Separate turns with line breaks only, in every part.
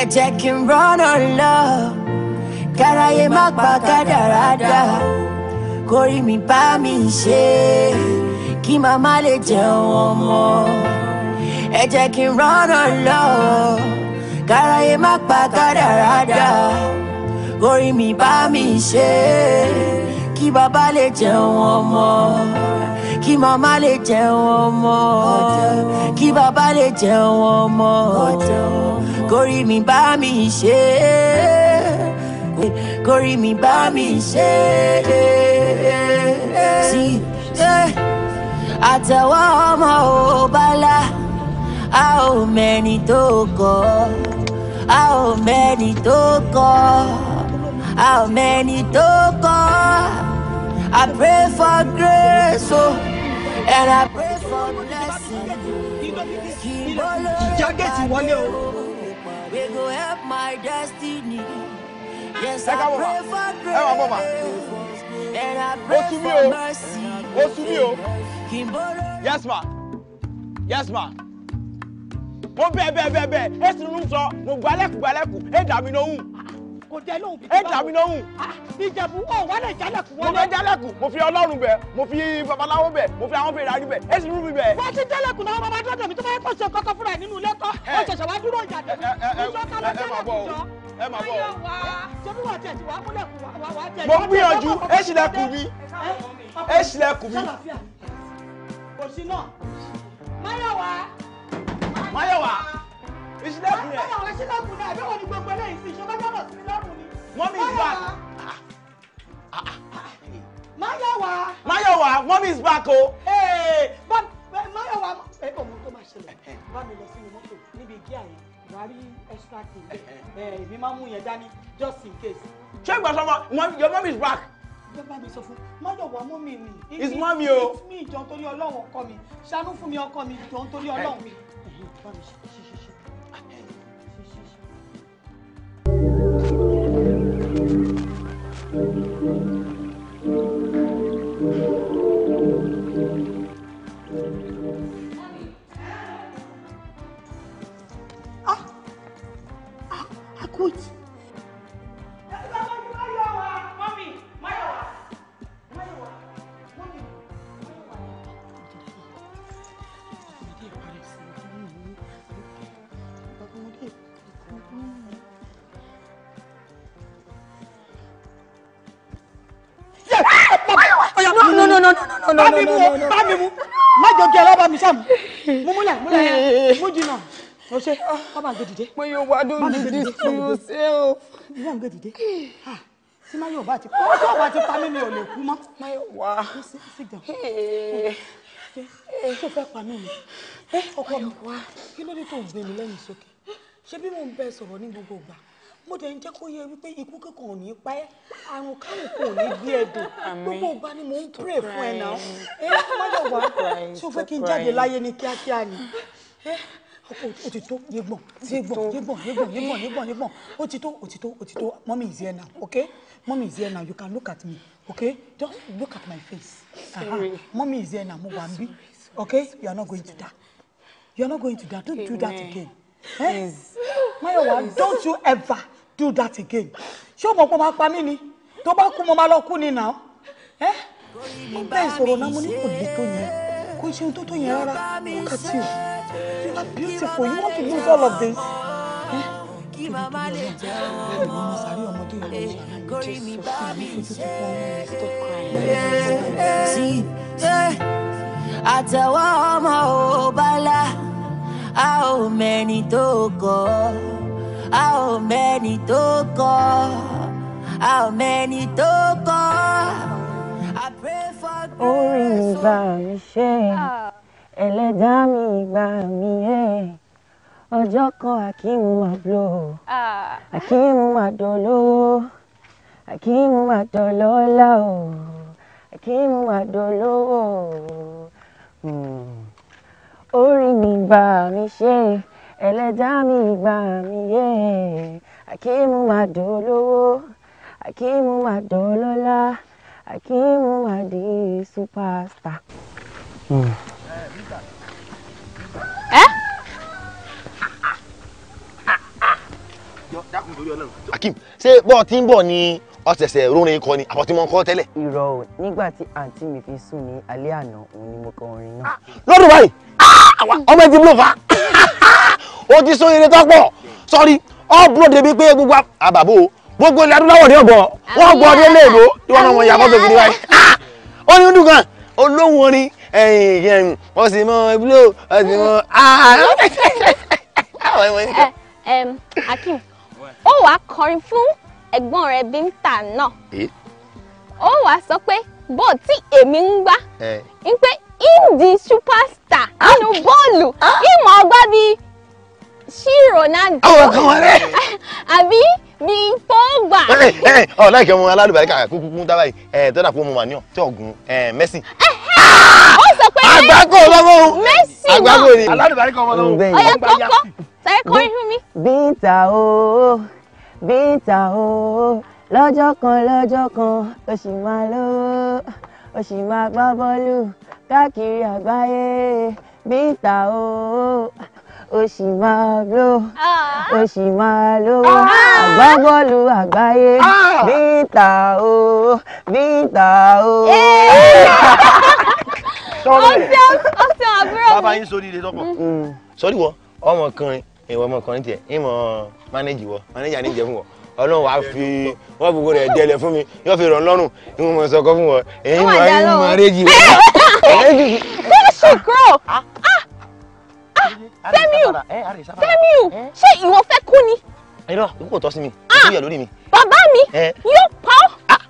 ẹ jẹ́ kí
n rọ́nà lọ káráyé má pa kádàrádà kórìí mi bá mi ṣe kí màmá lè jẹun ọmọ ẹ jẹ́ kí n rọ́nà lọ káráyé má pa kádàrádà kórìí mi bá mi ṣe kí bàbá lè jẹun ọmọ kí màmá lè jẹun ọmọ kí bàbá lè jẹun ọmọ. Gori mi ba mi ṣe Gori mi ba mi ṣe. E, àtẹ̀wọ́ ọmọ ò bala a ò mẹ́ni tó kọ́ a ò mẹ́ni tó kọ́ a ò mẹ́ni tó kọ́ I pray for grace oh, and I pray for blessing. kí ló lóore
wọlé o
my destiny. Yes, I pray for grace. And
I
pray for mercy.
Yes, ma. Yes, ma. mo bẹ́ẹ̀ bẹ́ẹ̀ bẹ́ẹ̀ bẹ́ẹ̀ ẹ sì ń sọ mo gbalẹ́kùgbalẹ́kù ẹ dà mí kò dẹ lóhùn bíi. ẹ dà mí lóhùn. Ah, ìjẹ̀bú ọ̀ wá lè jálẹ̀kùn wọlé. mo fẹ́ jálẹ̀kùn mo fi ọlọ́run bẹ̀ mo fi babaláwo bẹ̀ mo fi àwọn fèrè àrí bẹ̀ ẹ sì rú mi bẹ̀. wọ́n ti jálẹ̀kùn náà
bàbá dọ́dọ̀ mi tó bá yẹ kó ṣe kọ́kọ́ fúnra ẹ̀ nínú ilé kọ́ ó ṣẹ̀ṣẹ̀ wá dúró ìjà tẹ̀lé ìjọ́ká ló jálẹ̀kùn jọ ẹ máa bọ̀. mo gbìyànjú ẹ ṣílẹ̀kùn mi ẹ ṣílẹ̀kùn mi. òṣì náà máyọ̀wá. máyọ̀wá fi ṣílẹ̀kùn rẹ̀. báyọ̀ rẹ̀ ṣílẹ̀kùn rẹ̀ mọ́mí is back. máyọ̀wá. máyọ̀wá mọ́mí
is back o.
máyọ̀wá ẹ kò mọ tó máa ṣẹlẹ̀ bá mi lọ sínú mọ́tò níbi gíà yẹn wà á rí extra thing ẹ máa mú yẹn dání just in case. ṣé ìgbà sọ ma your mom is back bá mi sọ fún máyọ̀wá mọ́ mi ni. is mọ́ mi o. mi ìjọ nítorí ọlọ́run ọkọ mi ṣàánú fún mi ọkọ mi ìjọ nítorí ọlọ́run mi. Ah! Ah! Acude! bá mi mú o bá mi mú má jọ kí ẹ lọ́ba mi sàmú mú múlẹ̀ múlẹ̀ mú jìnnà o ṣe bábà ń gé dìde. pé yóò do, dùn dídí sí o ṣe o. bábà ń gé dìde tí má yóò bá ti kú tó bá ti pa mí mi ò lè kú mọ́. má yóò wá tó fẹ́ pa mí ni ọkọ mi kí ló dé tó ń gbé mi lẹ́yìn sókè ṣé bí mo ń bẹ sọ̀rọ̀ ní gbogbo ìgbà mo dẹ̀ ń jẹ́ kó yẹ wípé ikú kankan ò ní pa ẹ́ àrùn káwọn kan ò ní gbé ẹ dùn gbogbo ọba ni mò ń pray fún ẹ náà ẹ mọ́jọ̀ wá tí o fẹ́ kí n jáde láyé ní kíákíá ni ọkọ òtítọ́ yégbọn yégbọn yégbọn yégbọn yégbọn yégbọn yégbọn òtítọ́ òtítọ́ òtítọ́ mommy is here now okay mommy is here now you can look at me okay just look at my face uh-huh. mommy is here now mo wà ń bí okay you are not going to die you are not going to die don't do that again eh? Mayowa don't you ever do that again ṣé o mọ̀ pé o máa pa mí ni tó bá kú mo máa lọ kú ni nà ẹ́ mo bẹ́ẹ̀ sọ̀rọ̀ náà mo ní kò lè tó yẹn kò ṣe tó tó yẹn rárá look at you you are beautiful you want to lose all of this.
àtẹ̀wọ́ ọmọ ò bá la a ò mẹ́ni tó kọ́. How many to go? How many to go? tó kọ́ I pray for grace. orin oh. ìgbà mi ṣe ẹlẹ́dá mi ìgbà mi ẹ̀ ọjọ́ kan akíìmù máa bló akíìmù máa dolówó akíìmù máa dolọ́lá o akíìmù máa dolówó hmm. orin ìgbà mi ṣe ẹlẹ́dá mi gbà mí yé akíìmù máa dolówó akíìmù máa dolọ́lá akíìmù máa di superstar.
akim ṣé bọ́ọ̀ tí ń bọ̀ ni ọ̀sẹ̀sẹ̀ rúnrin kọ ni àbọ̀tí mo ń kọ́ tẹ́lẹ̀. irọ́ o nígbà tí àǹtí mi fi sùn ní alẹ́ àná òun ni mo kọ orin náà. lọ́dún báyìí ọmọ ẹ ti blow fa o ti sún irin tó pọ̀ sọ́rí ọ́ blow débi pé gbogbo àbàbò gbogbo ilẹ̀ adúláwọ̀ ní ọ̀gbọ̀n wọ́n gbọ́ ọdún ilé ìbò ìwọ ọmọ ìyàbọ̀ tó kiri wáyé. ó ní dùn kan olóhùn orin ẹ̀yìn ìyẹn wọ́n sì mọ ìbúlò wọ́n sì mọ ààrẹ.
Eh, akim ó wàá kọrin fún ẹ̀gbọ́n rẹ̀ Bíńtà náà ó wá sọ pé bó tí èmi ń gbá ń pé indi superstar ah! nínú bọ́ọ̀lù ìmọ̀ ah! ọgbà bíi sí Ronaldo àbí bíi Pogba.
ọ̀ láìkẹ́ ọmọ alálùbáríkà kúkú kún dábàá yìí tọ́lá fún ọmọ màníọ̀ tí ọ̀gùn Messi
àgbákò lọ́wọ́ o. náà àgbákò ni. aládùbárí kan ọmọ lọ́wọ́. ọ̀yà kọ́kọ́ sáré kọrin fún mi.
Bíntà o
bíntà o lọ́jọ́ kan lọ́jọ́ kan o sì máa lówó o sì máa gbá bọ́ọ̀lù káàkiri àgbáyé bíntà o o sì máa lò o sì máa lówó àgbá bọ́ọ̀lù àgbáyé bíntà o bíntà o
sọrí ọsẹ àbúrò mi. bàbá mm. wọ ọmọkùnrin ìwọ ọmọkùnrin tiẹ ìmọ mánéjì wọ mánéjà ní jẹ fún wọ ọlọ́run wàá fi wọ́n fi wọlé ẹ̀jẹ̀ lẹ̀ fún mi yóò fi ràn lọ́rùn ní mo mọ̀ sọkọ fún wọ èyí máa ń mánéjì wọ. bẹ́ẹ̀sì
kúrò Sẹ́míù Sẹ́míù ṣé ìwọ fẹ́ kú ni.
irọ́ ikú kò tọ́ sí mi ikú ah, yà lórí mi.
bàbá mi eh? yóò pa ọ́. Ah,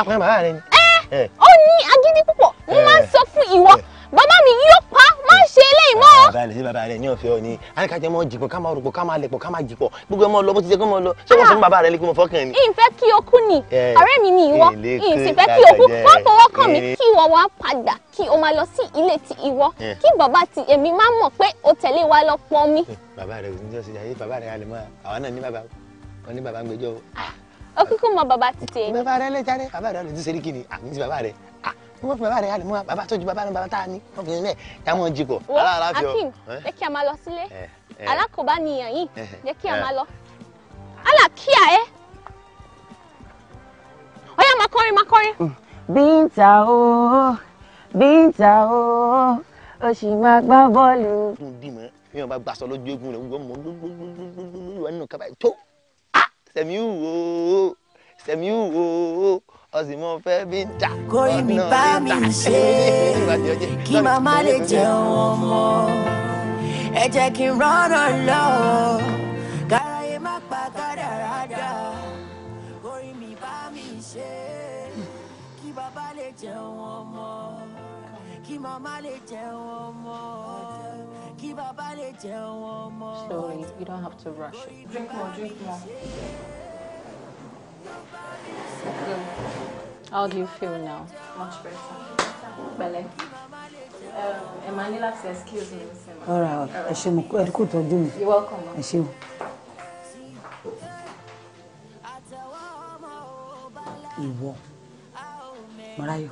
apàyàn bàbá rẹ ni. Eh, eh.
ó ní agídí púpọ̀ mo máa ń sọ fún ìwọ bàbá mi yóò pa má ṣe eléyìí mọ́.
bàbá rẹ sí bàbá rẹ ní ọ̀fẹ́ òní àníkà jẹ́ mọ́ jìpọ̀ ká máa rògbò ká máa lẹ̀pọ̀ ká máa jìpọ̀ gbogbo ẹ̀ mọ́ lọ bó ti jẹ́ kó mọ́ lọ ṣé wọ́n sọ fún bàbá rẹ lé kí mo fọ́kàn ni.
ìfẹ́ kí o kú ni ọ̀rẹ́ mi ni ìwọ ìsìnfẹ́ kí o kú má fọwọ́ kàn mí kí ìwọ wá padà kí o máa lọ sí ilé ti ìwọ kí bàbá ti èmi má mọ̀ pé o tẹ̀lé wa lọ pọ̀ mi.
bàbá rẹ kò ní jọ́sìn ayé bàbá rẹ alẹ́ mọ́ àwa
é ah,
kí ni àmì wọ́n fi bàbá rẹ̀ hàn mọ́ bàbá tó ju bàbá rẹ̀ bàbá tá a ní wọ́n fi yẹn lẹ̀ yà mọ́ jikọ̀ aláàlá akin
jẹ́ kí a máa lọ sílé alákòóbá nìyàn yìí jẹ́ kí a máa lọ alákíá ẹ ọyá máa kọrin mm.
Bíntà o Bíntà o o sì máa gbá bọ́ọ̀lù.
bímọ bí wọn bá gbàsọ lójú egun rẹ wọn mọ gbogbogbogbogbò ọ̀sìn mọ́ fẹ́ bí ń tà. kórìí mi bá mi ṣe kí màmá lè jẹun ọmọ
ẹ jẹ́ kí n rọ́nà lọ́wọ́ káráyé
you don't have to rush. it.
Drink more, drink more.
How do you feel now? Much better. Pẹ̀lẹ́. Ẹ máa excuse me.
All right. Ẹ ṣé mo ẹ You're welcome. Ẹ ṣé o. Ìwọ, Mọ́ráyọ̀,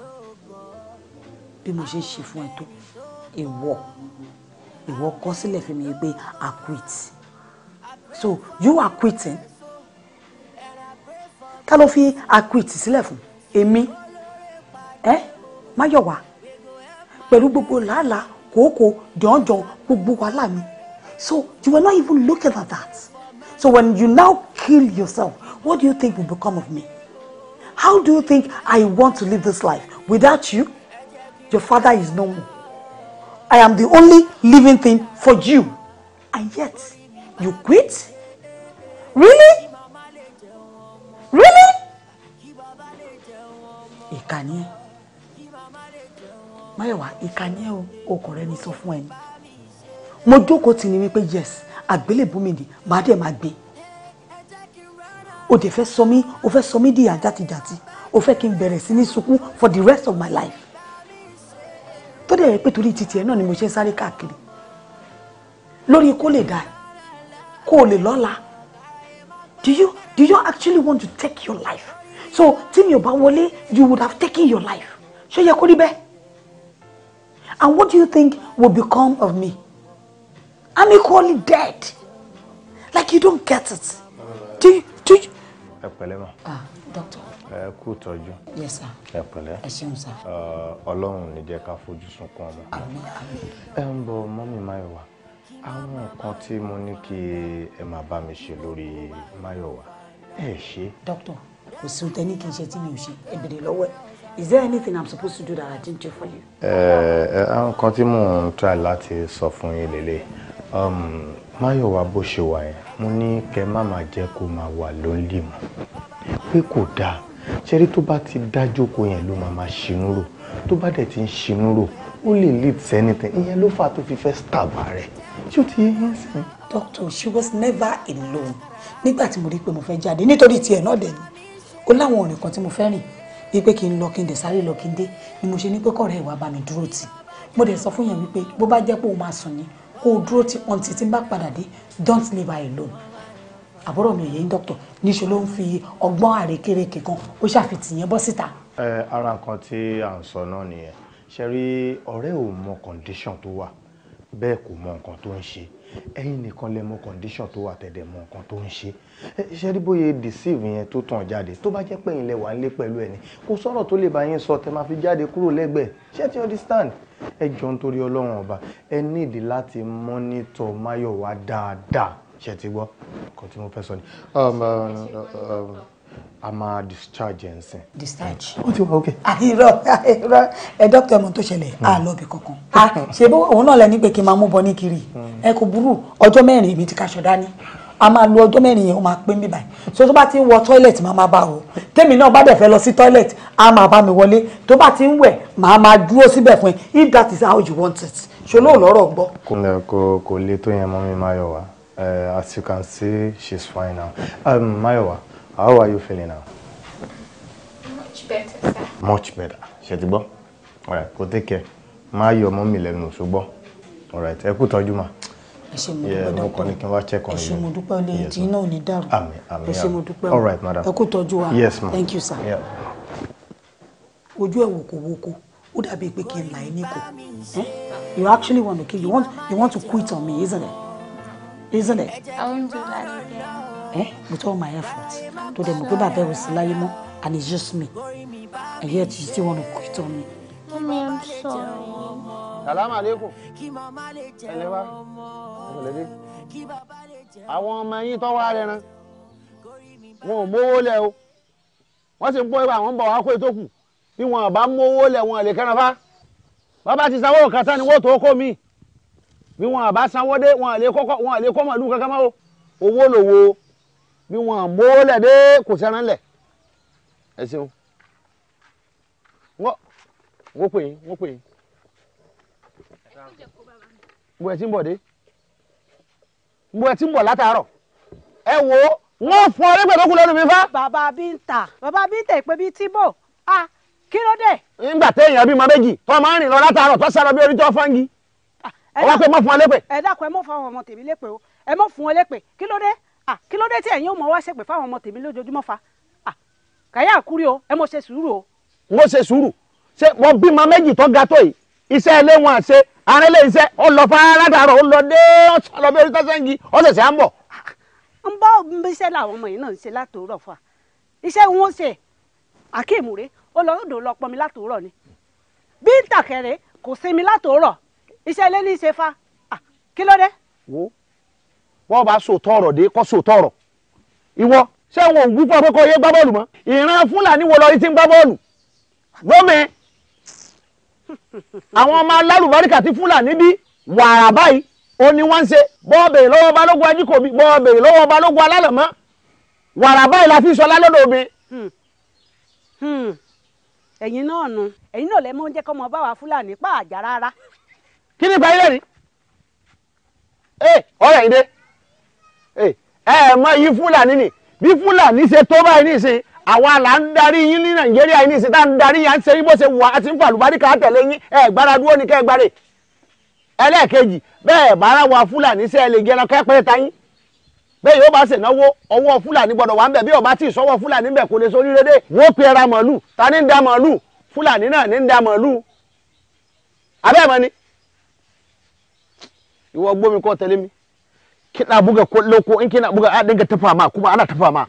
bí mo ṣe ṣe fún ẹ tó, ìwọ, ìwọ kọ sílẹ̀ fún mi pé I quit. So you are quitting ta ló fi àkùtì sílẹ̀ fún èmi ẹ máyọ̀wá pẹ̀lú gbogbo làálàá kòókò jọ̀ọ́jọ̀ gbogbo wàhálà mi so you were not even looking at that so when you now kill yourself what do you think will become of me how do you think I want to live this life without you your father is no more I am the only living thing for you and yet you quit really really ìkà ni ẹ́ Máyọ̀wá ìkà ni ẹ́ o okùn rẹ ni sọ fún ẹ ni mo jókòó tì ní wípé yes àgbélébùú mi ni màá dẹ̀ máa gbé o dẹ̀ fẹ́ sọ mí o fẹ́ sọ mí di àjàtijàti o fẹ́ kí n bẹ̀rẹ̀ sí ní sunkún for the rest of my life tó dẹ̀ yẹ pé torí titi ẹ̀ náà ni mo ṣe ń sáré káàkiri lórí kó lè dà kó o lè lọ́la do you do you actually want to take your life so tí mi ò you would have taken your life So, yẹ kó rí and what do you think will become of me I'm equally dead like you don't get it do you
do you. ẹ pẹ̀lẹ́ ma.
ah doctor.
ẹ kú tọ́jú. yes sir. ẹ pẹ̀lẹ́. ẹ ṣeun sir. Ọlọ́run ní ká fojú sunkún ọmọ. ẹ ń bọ mọ́mí máa wà àwọn nǹkan tí mo ní kí ẹ máa bá mi ṣe lórí Máyọ̀wá
ẹ ṣe. dókítà kò sí tẹ ní kí n ṣe tí mi ò ṣe ẹ bèrè lọ́wọ́ is there anything i'm supposed to do that i didn't do for you.
ẹ ẹ àwọn nǹkan tí mò ń try láti sọ fún yín lélẹ̀ um, Máyọ̀wá bó ṣe wà yẹn mo ní kẹ́ má máa jẹ́ kó máa wà lóńlì mọ́ pé kò dáa ṣe rí tó bá ti dájókòó yẹn ló máa máa ṣinú rò tó bá dẹ̀ ti ń ṣinú rò ó lè lead to anything ìyẹn ló fà tó fi fẹ́ stab
rẹ̀ ṣé o ti yé yẹn sí. doctor she was never alone nígbà tí mo rí i pé mo fẹ́ jáde nítorí tiẹ̀ náà dẹ̀ ni ó láwọn ọ̀rìn kan tí mo fẹ́ rìn wípé kí n lọ kí n dẹ̀ sáré lọ kí n dé ni mo ṣe ní pé kọ̀rẹ́ ìwà bá mi dúró tì mo dẹ̀ sọ fún yẹn wípé bó bá jẹ́ pé òun máa sùn ni kó o dúró tì ọ̀ǹtì tí n bá padà dé don't leave her alone àbúrò mi èyí ń dọ́kítọ̀ níṣẹ́ ló ń fi ọgbọ́n àrékérekè kan ó ṣàfitì yẹn bọ́ síta.
ẹ ara nǹkan tí à ń sọ náà nìyẹn ṣe rí ọ̀rẹ́ ò mọ condition tó wà bẹ́ẹ̀ kò mọ nǹkan tó ń ṣe ẹ̀yin nìkan lè mọ condition tó wà tẹ̀dẹ̀ mọ nǹkan tó ń ṣe ṣe rí bóyá deceive yẹn tó tàn jáde tó bá jẹ́ pé ẹ̀yin lẹ wà nílé pẹ̀lú ẹni kò sọ̀rọ̀ tó lè bá yín sọ tẹ máa fi jáde kúrò lẹ́gbẹ̀ẹ́ ṣé ti understand ẹ jọ nítorí ọlọ́run ọba ẹ nídìí láti mọ́nítọ̀ máyọ̀wá dáadáa ṣe ti gbọ́ nǹkan tí mo fẹ́ sọ ni. Um, um, um, a máa discharge ẹ̀ sìn. discharge. ó ti wá
ok. àìrọ àìrọ ẹ dókítà ọmọ tó ṣẹlẹ̀ á lọ ibì kankan. ṣé òun náà lẹ ní pé kí n máa mú bọ ní kiri ẹ kò burú ọjọ́ mẹ́rin ibi tí kaṣọ dání a máa lo ọjọ́ mẹ́rin yẹn ó máa pé ń bí báyìí so tó bá ti ń wọ toilet máa máa bá wò tèmi náà bá dẹ̀ fẹ́ lọ sí toilet a máa bá mi wọlé tó bá ti ń wẹ̀ máa máa dúró síbẹ̀ fún ẹ if that is how you want it ṣoló lọ́rọ̀
gbọ́. kò kò le tó yẹn mọ́ mi Máyọ̀wá eh, as you can see she is fine now um, Máyọ̀wá How are you feeling now?
Much better, sir.
Much better. Ṣé ti gbọ́? All right, go take care. Má yọ ọmọ mi lẹ́nu ṣùgbọ́n. All right, ẹ kú tọ́jú mà.
Ẹ ṣé mo dúpẹ́ dọ́kítọ̀. Mo kàn ní kí n wá check on you. Ẹ ṣé mo dúpẹ́ olè tí iná ò ní dàrú. Àmín àmín. Ẹ ṣé mo dúpẹ́. All right, madam. Ẹ kú tọ́jú wa. Yes, ma. Thank you, sir. Yeah. Ojú ẹ̀ wòkòwòkò ó dàbí pé kí n là ẹ́ níkò. Eh? You actually want to kill you want you want to quit on me, isn't it? Isn't it?
I won't do that again
eh, with all my efforts to them, pé bàbá ẹ̀ ò sí and it's just me and yet you still want to quit on me. Mommy, I'm sorry.
Salaam alaikum. Ẹ̀lẹ́ wa, ọ̀lẹ́dẹ́. Àwọn ọmọ yín tọ́wọ́ ara rẹ̀ wọn ò mówó lẹ̀ o. Wọ́n sì ń pọ́ ìwà àwọn ń bọ̀ wá kó ètò kù. Bí wọn bá mówó lẹ̀ wọn lè kẹ́ran fá. Bàbá ti sanwó kan tán ni wọ́n tó kó mi. Bí wọn bá sanwó dé wọn lè kó mọ̀lú kankan mọ́ o. Owó lòwò o bí wọn mówó lẹ̀ dé kò sẹ́ran lẹ̀ ẹ ṣeun wọ́n wọ́n pè yín wọ́n pè yín mo ẹ̀ tí ń bọ̀
dé mo ẹ̀ tí ń bọ̀ látàárọ̀ ẹ wo wọ́n fún ọrẹ́ gbẹ̀dọ́kù lẹ́nu mi fá. bàbá Bíntà bàbá Bíntà ìpè bíi tíbò ah kí ló dé. nígbà téèyàn bímọ méjì
tó máa ń rìn lọ látàárọ̀ tó sára bí orí tó fọ́ngi ọwọ́ pé mọ́ fún ọ lépè.
ẹ dákun ẹ mọ́ fún àwọn ọmọ tèmi lépè o ẹ mọ́ fún ọ lépè kí ló dé kí ló dé tí ẹ̀yin ò mọ̀ wá ṣépè fáwọn ọmọ tèmi lójoojúmọ́ fa kàyà àkúrí o ẹ mọ̀ ṣe sùúrù o.
mo ṣe sùúrù ṣé mo bímọ méjì tó ga tó yìí iṣẹ́ ilé wọn àṣe àárín ilé iṣẹ́ ó lọ fara dàrọ̀ ó
lọ dé ó lọ bí orí tọ́sán yìí ó ṣẹ̀ṣẹ̀ à ń bọ̀. ń bọ́ iṣẹ́ làwọn ọmọ yìí náà ń ṣe látòórọ̀ fún wa iṣẹ́ wọn ó ṣe akéèmù rè ó lọ odò lọ pọnmi látòórọ̀ ni bí ń tàkẹ́rẹ́ kò sinmi látòórọ̀ iṣẹ́ ilé ní í ṣe fa kí ló dé. wo
wọ́n bá sòótọ́ ọ̀rọ̀ dé kọ́ sòótọ́ ọ̀rọ̀ ìwọ ṣé wọn ò wípé ọkọ yé gbá bọ́ọ̀lù mọ́ ìran fúlàní wo lọ rí ti ń gbá bọ́ọ̀lù lómi àwọn ọmọ alálùbáríkà ti fúlàní bí wàrà báyìí ó ní wọ́n ń ṣe bọ́ọ̀bẹ̀rẹ̀ lọ́wọ́ balógun ajíkòbí bọ́ọ̀bẹ̀rẹ̀ lọ́wọ́ balógun alálẹ̀mọ́ wàrà báyìí la fi sọ lálọ́dọ̀ omi.
Hmm. Hmm. ẹ̀yin náà nu ẹ̀yin náà lẹ mọ́ oúnjẹ kọ́mọ bá wa fúlàní pààjà rárá.
kí ni ìparí lẹ́rìí? ọ̀rẹ́ ìdè ẹ ẹ mọ yí fúlàní ni bí fúlàní ṣe tó báyìí nísìn àwa là ń darí yín ní nàìjíríà yìí nísìn tá à ń darí yín à ń ṣe yín bó ṣe wà á ti ń fa àlùbáríkà tẹ̀lé yín ẹ gbára dúró ní kẹ́ ẹ ẹlẹ́ẹ̀kejì bẹ́ẹ̀ bára wa fúlàní ṣe ẹ lè jẹran kẹ́pẹ́ ta yín bẹ́ẹ̀ yóò bá ṣe náwó ọwọ́ fúlàní gbọ́dọ̀ wà ń bẹ̀ bí ọba tí ìṣọwọ́ fúlàní bẹ̀ kò lè sórí rédé wọ́n pe ẹra màálù ta ní ń da màálù fúlàní náà ní ń da màálù abẹ́ẹ̀ mọ́ ìwọ gbómi kọ́ tẹ̀lé mi kina buga kwallo ko in kina buga a dinga tafa ma kuma ana tafa ma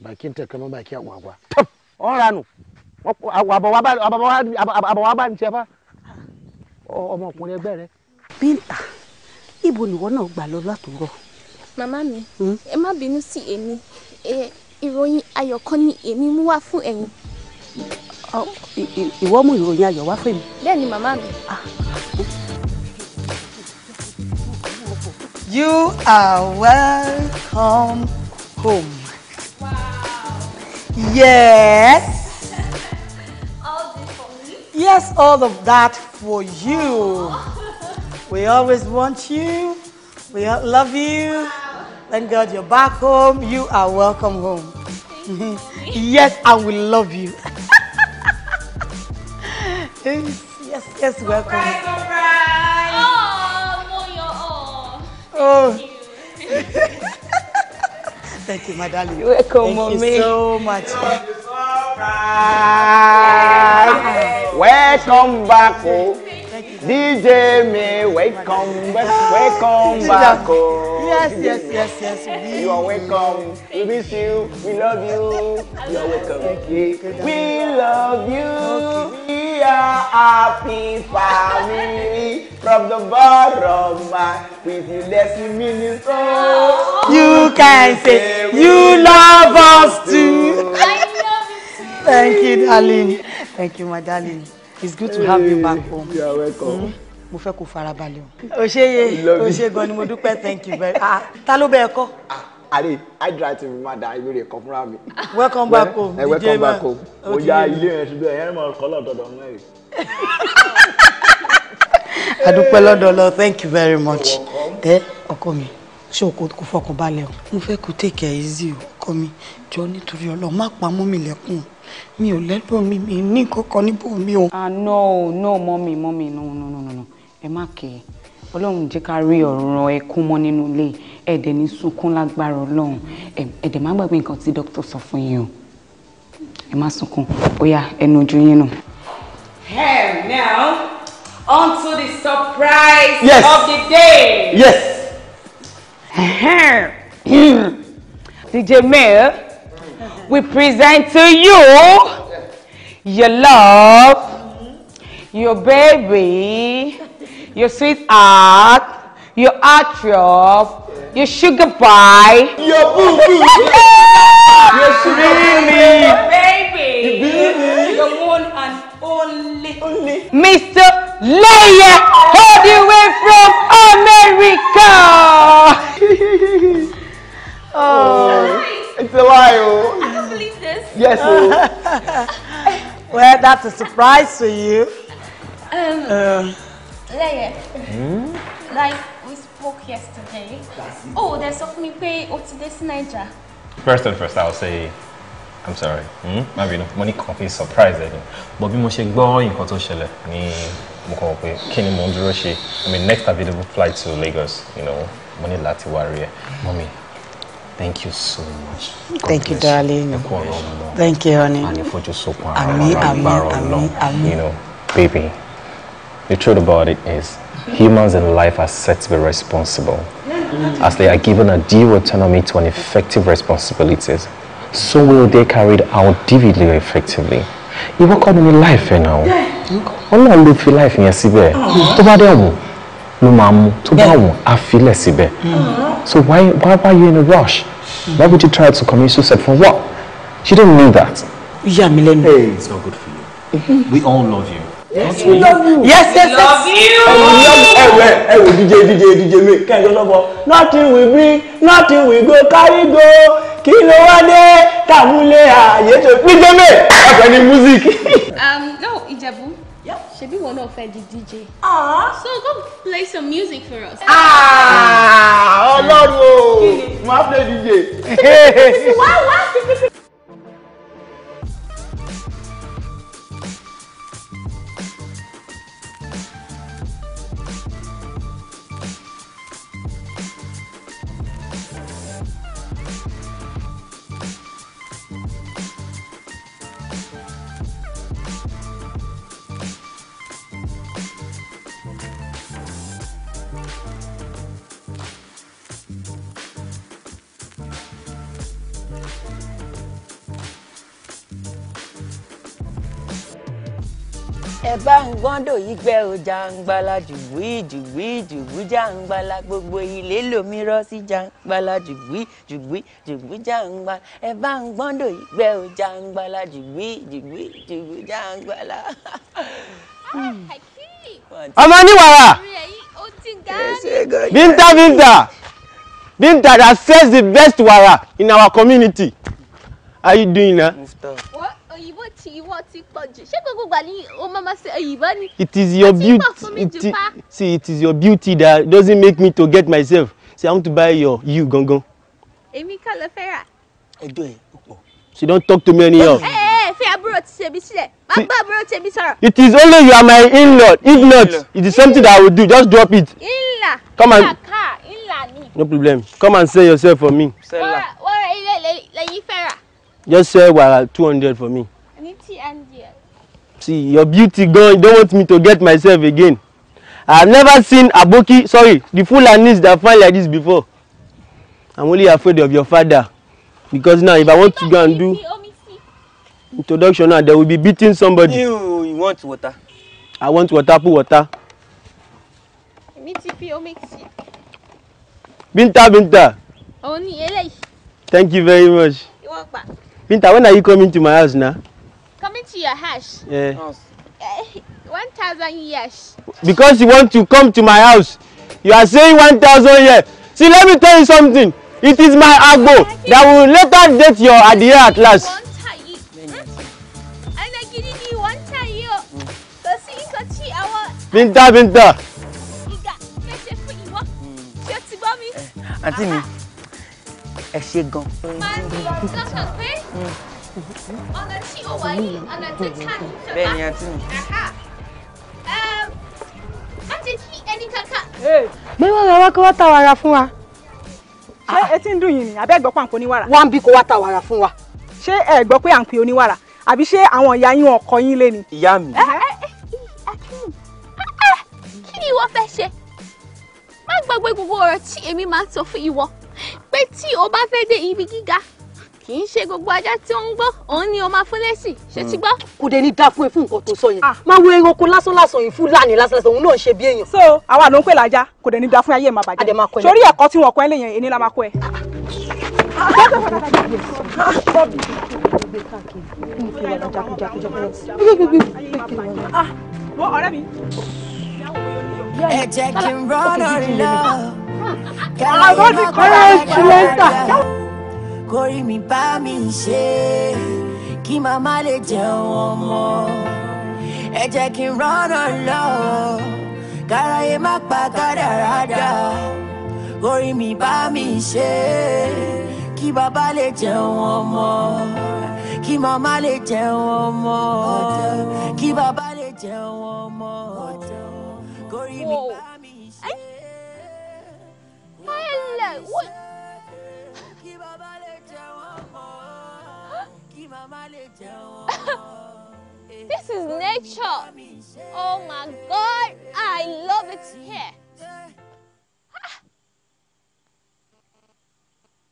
bakin ta kamar baki agwagwa taf on oh, ranu
abawa ba abawa ba o fa ọmọkùnrin ẹgbẹ́
rẹ. Binta
ibo nìwọ náà gbà lọ látòrọ. màmá mi hmm?
ẹ má bínú sí èmi ìròyìn ayọ̀ kan ni èmi mú wá fún ẹ̀yin.
ìwọ mú ìròyìn ayọ̀ wá fún mi.
bẹ́ẹ̀ ni màmá mi. Ah,
You are welcome home. Wow. Yes. all this for me? Yes, all of that for you. we always want you. We love you. Wow. Thank God you're back home. You are welcome home. yes, I will love you. yes, yes, welcome. Surprise, surprise. Oh. Thank you, my darling. You're welcome, Thank mommy. Thank you so much. Welcome back, oh. DJ May,
welcome, welcome back. Oh. Yes, yes, yes, yes. You are welcome. We miss you. We love you. You are welcome. Okay. We love you. We are happy family from the bottom. With you, let's minister. Oh. You
can say you love us too.
I love you too. Thank you, darling.
Thank you, my darling it's good to have you back home. you are welcome. Hmm? mo fẹ́ kó farabalẹ̀ o. o ṣe ye o ṣe gan ni mo dúpẹ́ thank you very ah ta ló bẹ ẹ kọ́. àlè ah,
hydra ti máa da ìbéèrè kan fúnra mi. welcome back home DJ eh, man welcome back home. mo ya ilé yẹn ṣubú ẹ̀ yẹn mọ̀ ọ́ kọ́ lọ́dọọdọ mẹ́rin adúpẹ́
lọ́dọ̀ thank you very much ẹ ọkọ mi ṣé o kò fọkàn balẹ̀ o mo fẹ́ kó take care easy o ọkọ mi jọ nítorí Ọlọ́run má pa mú mi lẹ́kùn mi ò lẹ́gbọ̀n mi mi ní kankan níbò mi o. ah no no mọ́mì mọ́mì no no no no ẹ má kẹ́ ẹ ọlọ́run jẹ́ ká rí ọ̀rọ̀ ẹkún mọ́ nínú ilé ẹ̀dẹ̀ ní sunkún lágbára ọlọ́run ẹ̀dẹ̀ má gbàgbé nǹkan tí dókítà sọ fún yín o ẹ má sunkún bóyá ẹnu ojú yín nù. now on to the surprise yes. of the
day. yes.
DJ Mayor we present to you your love, your baby, your sweetheart,
your atrium, your sugar pie, your boo boo,
your sugar baby, your baby, your
one and only, only.
Mr. Leia, all the way from America. oh. It's a lie, oh.
I can't believe this. Yes, oh.
well,
that's a surprise for you. Um, uh.
Leye, hmm? like we spoke yesterday. Oh, there's something we ó ti dé Niger.
First and first, I'll say I'm sorry. Hmm? Maybe no money. Coffee kàn surprise ẹ ni. But we must ṣe gbọ́ nǹkan tó ṣẹlẹ̀ ni mo kàn pé kí ni I mean, next available flight to Lagos, you know, money. ní láti mommy. Thank you so
much. God Thank you, darling. You. Thank you, honey. And if you Ami, Ami, Ami, Ami. You know,
baby, the truth about it is humans in life are set to be responsible as they are given a due autonomy to an effective responsibilities. So will they carry out vividly or effectively. work on ni life you know. Ọlọ́run ló fi life yẹn síbẹ̀. Oh. Tó bá dẹ̀ ló máa mu tó bá wọn á filẹ̀ síbẹ̀
uh-huh.
so why why why you in a rush why would you try to commit suicide for what She don't need that. yà mí lẹ́nu. hey it's not good for you
mm-hmm. we all love you.
Yes, we love you. Yes, yes, yes. Love you. Ẹ̀wẹ̀
ẹ̀wẹ̀ DJ DJ DJ mi kẹ́jọ lọ́bọ̀. Nothing we bring, nothing we go carry go. Kí ló wá dé? Tàmúlẹ̀ àyè tó. Níjẹ́ mi, ọ̀fẹ́ ni music.
Um, no, Ìjẹ̀bú ṣebí wọn náà fẹ́ di DJ. Aww. so go play some music for us.
Ah, ọlọ́run oh, wọ́n á play DJ.
wá
wá.
ẹ bá ń gbọ́ndò yìí gbẹ́ o jàǹgbala jùwí jùwí jùwí jàǹgbala gbogbo ilé lomi rọ́ sí jàǹgbala jùwí jùwí jùwí jàǹgbala ẹ bá ń gbọ́ndò yìí gbẹ́ o jàǹgbala jùwí jùwí jùwí jàǹgbala.
ọmọ níwàrà
Binta Binta
Binta that says the best wàrà in our community how you doing na. Huh?
ti ìwọ ti pọ̀ jù ṣé gbogbo gbà ní o máa máa ṣe èyìnbó ni.
it is your beauty see it is your beauty that doesn't make me to get myself say i want to buy your you gangan.
èmi kọ́ ló fẹ́ rà.
ẹjọ́ ẹ̀ ó pọ̀. she don talk to me anyhow. ẹ
ẹ ẹ fi àbúrò ti ṣèbí sílẹ̀ má gbọ́ àbúrò ti ṣèbí sọ̀rọ̀. it is only you are my in-law if not
it is something that i will do just drop it.
in-law come and
no problem come and sell yourself for me.
wọ́n rẹ̀ ilé lẹ́yìn
fẹ́ rà. just sell wàrà two hundred for me beauty angel. See, your beauty gone. You don't want me to get myself again. I've never seen Aboki, sorry, the full Fulanis that find like this before. I'm only afraid of your father. Because now, if I want to go and do introduction now, they will be beating somebody.
You, you want water?
I want water, put water. Binta, Binta. Thank you very much. Binta, when are you coming to my house now?
to your house. Yeah. Uh, eh, 1,000 years.
Because you want to come to my house. You are saying one thousand years. See, let me tell you something. It is my agbo that will later date your idea at last. Hmm? Binta, Binta. Àǹtí mi, ẹ ṣe gan.
Màá ní lọ́sọ̀ pé. Hmm
ọ̀nà tí ó wà yìí ọ̀nà tí ká ní ìjọba. bẹ́ẹ̀ a ti rìn. a ti kí ẹni kankan.
mẹ́wàá lọ wá kí wọ́n ta wàrà fún wa. ṣé etí ń dùn yìí ni abẹ́ gbọ́ pé à ń pe oníwàrà. wọ́n á bí kó wá ta wàrà fún wa. ṣé ẹ gbọ́ pé à ń pe oníwàrà àbí ṣé àwọn ìyá yín ọkọ yín lé ni. ìyá mi.
kí ni ìwọ fẹ́ ṣe má gbàgbé gbogbo ọ̀rọ̀ tí èmi máa ń sọ fún ìwọ pé tí o bá fẹ́ dé ibi gíga kì í ṣe gbogbo ajá tí ó ń gbọ́ òun ni o máa ṣe ti hmm. gbọ́.
kò dé ní dá fún ẹ nǹkan tó sọ yẹn ah. máa wo ẹranko lásán yìí fúlàní lásán lásán òun náà ṣe bí èèyàn. so àwa ló ń pè lájà kò dé ní dá fún ayé máa bàjẹ́ sórí ẹ̀kọ́ tí wọ́n kọ́ ẹ lè yẹn èní la máa kọ́ ẹ. Ah, ah.
ẹ jẹ́ kí n rọ́ọ̀rọ̀ lọ. àwọn ti kọ́ ẹ ṣùlẹ̀ ń tà
kórí mi bá mi ṣe kí màmá lè jẹun ọmọ ẹ jẹ́ kí n rọ́nà lọ́wọ́ káráyé má pa kádàrádà kórí mi bá mi ṣe kí bàbá lè jẹun ọmọ kí màmá lè jẹun ọmọ kí bàbá lè jẹun ọmọ kórí mi bá
mi ṣe. Hello, what?
this is nature. Oh my God, I love it here.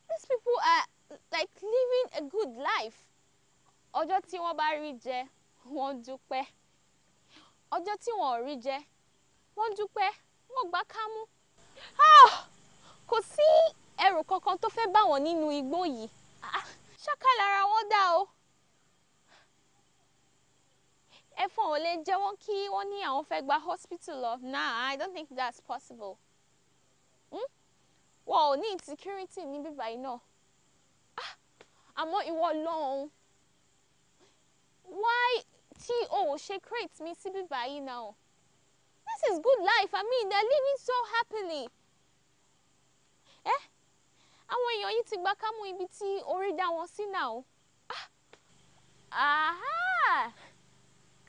These people are like living a good life. Ọjọ́ tí wọ́n bá rí jẹ, wọ́n dúpẹ́. Ọjọ́ tí wọ́n ò rí jẹ, wọ́n dúpẹ́, wọ́n gbá kámú. Ah! Kò sí ẹrù kankan tó fẹ́ bá wọn nínú igbó yìí. Ah! ṣáká lára wọn dá o ẹ̀fọn ò lè jẹ́ wọ́n kí wọ́n ní àwọn fẹ́ gba hospital lọ nah i don't think that's possible hmm? wọn ò ní insecurity níbí báyìí náà ah, àmọ́ ìwọ lọ́hùn why tí o ò ṣe create mi síbí báyìí náà this is good life i mean they're living so happily àwọn èèyàn yìí ti gba kámú ibi tí orí dá wọn sí náà o. Ah! Aha!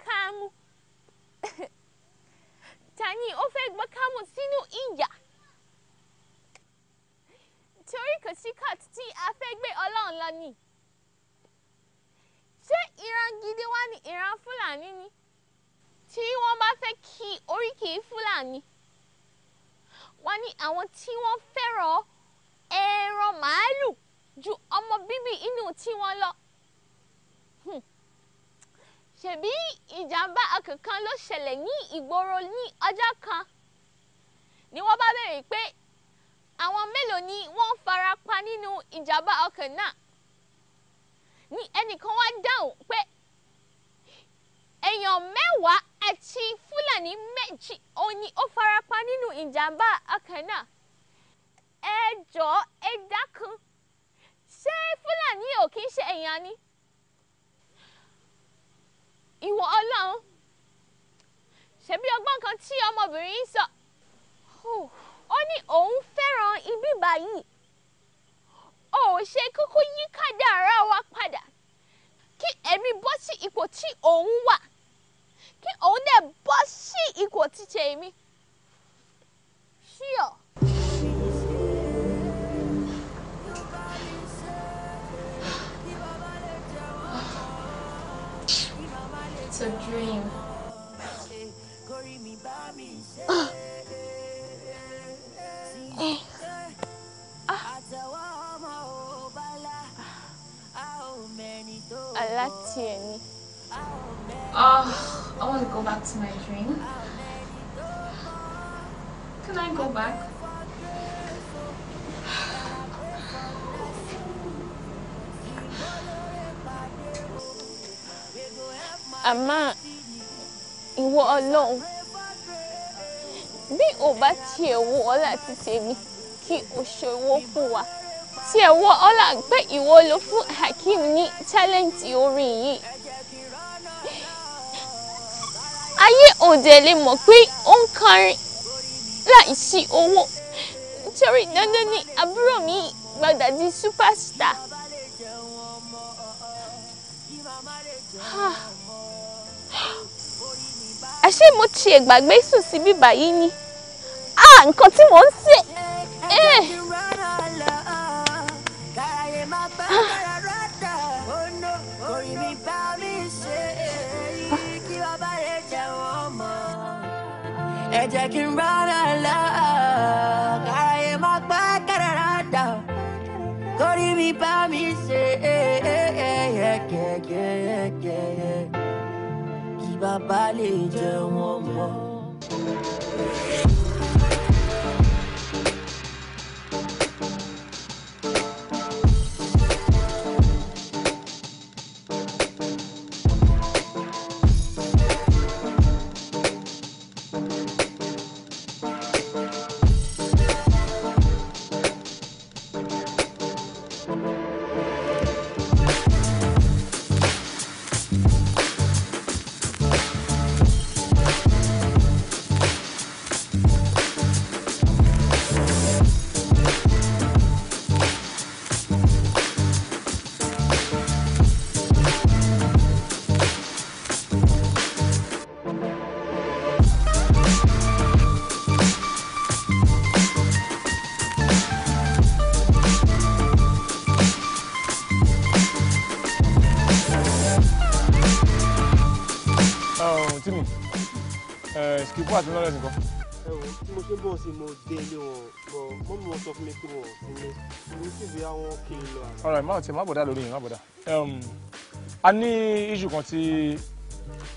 Kámú. Tani ó fẹ́ gbọ́ kámú sínú ìyà. Torí kò sí cut tí a fẹ́ gbé ọlọ́run lọ ni. Ṣé ìran gidi wá ní ìran Fúlàní ni? Tí wọ́n bá fẹ́ kí oríkì Fúlàní. Wọ́n ní àwọn tí wọ́n fẹ́ràn ọ́ ẹran màálù ju ọmọ bíbí inú tiwọn lọ. Hmm. ṣebí ìjàmbá kankan ló ṣẹlẹ̀ ní ìgboro ní ọjọ́ kan ni wọ́n bá béèrè pé àwọn mélòó ni wọ́n fara pa nínú ìjàmbá ọkọ̀ náà ní ẹnìkan wá dáhùn pé èèyàn mẹ́wàá àti fúlàní méjì òun ni ó fara pa nínú ìjàmbá ọkọ̀ náà ẹ jọ̀ọ́ ẹ dákun ṣé fúlàní ò kí ń ṣe èèyàn ni ìwọ ọlọ́run ṣebí ọgbọ́n kan tí ọmọbìnrin yìí sọ ó ní òun fẹ́ràn ibí báyìí ó ṣe kúkú yí kádàrá wa padà kí èmi bọ́ sí ipò tí òun wà kí òun dẹ̀ bọ́ sí ipò tí tèmi ṣíọ̀. Sure. a dream.
Oh. I
Oh, I want to go back to my dream. Can I go back? àmọ́ ìwọ ọlọ́run bí ò bá tiẹ̀ wo ọlá ti tèmi kí o ṣòwò fún wa tiẹ̀ wo ọlá pé ìwọ ló fún Hakeem ní tálẹ́ǹtì orin yìí ayé òde lè mọ̀ pé ó ń kọrin láì sí owó nítorí dandan ni àbúrò mi gbọ́dọ̀ di superstar. Ah ẹ ṣé mo ti ẹgbàgbé sùn sí bíbá yìí ni ah nǹkan
tí mò ń ṣe. ẹ jẹ́ kí n rárá lọ
kára yẹn má pa kára rárá torí mi bá mi ṣe é é é bàbá lè jẹun ọmọ.
kíkú àti lọ́lẹ̀ nìkan. ẹ wo tí mo ṣe bọ̀ sí mo dé ilé wọn bọ mọ mi wọn sọ fún mi pé wọn sí mi èmi sì bí àwọn kiri lọ. ọ̀rọ̀ ẹ̀ má ti má bọ̀dá lórí yìí má bọ̀dá. Um, a ní iṣu kan tí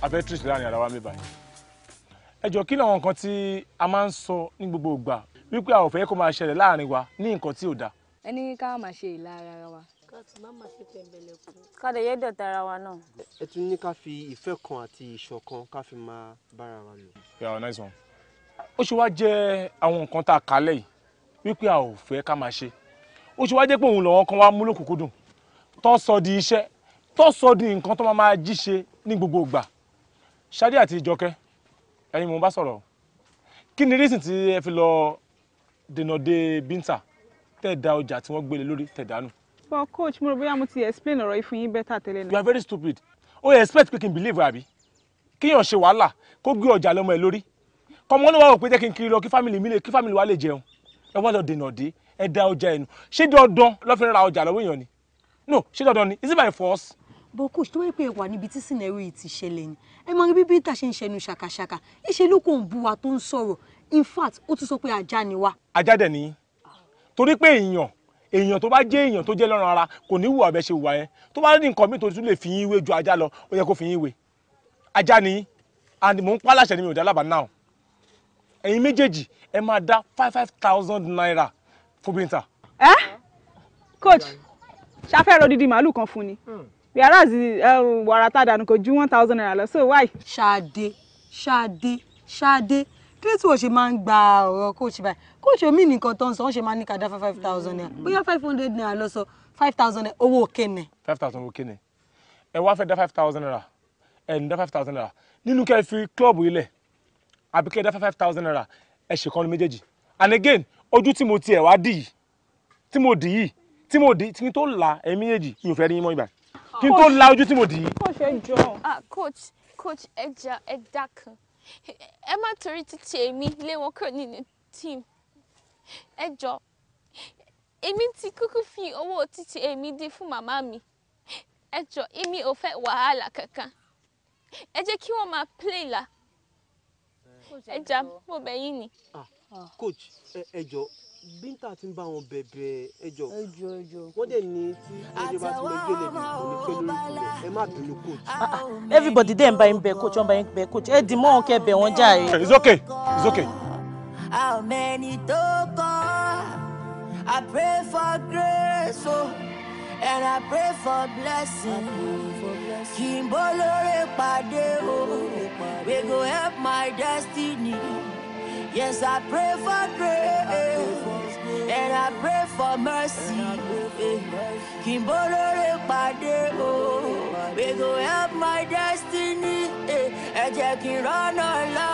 a fẹ́ tírìsì láàrin ara wa mi báyìí. ẹ jọ kí ni àwọn nǹkan tí a máa ń sọ ní gbogbo ìgbà wípé a ò fẹ́ kó máa ṣẹlẹ̀ láàrin wa ní nǹkan tí ò dáa.
ẹni ká máa ṣe ìlara ara wa ká ti má máa ṣe tẹ̀m̀bẹ̀lẹ̀ kú. ká lè yé dọ̀tá ara wa náà.
ẹ tún ní ká fi ìfẹ́ kan àti
ìṣọ̀kan ká fi máa bára wa lò.
yàrá náà sàn ó ṣe wá jẹ́ àwọn nǹkan tá a kálẹ̀ yìí wípé a ò fẹ́ ká máa ṣe ó ṣe wá jẹ́ pé òun lọ́wọ́ kan wá mú lókùnkúndùn tó sọ di iṣẹ́ tó sọ di nǹkan tó máa jí ṣe ní gbogbo ìgbà Ṣadé àti Ìjọkẹ́ ẹni mo bá sọ̀rọ̀ kí ni rísìn tí ẹ fi lọ dènà de Bíńtà tẹ̀ da ọjà tí wọ́n gbélé lórí tẹ̀ dànù
but coach mo rò mo ti explain ọ̀rọ̀ yìí fún better tẹ́lẹ̀ náà.
you are very stupid o oh, expect pé kí n believe àbí kíyàn ṣe wàhálà kó gbé ọjà lọmọ ẹ lórí kọmọ ló wà wò pé jẹ́ kí n kiri lọ kí family mi lè kí family wa lè jẹun ẹ wá lọ dènà dé ẹ da ọjà ẹnu ṣé dandan lọ́ fi ra ọjà lọ́wọ́ èèyàn ni
no ṣé dandan ni is it by force. But coach tó wáyé pé wà níbi tí sinero yìí ti ṣẹlẹ̀ ni ẹ máa rí bí bíta ṣe ń ṣẹnu ṣàkàṣàkà ìṣe ló kò ń bu wa tó ń in fact ó tún sọ pé ajá ni wa.
ajá dẹ̀ nìyí torí pé èèyàn èèyàn tó bá jẹ́ èèyàn tó jẹ́ lọ́rùn ara kò ní wù ọ̀bẹ ṣe wù wá yẹn tó bá ní nǹkan mi tó tún lè fi yín wé ju ajá lọ ó yẹ kó fi yín wé ajá ni and mò ń pa aláṣẹ ni mi ò dá lábàá náà ẹ̀yin méjèèjì ẹ máa dá five five thousand naira fún bínta.
ẹ coach ṣàfẹ́rọ̀ dídì màálù kan fún ni yàrá hmm. eh, wàrà tá a dànù kò ju one thousand naira lọ so why. ṣáde ṣáde ṣáde kílẹ̀ tí wọ́n ṣe máa ń gba ọ̀rọ̀ coach báyìí coach omi nìkan tó ń sọ wọ́n ṣe máa ń ní ká five thousand naira bóyá five hundred naira lọ sọ five thousand naira owó kéne.
five thousand owó kéne ẹ wá fẹ́ dá five thousand naira ẹ ní dá five thousand naira nínú kẹ́ ẹ fi club ilẹ̀ àbí kẹ́ ẹ dá five thousand naira ẹ ṣèkọ́nu méjèèjì and again ojú tí mo tiẹ̀ wá dì yìí tí mo dì yìí tí mo dì kí n tó la ẹ̀mí méjì mi ò fẹ́ rí yín mọ́ ìgbà kí n tó la ojú tí mo dì yìí.
coach ẹ jọ ah, coach coach ẹ jà ẹ dákun ẹ má torí títí èmi lé wọn kúrò nínú team ẹ jọ èmi ti kúkú fi owó títí èmi dín fún màmá mi ẹ jọ èmi ò fẹ́ wàhálà kankan ẹ jẹ́ kí wọ́n máa play la ẹ jà mo bẹ̀ ni.
Ah, coach ẹ jọ bíńtà ti ń bá wọn bẹ̀bẹ̀ ẹjọ́ wọ́n dẹ̀ ní tí ẹjọ́ bá ti lọ gbélé mi kò ní ẹ má bínú coach. everybody dẹ̀ ń bá yín bẹ coach wọ́n bá yín bẹ coach ẹ dì mọ́ wọn kẹ́ bẹ̀ wọ́n jàre. it's okay it's okay.
àwọn tó kọ́ I pray for grace oh, and I pray for blessing kí n bọ́ lórí pàdé o oh, we go help my destiny. Yes, I pray for grace and I pray for mercy. Kí n bọ́lọ́rẹ́ o, we go help my destiny. Eh, ẹ jẹ́ kí n rọ́nà lọ,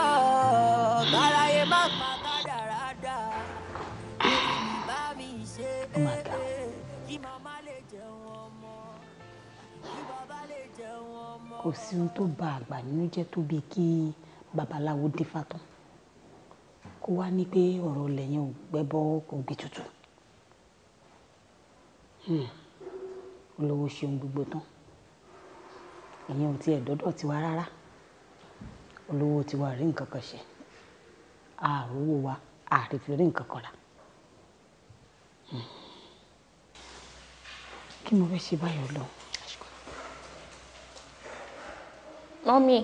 káráyé má pa kádàrá dà. Bá mi ṣe
é, eh, kí màmá lè jẹun ọmọ, kí
bàbá lè jẹun ọmọ. Kò sí ohun tó bà àgbà nínú jẹ́ tó bíi kí babaláwo dífá kó wá ní pé ọ̀rọ̀ lẹ́yìn ò gbẹ́bọ́ kò gbé tutù hmm. olówó ṣeun gbogbo tán ìyẹn ò tiẹ̀ dọ́dọ̀ tiwa rárá olówó tiwa rí nǹkan kan ṣe àròwó wa àrífi rí nǹkan kan rà hmm. kí mo fẹ́ ṣe báyọ̀ lọ.
mọ́mí.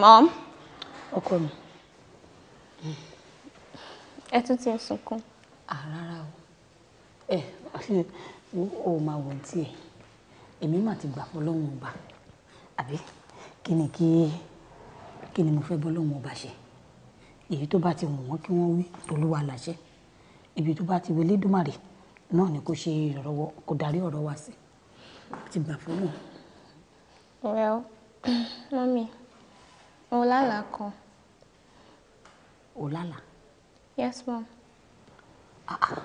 Mom. Ọkọ mi. Ẹ tún ti ń sunkún.
Àrárá
o. Ẹ o máa wọ̀ tí ẹ̀. Èmi mà ti gbà fún Ọlọ́run ọba. Àbí kí ni kí kí ni mo fẹ́ bọ́ Ọlọ́run ọba ṣe? Èyí tó bá ti wù wọ́n kí wọ́n wí tolúwa làṣẹ. Ibi tó bá ti wí Elédùmarè náà ni kò ṣe ìrànlọ́wọ́ kò darí ọ̀rọ̀ wa sí. Mo ti gbà fún Ọlọ́run.
Well, mommy. Olala, lálàá kan. ò yes ma'am. ah ah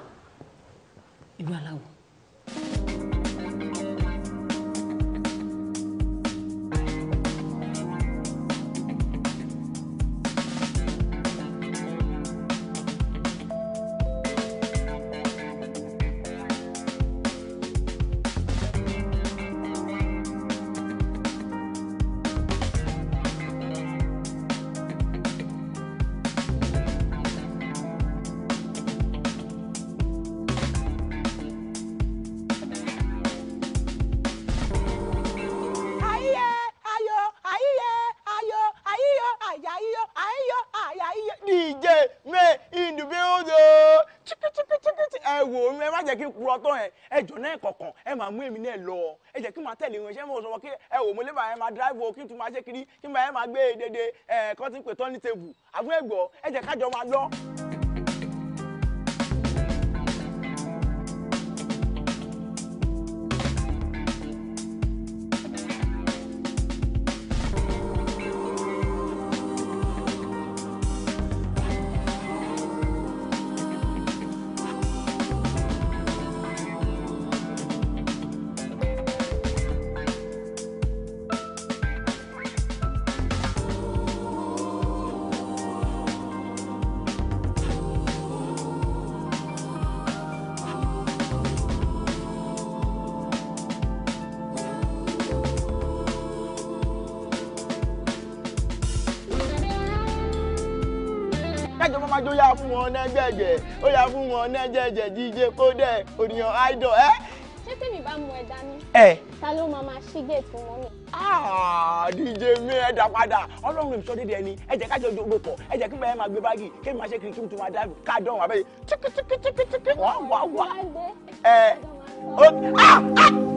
irú aláwọ̀.
tẹ́ kí n kúrò ọtọ́ yẹn ẹ jọ náà kọ̀ọ̀kan ẹ máa mú èmi náà lọ ẹ jẹ́ kí n máa tẹ̀lé wọn iṣẹ́ mọ̀ sọ̀rọ̀ kí ẹ wò mo lè bàa ẹ máa dráìvò kí n tún máa ṣe kiri kí n bàa ẹ máa gbé e dédé ẹ ẹ jẹ́ kájọ máa lọ. jẹ̀jẹ̀ ó yà fún wọn náà jẹ̀jẹ̀ jíjẹ kó dẹ̀ ònìyàn idol
ṣé tèmi bá mú ẹ dání. ẹ ta ló máa máa ṣí gate fún mọ́mì.
Ah, DJ mi ẹ dá padà ọlọ́run ìṣọ́ dídẹ ni ẹ jẹ́ ojú pọ̀ ẹ kí bẹ́ẹ̀ máa gbé báàgì kí n máa ṣe kìrìkìrì tó máa dá ká dán wà bẹ́ẹ̀ tíkítíkítíkítí wà wà wà. ẹ ó ẹ ah,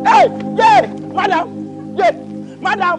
ah, madam yé madam.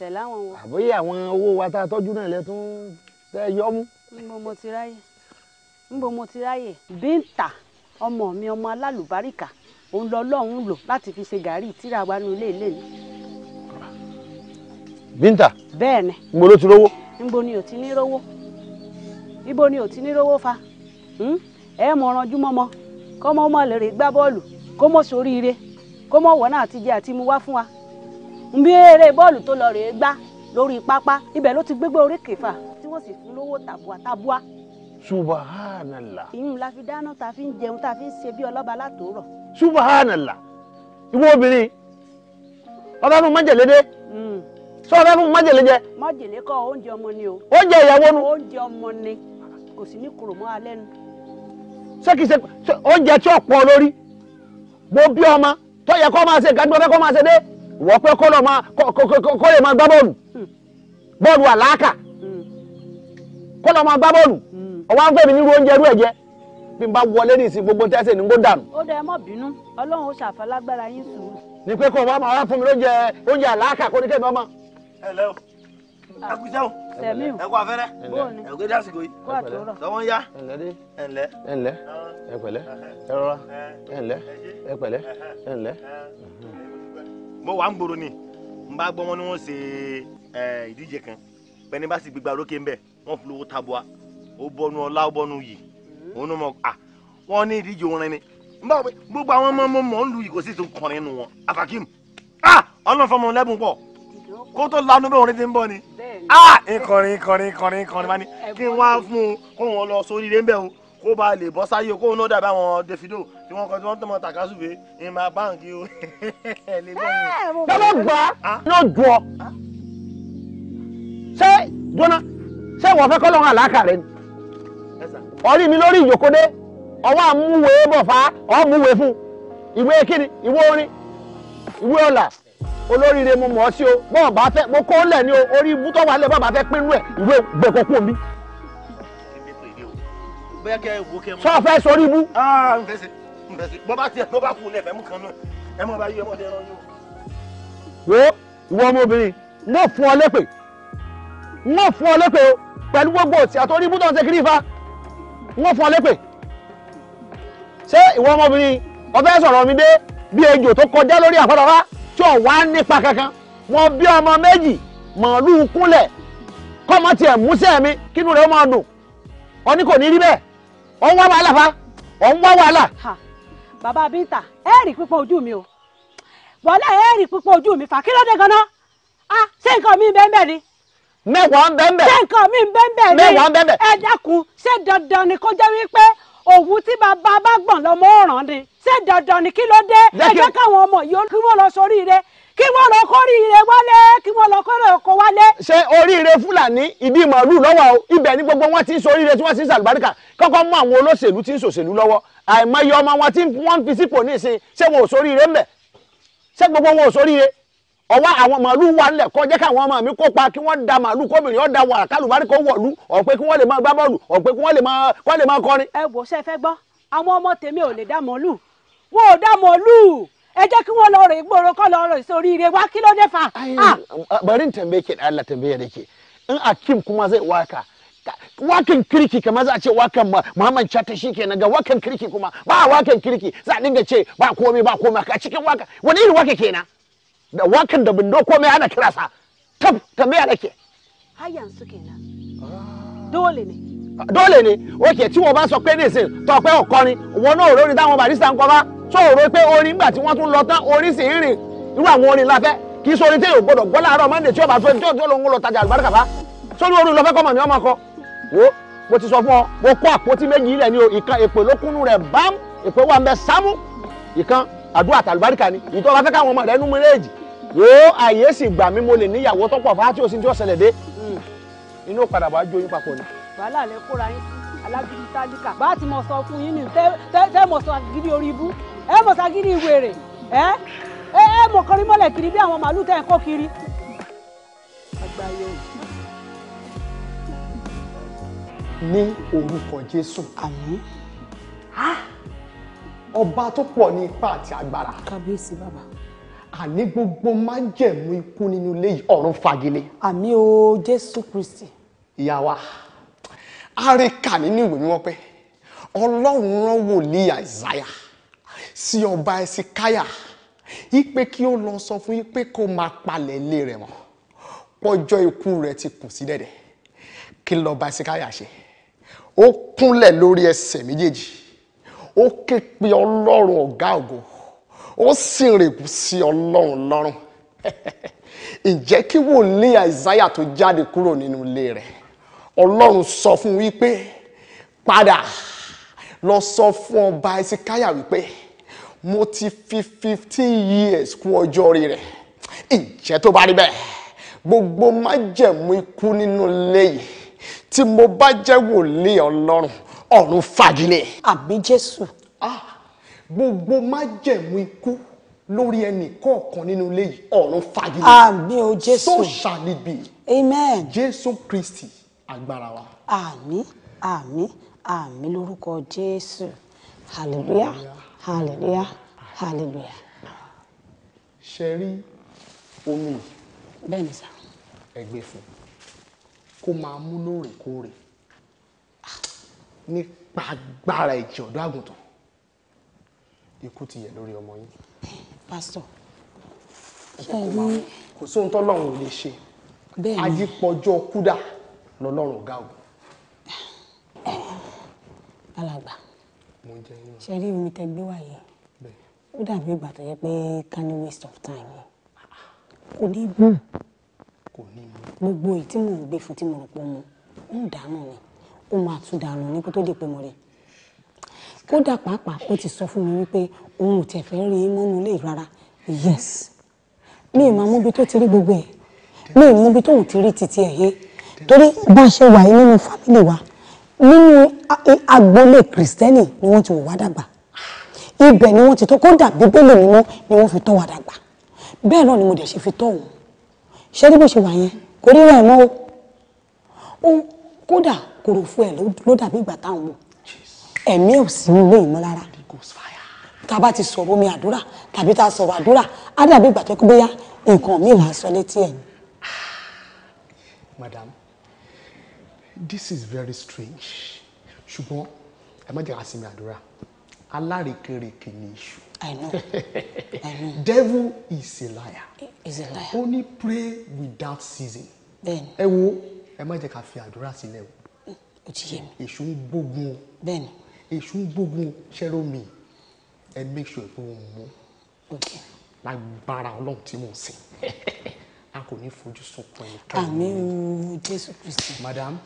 tẹ̀ láwọn wo. àbóyá
àwọn owó wa tá a tọ́jú náà lẹ tún yọ mú.
nbọ mo ti ráyè nbọ mo ti ráyè bíńtà ọmọ mi ọmọ alálùbáríkà òun lọ lọ́hùn lò láti fi ṣe gàárì tíra wa nu ilé ilé mi. bíńtà. bẹ́ẹ̀ ni. nbo ló ti rówó. nbo ni o ti ní rówó ibo ni ò ti ní rówó fa hmm? ẹ mọ ọranjú mọmọ kọmọ mọ lè rè gbá bọ́ọ̀lù kó mọ sóríire kó mọ wọnà àtijẹ àti mu wá fún wa bí eré bọ́ọ̀lù tó lọ rèé gbá lórí pápá ibẹ̀ ló ti gbégbé orí kẹfà tí wọ́n sì fún lówó tàbúà tàbúà.
subahánàlá.
ìyún la fi dáná ta fi ń jẹun ta fi ń ṣe bí ọlọ́ba látòórọ̀.
subahánàlá ìwọ obìnrin ọba fún májèlédé sọ hmm. ọba fún májèlé jẹ.
májèlé kọ oúnjẹ ọmọ ni o. oúnjẹ ìyàwó nu. oúnjẹ ọmọ ni kò sí ní kòrò alẹ́ nu.
ṣé kìí ṣe oúnjẹ tí ò pọ̀ lórí mo bí ọmọ tó yẹ kó máa ṣe gàdúrà kó máa ṣe dé wọ́n fẹ́ kọ́ lọ́ọ́ máa kọ́ lè máa gbá bọ́ọ̀lù hmm. bọ́ọ̀lù àlàákà hmm. kọ́ lọ́ọ́ máa gbá bọ́ọ̀lù
hmm.
ọwọ́ àwọn
fẹ́mi nírú oúnjẹ rú ẹ̀jẹ̀ bí n bá wọlé ní ìsìn gbogbo tẹ́sẹ̀ ní n kó dànù.
ó dẹ mọ́ bínú ọlọ́run ó ṣàfọlágbára yín sùn.
ní pé kò máa wá fún mi lóúnjẹ oúnjẹ àlàákà kó ní kẹ́ mi ọmọ.
ẹ lẹ́ ah. o ẹ kú
iṣẹ́ o ẹ kú afẹ́rẹ́ ẹ kú dásìkò yìí tọwọ́ ń yá ẹ ǹlẹ́ ẹ ǹlẹ́ ẹ pẹ̀lẹ́ ẹ rọra ẹ ǹlẹ́ ẹ pẹ̀lẹ́ ẹ ǹlẹ́ mo wà ń gbòòrò ni n bá gbọ́ wọn ni wọ́n ṣe ìdíje kan pẹ̀lú bá sì gbégbá lókè ń bẹ̀ wọ́n fi lówó tabua ó bọ́nu ọlá ó bọ́nu yìí òun ni mo à wọ́n ní ìdíje orin ni n bá wọ pé gbogbo àwọn ọmọ ọmọ mọ̀ ń lu yìí kò sì tún kọrin nù wọn afakim ah ọlọ́run fọmọ lẹ́bùn pọ̀ kó tó lanu bẹ́ẹ̀ orin ti ń bọ̀ ni ah ìkọrin ìkọrin ìkọrin ìkọrin bá ní kí n wá fún un kó wọn lọ sórí ilé ń bẹ̀ o kó ba lè bọ́ sáyé kó náà dàbí àwọn Davido tí wọ́n kọ́ tí wọ́n tọmọ takasufe ní ma báǹkì o. tọ́lọ́ gbà ah. náà dùn ọ ah. ṣé jóná ṣé wọ́n fẹ́ kọ́ lọ́wọ́ àlàkà rẹ ni ọ̀rí mi lórí ìjòkóde ọwọ́ àmúwèé bọ̀ fà á ọ̀múwèé fún ìwé kíni ìwé orin ìwé ọ̀là olóríire mo mọ̀ ọ́ sí o bọ́ọ̀ bá fẹ́ mo kó lẹ̀ ní o orí ibú tó wà lẹ̀ bọ́ọ̀ bá fẹ́ pínú ẹ̀ ìwé gbẹ̀kọ̀ mi bóyá kẹ wo kẹ mú. sọ fẹ sori bú. aa ah, n fẹsẹ n fẹsẹ bọ́ bá tiẹ̀ ló bá kú lẹ̀ fẹ́ mú kan náà ẹ mọ̀ bá yí ọmọdé ẹran yóò. wo ìwọ ọmọbìnrin náà fún ọ lépè náà fún ọ lépè o pẹ̀lú gbogbo òtí àtọ́rí bú náà ṣe kiri fa náà fún ọ lépè. ṣé ìwọ ọmọbìnrin ọfẹ sọ̀rọ̀ mi dé bí ejò tó kọjá lórí àfọlọ́fà tí ò wá nípa kankan wọn bí ọmọ méjì màálù kúnlẹ̀ kọ́mọ tiẹ̀ músẹ́ mi kínú rẹ̀ ó máa dùn ọ ní kò ní rí bẹ́ẹ̀ ọ̀ ń wá wàhálà
fa ọ̀ ń wá wàhálà. bàbá bíntà ẹ rí pípọ̀ ojú mi o wọlé ẹ rí pípọ̀ ojú mi fà kí ló dé ganan ah ṣé nǹkan mi bẹ́ẹ̀ bẹ́ẹ̀ ni. mẹ́wàá ń bẹ́ẹ̀ bẹ́ẹ̀. ṣé nǹkan mi bẹ́ẹ̀ bẹ́ẹ̀ ni mẹ́wàá ń bẹ́ẹ̀ bẹ́ẹ̀. ẹ dákun ṣé dandan ni kó jẹ́ wípé òwú tí bàbá bá gbọ̀n lọ́mọ ọ̀ràn ni ṣé dandan ni kí ló dé ẹ jẹ́ káwọn ọmọ yìí kí wọ́n lọ sórí rẹ̀ kí wọ́n lọ kórìíre wálé kí wọ́n lọ kórìíre kó wálé. ṣé oríire
fúlàní ìdí màálù lọ́wọ́ o ibẹ̀ ni gbogbo wọn ti ń soríire tí wọ́n ti ń sàlùbáríkà kọ́kọ́ mú àwọn olóṣèlú tí ń ṣòṣèlú lọ́wọ́ àìmọye ọmọ wọn tí wọ́n fi sípò ní ìsìn ṣé wọn ò soríire ńbẹ̀ ṣé gbogbo wọn ò soríire ọwọ́ àwọn màálù wà ńlẹ̀ kọ́ jẹ́ káwọn ọmọ mi kópa kí wọ́n da màálù kóbìnrin
ọ̀dà wàrà kálùbáríkà wọ̀lú ọ̀pẹ kí wọ́n lè máa gbá bọ́ọ̀lù ọ̀pẹ kí wọ́n lè máa kọrin. ẹ wò ṣe fẹ́ gbọ́ àwọn ọmọ tèmi ò lè dá màálù wọn ò dá màálù ẹ jẹ́ kí wọ́n lọ rẹ̀ gbòòrò kọ́ lọ rè sórí ire wá kí ló dé fa. Ah!
bari n tambaye ke da Allah tambaye da ke in akim kuma zai waka wakan kirki kamar za a ce wakan Muhammad chatta shi kenan ga wakan kirki kuma ba wakan kirki za a dinga ce ba komai ba komai a cikin waka wani irin waka kenan da wakan da bindo komai ana kirasa tab tambaya da ke
har yanzu kenan dole ne
dọ́lẹ̀ ni òkè tí wọ́n bá sọ pé nìsín tọpẹ́ ọ̀kọrin wọn náà òrórin táwọn barista ń kọ́ tó òró pé orin nígbà tí wọ́n tún lọ tán orin sì ń rìn irú àwọn orin la kì í sọ orin tí yóò gbọdọ̀ gbọ́ láàárọ̀ mọ́ndé tí ó bá fẹ́ tí ó lóun lọ tajà àlùbáríkà bá sórí orin lọ fẹ́ kọ́ ọmọ kọ wo mo ti sọ fún ọ mo kó àpótí méjì ilẹ̀ ni o ìkan èpè lókùnú rẹ̀ bám èpè wà ń sámú ìkan àdúrà tàlùbáríkà ni ìtọ́ba fẹ́ káwọn ọmọ rẹ̀ nú méjèèjì wo àyè sì gbà mí mo lè níyàwó tọ́pọ̀ fáá tí o ṣẹlẹ̀ dé hmm.
inú padà wàá jó papọ̀ ni
wàhálà lẹ kóra yín sí alágídí tálíkà bá ti mọ̀ sọ fún yín ni tẹ́ mọ̀ sọ agídí orí ibú ẹ mọ̀ sọ agídí ìwèrè ẹ ẹ mọ̀ kọrin mọ́lẹ̀ kiri bí àwọn màálù tẹ́ ẹ̀ kọ́ kiri.
ní orúkọ jésù àmín ọba tó pọ̀ ní ipá àti agbára kábíyèsí bàbá àní gbogbo májẹ̀mú ikú nínú ilé ọ̀run fagilé. àmín o jésù kristi. ìyá wa àríkà nínú ìwé mímọ́ pé ọlọ́run rán wòlíì àìsáyà sí ọba ẹsikáyà ipe kí ó lọ sọ fún ipe kó máa palẹ̀ ilé rẹ̀ mọ́ pọ́jọ́ ikú rẹ̀ ti kù sí dẹ̀dẹ̀ kí lọ́ba ẹsikáyà ṣe ó kúnlẹ̀ lórí ẹsẹ̀ méjèèjì ó ké pe ọlọ́run ọ̀gá ògo ó sì rèkú sí ọlọ́run lọ́rùn ǹjẹ́ kí wòlíì àìsáyà tó jáde kúrò nínú ilé rẹ̀ ọlọ́run sọ fún wípé padà lọ sọ fún ọba ẹsìkáyà wípé mo ti fi fifteen years kún ọjọ́ orí rẹ̀ ìjẹ́ tó bá rí bẹ́ẹ̀ gbogbo májẹ̀mú ikú nínú ilé yìí tí mo bá jẹ́ wòlíì ọlọ́run ọ̀run fagilé. àmì jésù. Ah, gbogbo májẹ̀mú ikú lórí ẹnì
kọ̀ọ̀kan nínú ilé yìí ọ̀run fagilé. àmì o jésù. so shall it be. amen. jésù kristi agbára wa. àmín àmín àmín lórúkọ jésù hallelujah hallelujah hallelujah. ṣe rí omi bẹ́ẹ̀ni sá
ẹgbẹ́ fún
kó máa mú lóòrèkóòrè nípa agbára ìjì ọ̀dọ́ àgùntàn ikú ti yẹ lórí ọmọ yín. pásítọ̀ ṣe rí kò sóhun tọ́lọ́run ò lè ṣe ajípọ̀jọ́ kúdà lọ́lọ́run ọ̀gá ògùn.
alàgbà ṣe rí omi tẹ gbé wáyé ó dàbí ìgbà tó yẹ pé canny waste of time yẹn kò ní gùn hmm. gbogbo èyí tí mò ń gbé fún tí mo rò pé mo ń dànù ni ó máa tún dànù ní kó tó di pé mo rí kódà pàápàá ó ti sọ fún mi wípé òun ò tẹ̀ fẹ́ rí mọ́nú ilé rárá yes mi ì máa mú ibi tó ti rí gbogbo ẹ̀ mi ì mú ibi tóun ti rí títí ẹ̀ yé torí bá a ṣe wà yìí nínú fámìlì wa nínú agboolé kìrìsìtẹ́nì ni wọ́n ti wò wá dàgbà ibẹ̀ ni wọ́n ti tọ́ kódà bíbélì mímọ́ ni wọ́n fi tọ́ wa dàgbà bẹ́ẹ̀ náà ni mo dẹ̀ ṣe fi tọ́ òun ṣé bí mo ṣe wà yẹn kò rí rẹ̀ mọ́ o kódà kòròfo ẹ̀ ló dàbí ìgbà táwọn wò ẹ̀mí ẹ̀ sì ń lé ìmọ̀ rárá tá a bá ti sọ̀rọ̀ omi àdúrà tàbí tá a sọ̀rọ̀ àdúrà á dàbí ìgbà tó kú bóyá nǹkan mi là á sọ létí ẹ̀yìn.
madam this is very strange ṣùgbọ́n ẹ má jẹ́ ká sinmi àdúrà alárekereke ni iṣu. I know. I know. Devil is a liar. Is a liar. Only pray without ceasing. Bẹ́ẹ̀ni. Ẹ wo ẹ má jẹ́ ká fi àdúrà sílẹ̀ o. O mm, ti yé mi. Èṣù ń gbógun o. Bẹ́ẹ̀ni. Èṣù ń gbógun Ṣẹ́rọ mi ẹ make sure pé o mú. Okay. Lágbára Ọlọ́run tí mò ń sìn. A kò ní fojú sunkún ẹnikẹ́ni.
Àmín Jésù Kristi. Madam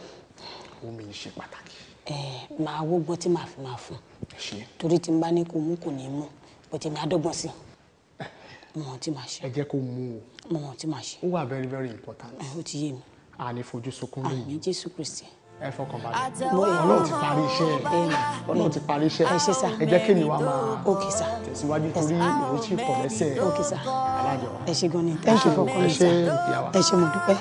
omi ṣe pàtàkì. ẹ máa wọ́gbọ́n tí màá fi máa fún torí tí n bá ní kó mú kò ní mú bó ti adọ́gbọ́n sí i mọ̀ tí màá ṣe. ẹ jẹ́ kó mú o mọ̀ tí màá ṣe. ó wà very very important. ẹ ó ti yé mi. àní fojú sunkún lóyún. àmín Jésù Kristi ẹ fọkàn balẹ̀ ọlọ́run ti parí iṣẹ́ ẹ ọlọ́run ti parí iṣẹ́ ẹ jẹ́ kémi wa máa tẹ̀síwájú torí òun sì pọ̀ lẹ́sẹ̀ alájọ. ẹ ṣe gan ni thank you for calling sir ẹ ṣe mo dúpẹ́.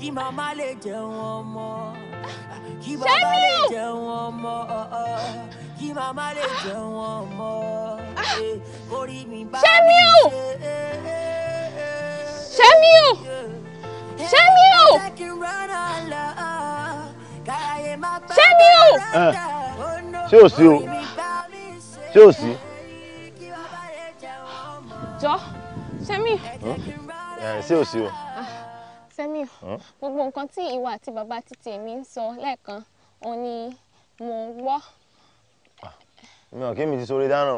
kí màmá lè jẹun ọmọ
kí bàbá lè jẹun
ọmọ kí màmá lè jẹun ọmọ orí mi bá mi ṣe. Ṣẹ́míù Ṣẹ́míù Ṣẹ́míù. ṣé ò eh,
sí o ṣé ò sí. jọ Ṣẹ́míù. ṣé ò sí o. Fẹ́mi gbogbo nǹkan tí ìwà àti bàbá títí mi ń sọ lẹ́ẹ̀kan òun ni mò ń gbọ́.
Ah, mi ò kí mi ti sórí dáná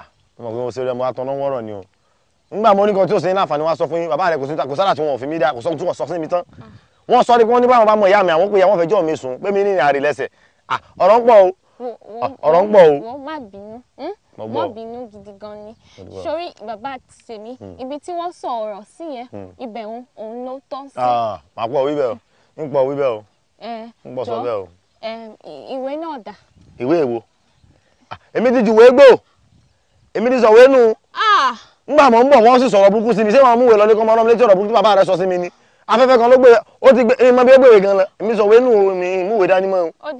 ah, mo mọ̀ mo ṣeré mo wá tọ́nà wọ́rọ̀ ni o nígbà mo ní kan tí ó ṣe ní láǹfààní wá sọ fún yín bàbá rẹ kò sára tí wọn ò fi mí dá kò sọ tí wọn sọ fún mi tán ah. wọn sọ pé wọn ní báwọn bá mọ ìyá mi àwọn pé àwọn fẹjọ́ mi sùn pé mi ní ìrìn àrè lẹsẹ ọ̀rọ̀ ń pọ̀ o
ọ̀rọ̀ ń pọ̀ o. wọ́n má bínú hm? wọ́n bínú gidi gan ni sórí bàbá àti sèmi hmm. ibi tí wọ́n sọ ọ̀rọ̀ sí yẹn hmm. ibẹ̀ òun ló tọ́ sí. Ah,
màá pọ̀ wíbẹ̀ o ń pọ̀ wíbẹ̀ o
ń pọ̀ sọ bẹ́ẹ̀ o. ìwé náà dà.
ìwé èwo ah, èmi ti ju wéé gbò èmi ti sọ wéé nù ah! ngbà mọ̀ ń bọ̀ wọ́n sì sọ̀rọ̀ burúkú sí mi ṣé wọ́n mú ìwé lọ ní kọ́ mọ́ létí ọ̀rọ̀ burúkú bàbá rẹ sọ sí mi ni afẹ́fẹ́ kan ló gbé ó ti gbé èmi mọ bí ó gbé ìwé gan lọ èmi sọ wéé nù mi ìmúwèé dání mọ́
o.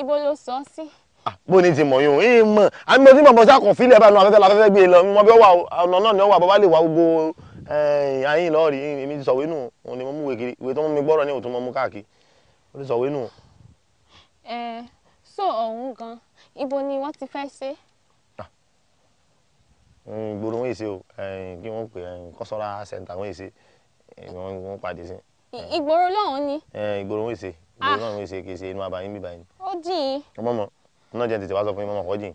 ibo ló sọ sí.
Ah, bó ni ti mọ̀ yún ẹ mọ̀ àmì mo ti mọ̀ bọ́ sá kàn fílẹ̀ báyìí afẹ́fẹ́ lafẹ́fẹ́ gbé e lọ mọ bí ó wà ọ̀nà náà ni ó wà bọ́ bá lè wá gbogbo ayín lọ́ọ̀rì èmi ti sọ̀wé nù òun ni mo mú wèkiri ìwé tó mú mi gbọ́rọ̀ ní òtún mo mú káàkiri ó ti sọ̀wé nù.
ẹ so ọ̀hún gan ibo ni wọ́n ti fẹ́ ṣe. Ah.
ìgboro wọn èsè o kí wọ́n pè kọ́sọ́ra center wọn èsè wọ́n pàdé sí.
ìgboro lọ́hùn-ún ni.
ìgboro wọn èsè ìgboro ah. lọ́hùn-ún èsè kì í ṣe inú abayín bíbáyín.
ó dì í.
ọmọ mọ náà jẹ́ tètè wá sọ fún yín mọ́mọ́ jìn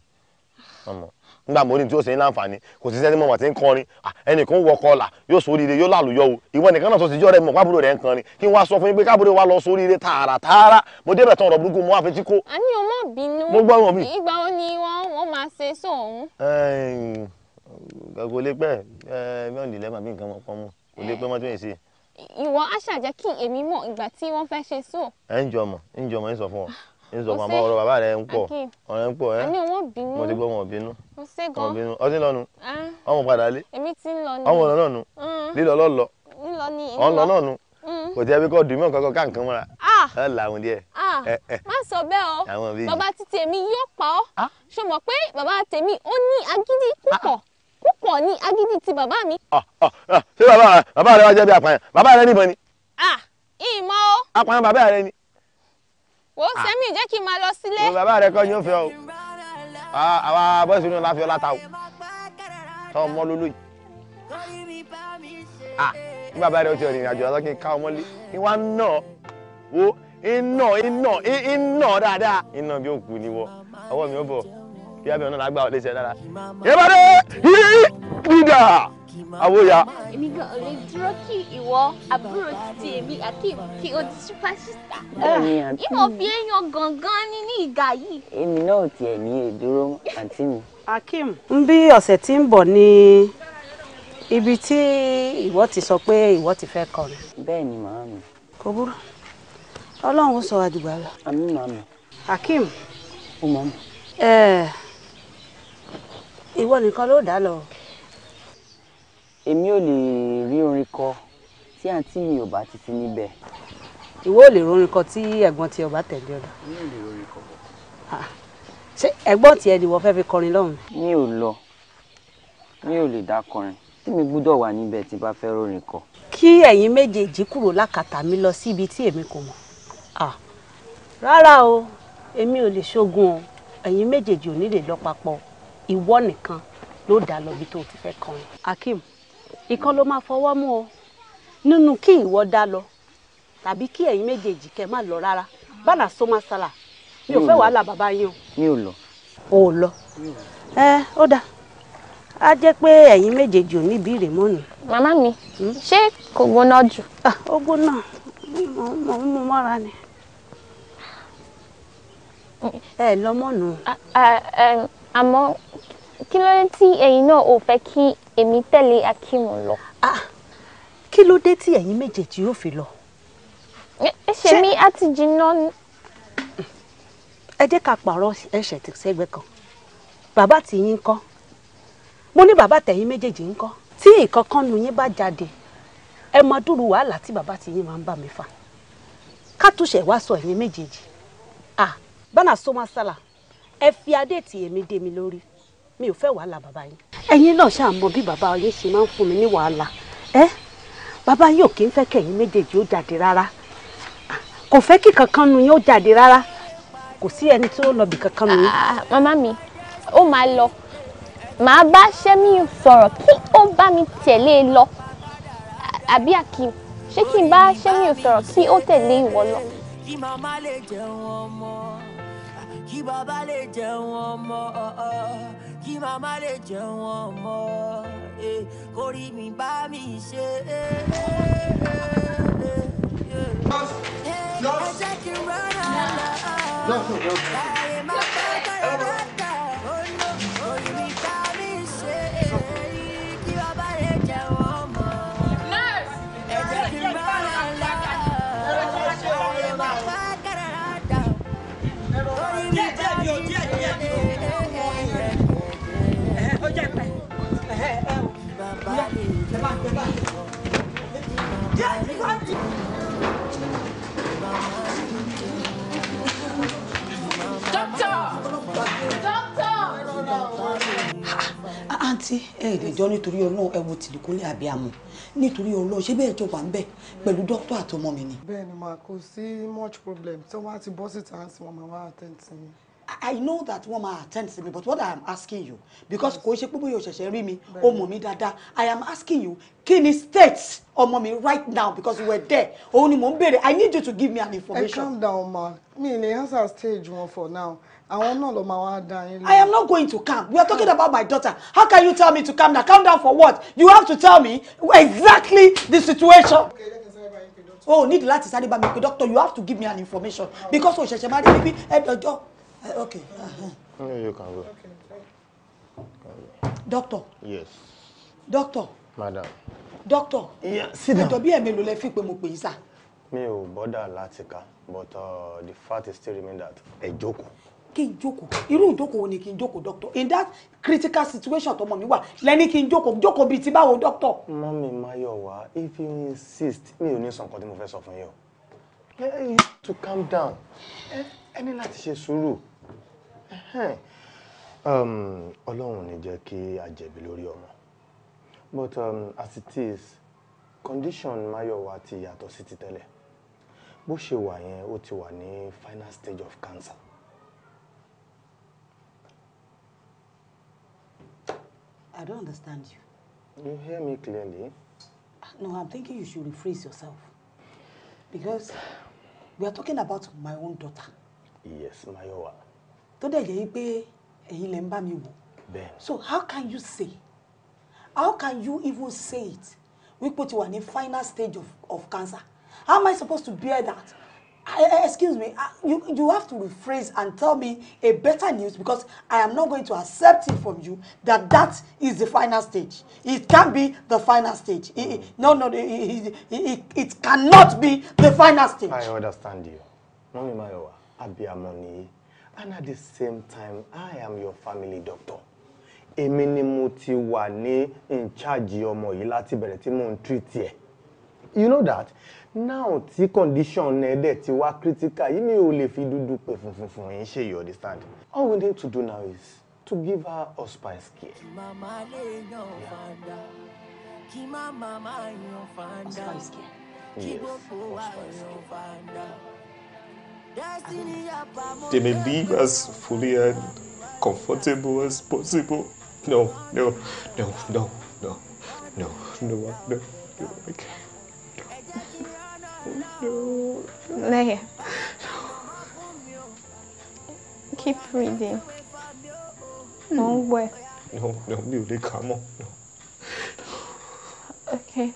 mọ́mọ́ nígbà mo ní tí ó ṣe ń láǹfààní kò sí sẹ́ni mọ̀mọ́ tí ń kọrin ẹnìkan wọ kọlà yóò sóríire yóò lálùyọ o ìwọ nìkan náà tó ti jọ́ rẹ mọ̀ kábúrò rẹ̀ ń kọrin kí n wá sọ fún yín pé kábúrò wa lọ sóríire tààrà tààrà mo débẹ̀ tán ọ̀rọ̀ burúkú mo wá fi tí kó.
àní o má bínú ìgbà wo ni wọ́n máa ṣe sóhun.
kò lè pẹ́ mílíọ̀nù ìlẹ́mà mi nǹkan pọ́n mu kò lè pẹ́ mọ́ tí wọ́n ṣe. ìwọ ń sọ màmá ọ̀rọ̀ bàbá rẹ̀ ń pọ̀ ọ̀rẹ́ ń pọ̀ ẹ́ mo ti gbọ́ wọn bínú wọn bínú ọtí lọ́nu ah. ọmọ padà lé
ọmọ lọ náà nu mm. lílọ lọ́lọ ọ̀n lọ náà nu mm. kò tí
ẹ bí kò dùn mọ́ kankan káàkiri mọ́ra ah. ẹ làwọn díẹ̀. Ah.
má sọ bẹ́ẹ̀ o bàbá ti tèmi yóò pa ọ́ ṣe mọ̀ pé bàbá tèmi ó ní agídí púpọ̀ púpọ̀ ní agídí ti bàbá mi.
ṣé bàbá rẹ bàbá rẹ wá jẹ́ bí apààyàn bàbá rẹ níbọn ni.
ìmọ̀ o. apààyàn bàbá rẹ ni wo sẹ́mi jẹ́ kí n máa lọ sílé. wo bàbá rẹ kọ́ yóò
fẹ́ o àwa bọ́sùn náà láfi ọlá ta o tọ́ ọmọ lóló yìí ní bàbá rẹ o ti rìnrìn àjò lọ́kì ká ọmọ lé ní wàá nà wo iná iná iná dáadáa iná bí òkú ni wọ ọwọ́ mi ò bọ̀ bí abẹ́rẹ́ náà lágbà ọ̀ dára. ìbàdàn yìí dídà àwòyà.
èmi gan ò lè dúró kí ìwọ àbúrò ti èmi akeem kí o di superstar. ìmọ̀ fi èèyàn gangan ní ní ìgbà yìí.
èmi náà tiẹ̀ ní ìdúró àǹtí mi. Akim. ń bí ọ̀sẹ̀ tí ń bọ̀ ní ibi tí ìwọ ti sọ pé ìwọ ti fẹ́ kọrin. bẹ́ẹ̀ ni màá mi. kò burú ọlọ́run sọ àdùgbà lọ. àmín màá mi. akeem. ó mọ̀ mi. ẹ̀ẹ́ eh, ìwọ nìkan ló dá lọ
èmi ò lè rí orin kọ tí àǹtí mi ò bá ti sí níbẹ̀.
ìwọ ò lè rorin kọ tí ẹ̀gbọ́n tí ọba tẹ̀lé ọ̀dọ̀. mi ò lè rorin kọ. Ah, ṣé ẹ̀gbọ́n tiẹ̀ ni wọ́n fẹ́ fi kọrin lọ́hùn. mi ò lọ mi ò lè dá kọrin tí mi gbúdọ̀ wà níbẹ̀ tí bá fẹ́ rorin kọ. kí ẹ̀yin méjèèjì kúrò lákàtà mi lọ síbi tí èmi kò mọ̀ ah, rárá o èmi ò lè ṣogun o ẹ̀yin méjèèjì ò ní lè lọ papọ̀ ìwọ nìkan ló dá lọ bí tó ti fẹ́ kọrin. akeem ìkan ló máa fọwọ́ mú o nínú kí ìwọ dá lọ tàbí kí ẹ̀yin méjèèjì kẹ má lọ rárá bánà só má sálà mi ò fẹ́ wàhálà bàbá yín o. mi ò lọ. o ò lọ ẹ ó dáa á jẹ́ pé ẹ̀yin méjèèjì ò ní ìbéèrè mọ́nu. màmá mi hmm? ṣé kò gbóná jù. Ah,
ó gbóná mo ń mú mọ́ra ni ẹ lọ́mọ̀nù. Ah, ah, àmọ́ kí ló dé tí ẹ̀yin náà ò fẹ́ kí èmi tẹ̀lé Akímù lọ. Ah, kí ló dé tí ẹ̀yin méjèèjì yóò fi lọ. ẹ ṣe mí á ti jiná.
ẹ jẹ́ ká pààrọ̀ ẹ̀ṣẹ̀ tí sẹ́gbẹ́ kan bàbá tí yín kọ́ mo ní bàbá tẹ̀yin méjèèjì ń kọ́ tí ìkankan nu yín bá jáde ẹ mọ dúró wàhálà tí bàbá tí yín máa ń bá mi fà ká túṣẹ̀ wá sọ ẹ̀yin méjèèjì ah, bánà sọ́mọ́sálà ẹ fi adé tì dé mi lórí mi ò fẹ́ wàhálà bàbá yín. ẹ̀yin náà ṣáà mọ bí bàbá yín ṣe máa ń fún mi ní wàhálà ẹ bàbá yín ò kí ń fẹ́ kẹ̀yin méjèèjì ó jáde rárá kò fẹ́ kí kankan nu yín ó jáde rárá kò sí ẹni tí ó lọ bì kankan nu yín. Ah,
màmá mi ó máa lọ màá bá Ṣẹ́mi sọ̀rọ̀ kí ó bá mi tẹ̀lé e lọ àbí Akeem ṣé kí n bá Ṣẹ́mi sọ̀rọ̀ kí ó tẹ̀lé ìwọ lọ.
kí màmá lè jẹun ọmọ kí bàbá lè jẹun ọmọ kí màmá lè jẹun ọmọ e, kórì mi bá mi ṣe. E, e,
ẹ jẹ́ kí n rán
ara.
àǹtí ẹ ìdẹjọ́ nítorí ọlọ́run ẹ wo tìlúkúnlẹ̀ àbíàmù nítorí ọlọ́run ṣé bẹ́ẹ̀ jọba ń bẹ̀ pẹ̀lú dókítà àtọmọ mi ni. bẹ́ẹ̀ ni màá kò sí much problem tí wọ́n á ti bọ́ síta sí wọn màá wá àtẹ̀ǹtì mi. I know that wọ́n máa attend to me but what I am asking you because kò ṣe pé bóyá o ṣẹ̀ṣẹ̀ rí mi o mi dáadáa I am asking you kí ni state ọmọ mi right now because you were there òun ni mò ń béèrè I need you to give me an information. ẹ calm down ma mi le answer stage one for now àwọn náà ló máa wá dá yín lọ. I am not going to calm we are talking about my daughter how can you tell me to calm down calm down for what you have to tell me exactly the situation. o oh, need láti sáré bá mi pé doctor you have to give me an information because o ṣẹ̀ṣẹ̀ máa rí bíbí ẹ̀dọ̀jọ́. Uh, okay. Uh-huh.
No, you can go. Okay,
okay. Doctor. Yes. Doctor. Madam. Doctor. Yeah, sit down. Ẹjọ́ bí ẹ̀mí ló lẹ fi pé mo pè yín sá.
Mi ò bọ́dà láti kà but uh, the fact is still remain that ẹ jókòó.
Kí n jókòó? Irú ìjókòó ni kí n jókòó doctor? In that critical situation tọmọ mi wà lẹ́ni kí n jókòó jókòó bíi ti báwo doctor? Mọ́mí Máyọ̀wá if you insist mi ò ní
sọ nǹkan tí mo fẹ́ sọ fún yín o. You need to calm down. Eh? ẹ ní láti ṣe sùúrù um, ọlọ́run ní jẹ́ kí a jẹ̀bi lórí ọmọ but um, as it is condition Máyọ̀wá ti yàtọ̀ sí ti tẹ́lẹ̀ bó ṣe wà yẹn ó ti wà ní final stage of cancer.
I don't understand you.
You hear me clearly?
Ah, no, I'm thinking you should rephrase yourself. Because we are talking about my own daughter
yes Mayowa.
tó dẹ̀ jẹ́ pé ẹ̀yin lẹ ń bá mi wò. bẹ́ẹ̀ so how can you say how can you even say it wípé o ti wà ní final stage of of cancer how am I supposed to bear that I, eh, I, eh, excuse me I, ah, you you have to rephrase and tell me a better news because I am not going to accept it from you that that is the final stage it can be the final stage it, it, no no it, it, it, it cannot be the final stage. I
understand you mummy Mayowa abiamoni and at the same time I am your family doctor èmi ni mo ti wà ní in charge ọmọ yìí láti bẹ̀rẹ̀ tí mo ń treat ẹ̀ you know that now tí condition ẹ̀ dẹ̀ ti wá critical yìí mi ò lè fi dúdú pè funfun fún yín ṣe you understand all we need to do now is to give her hospice care.
màmá lè yan fanda kí má màmá yan fanda
kí
gbogbo wa yan fanda. They may
live as fully and comfortable as possible. No, no,
no, no, no, no, no, no, no, I can't. No, no.
Leia. Keep breathing. No way.
No, no, mi ò lè kà á
mọ́.
Okay.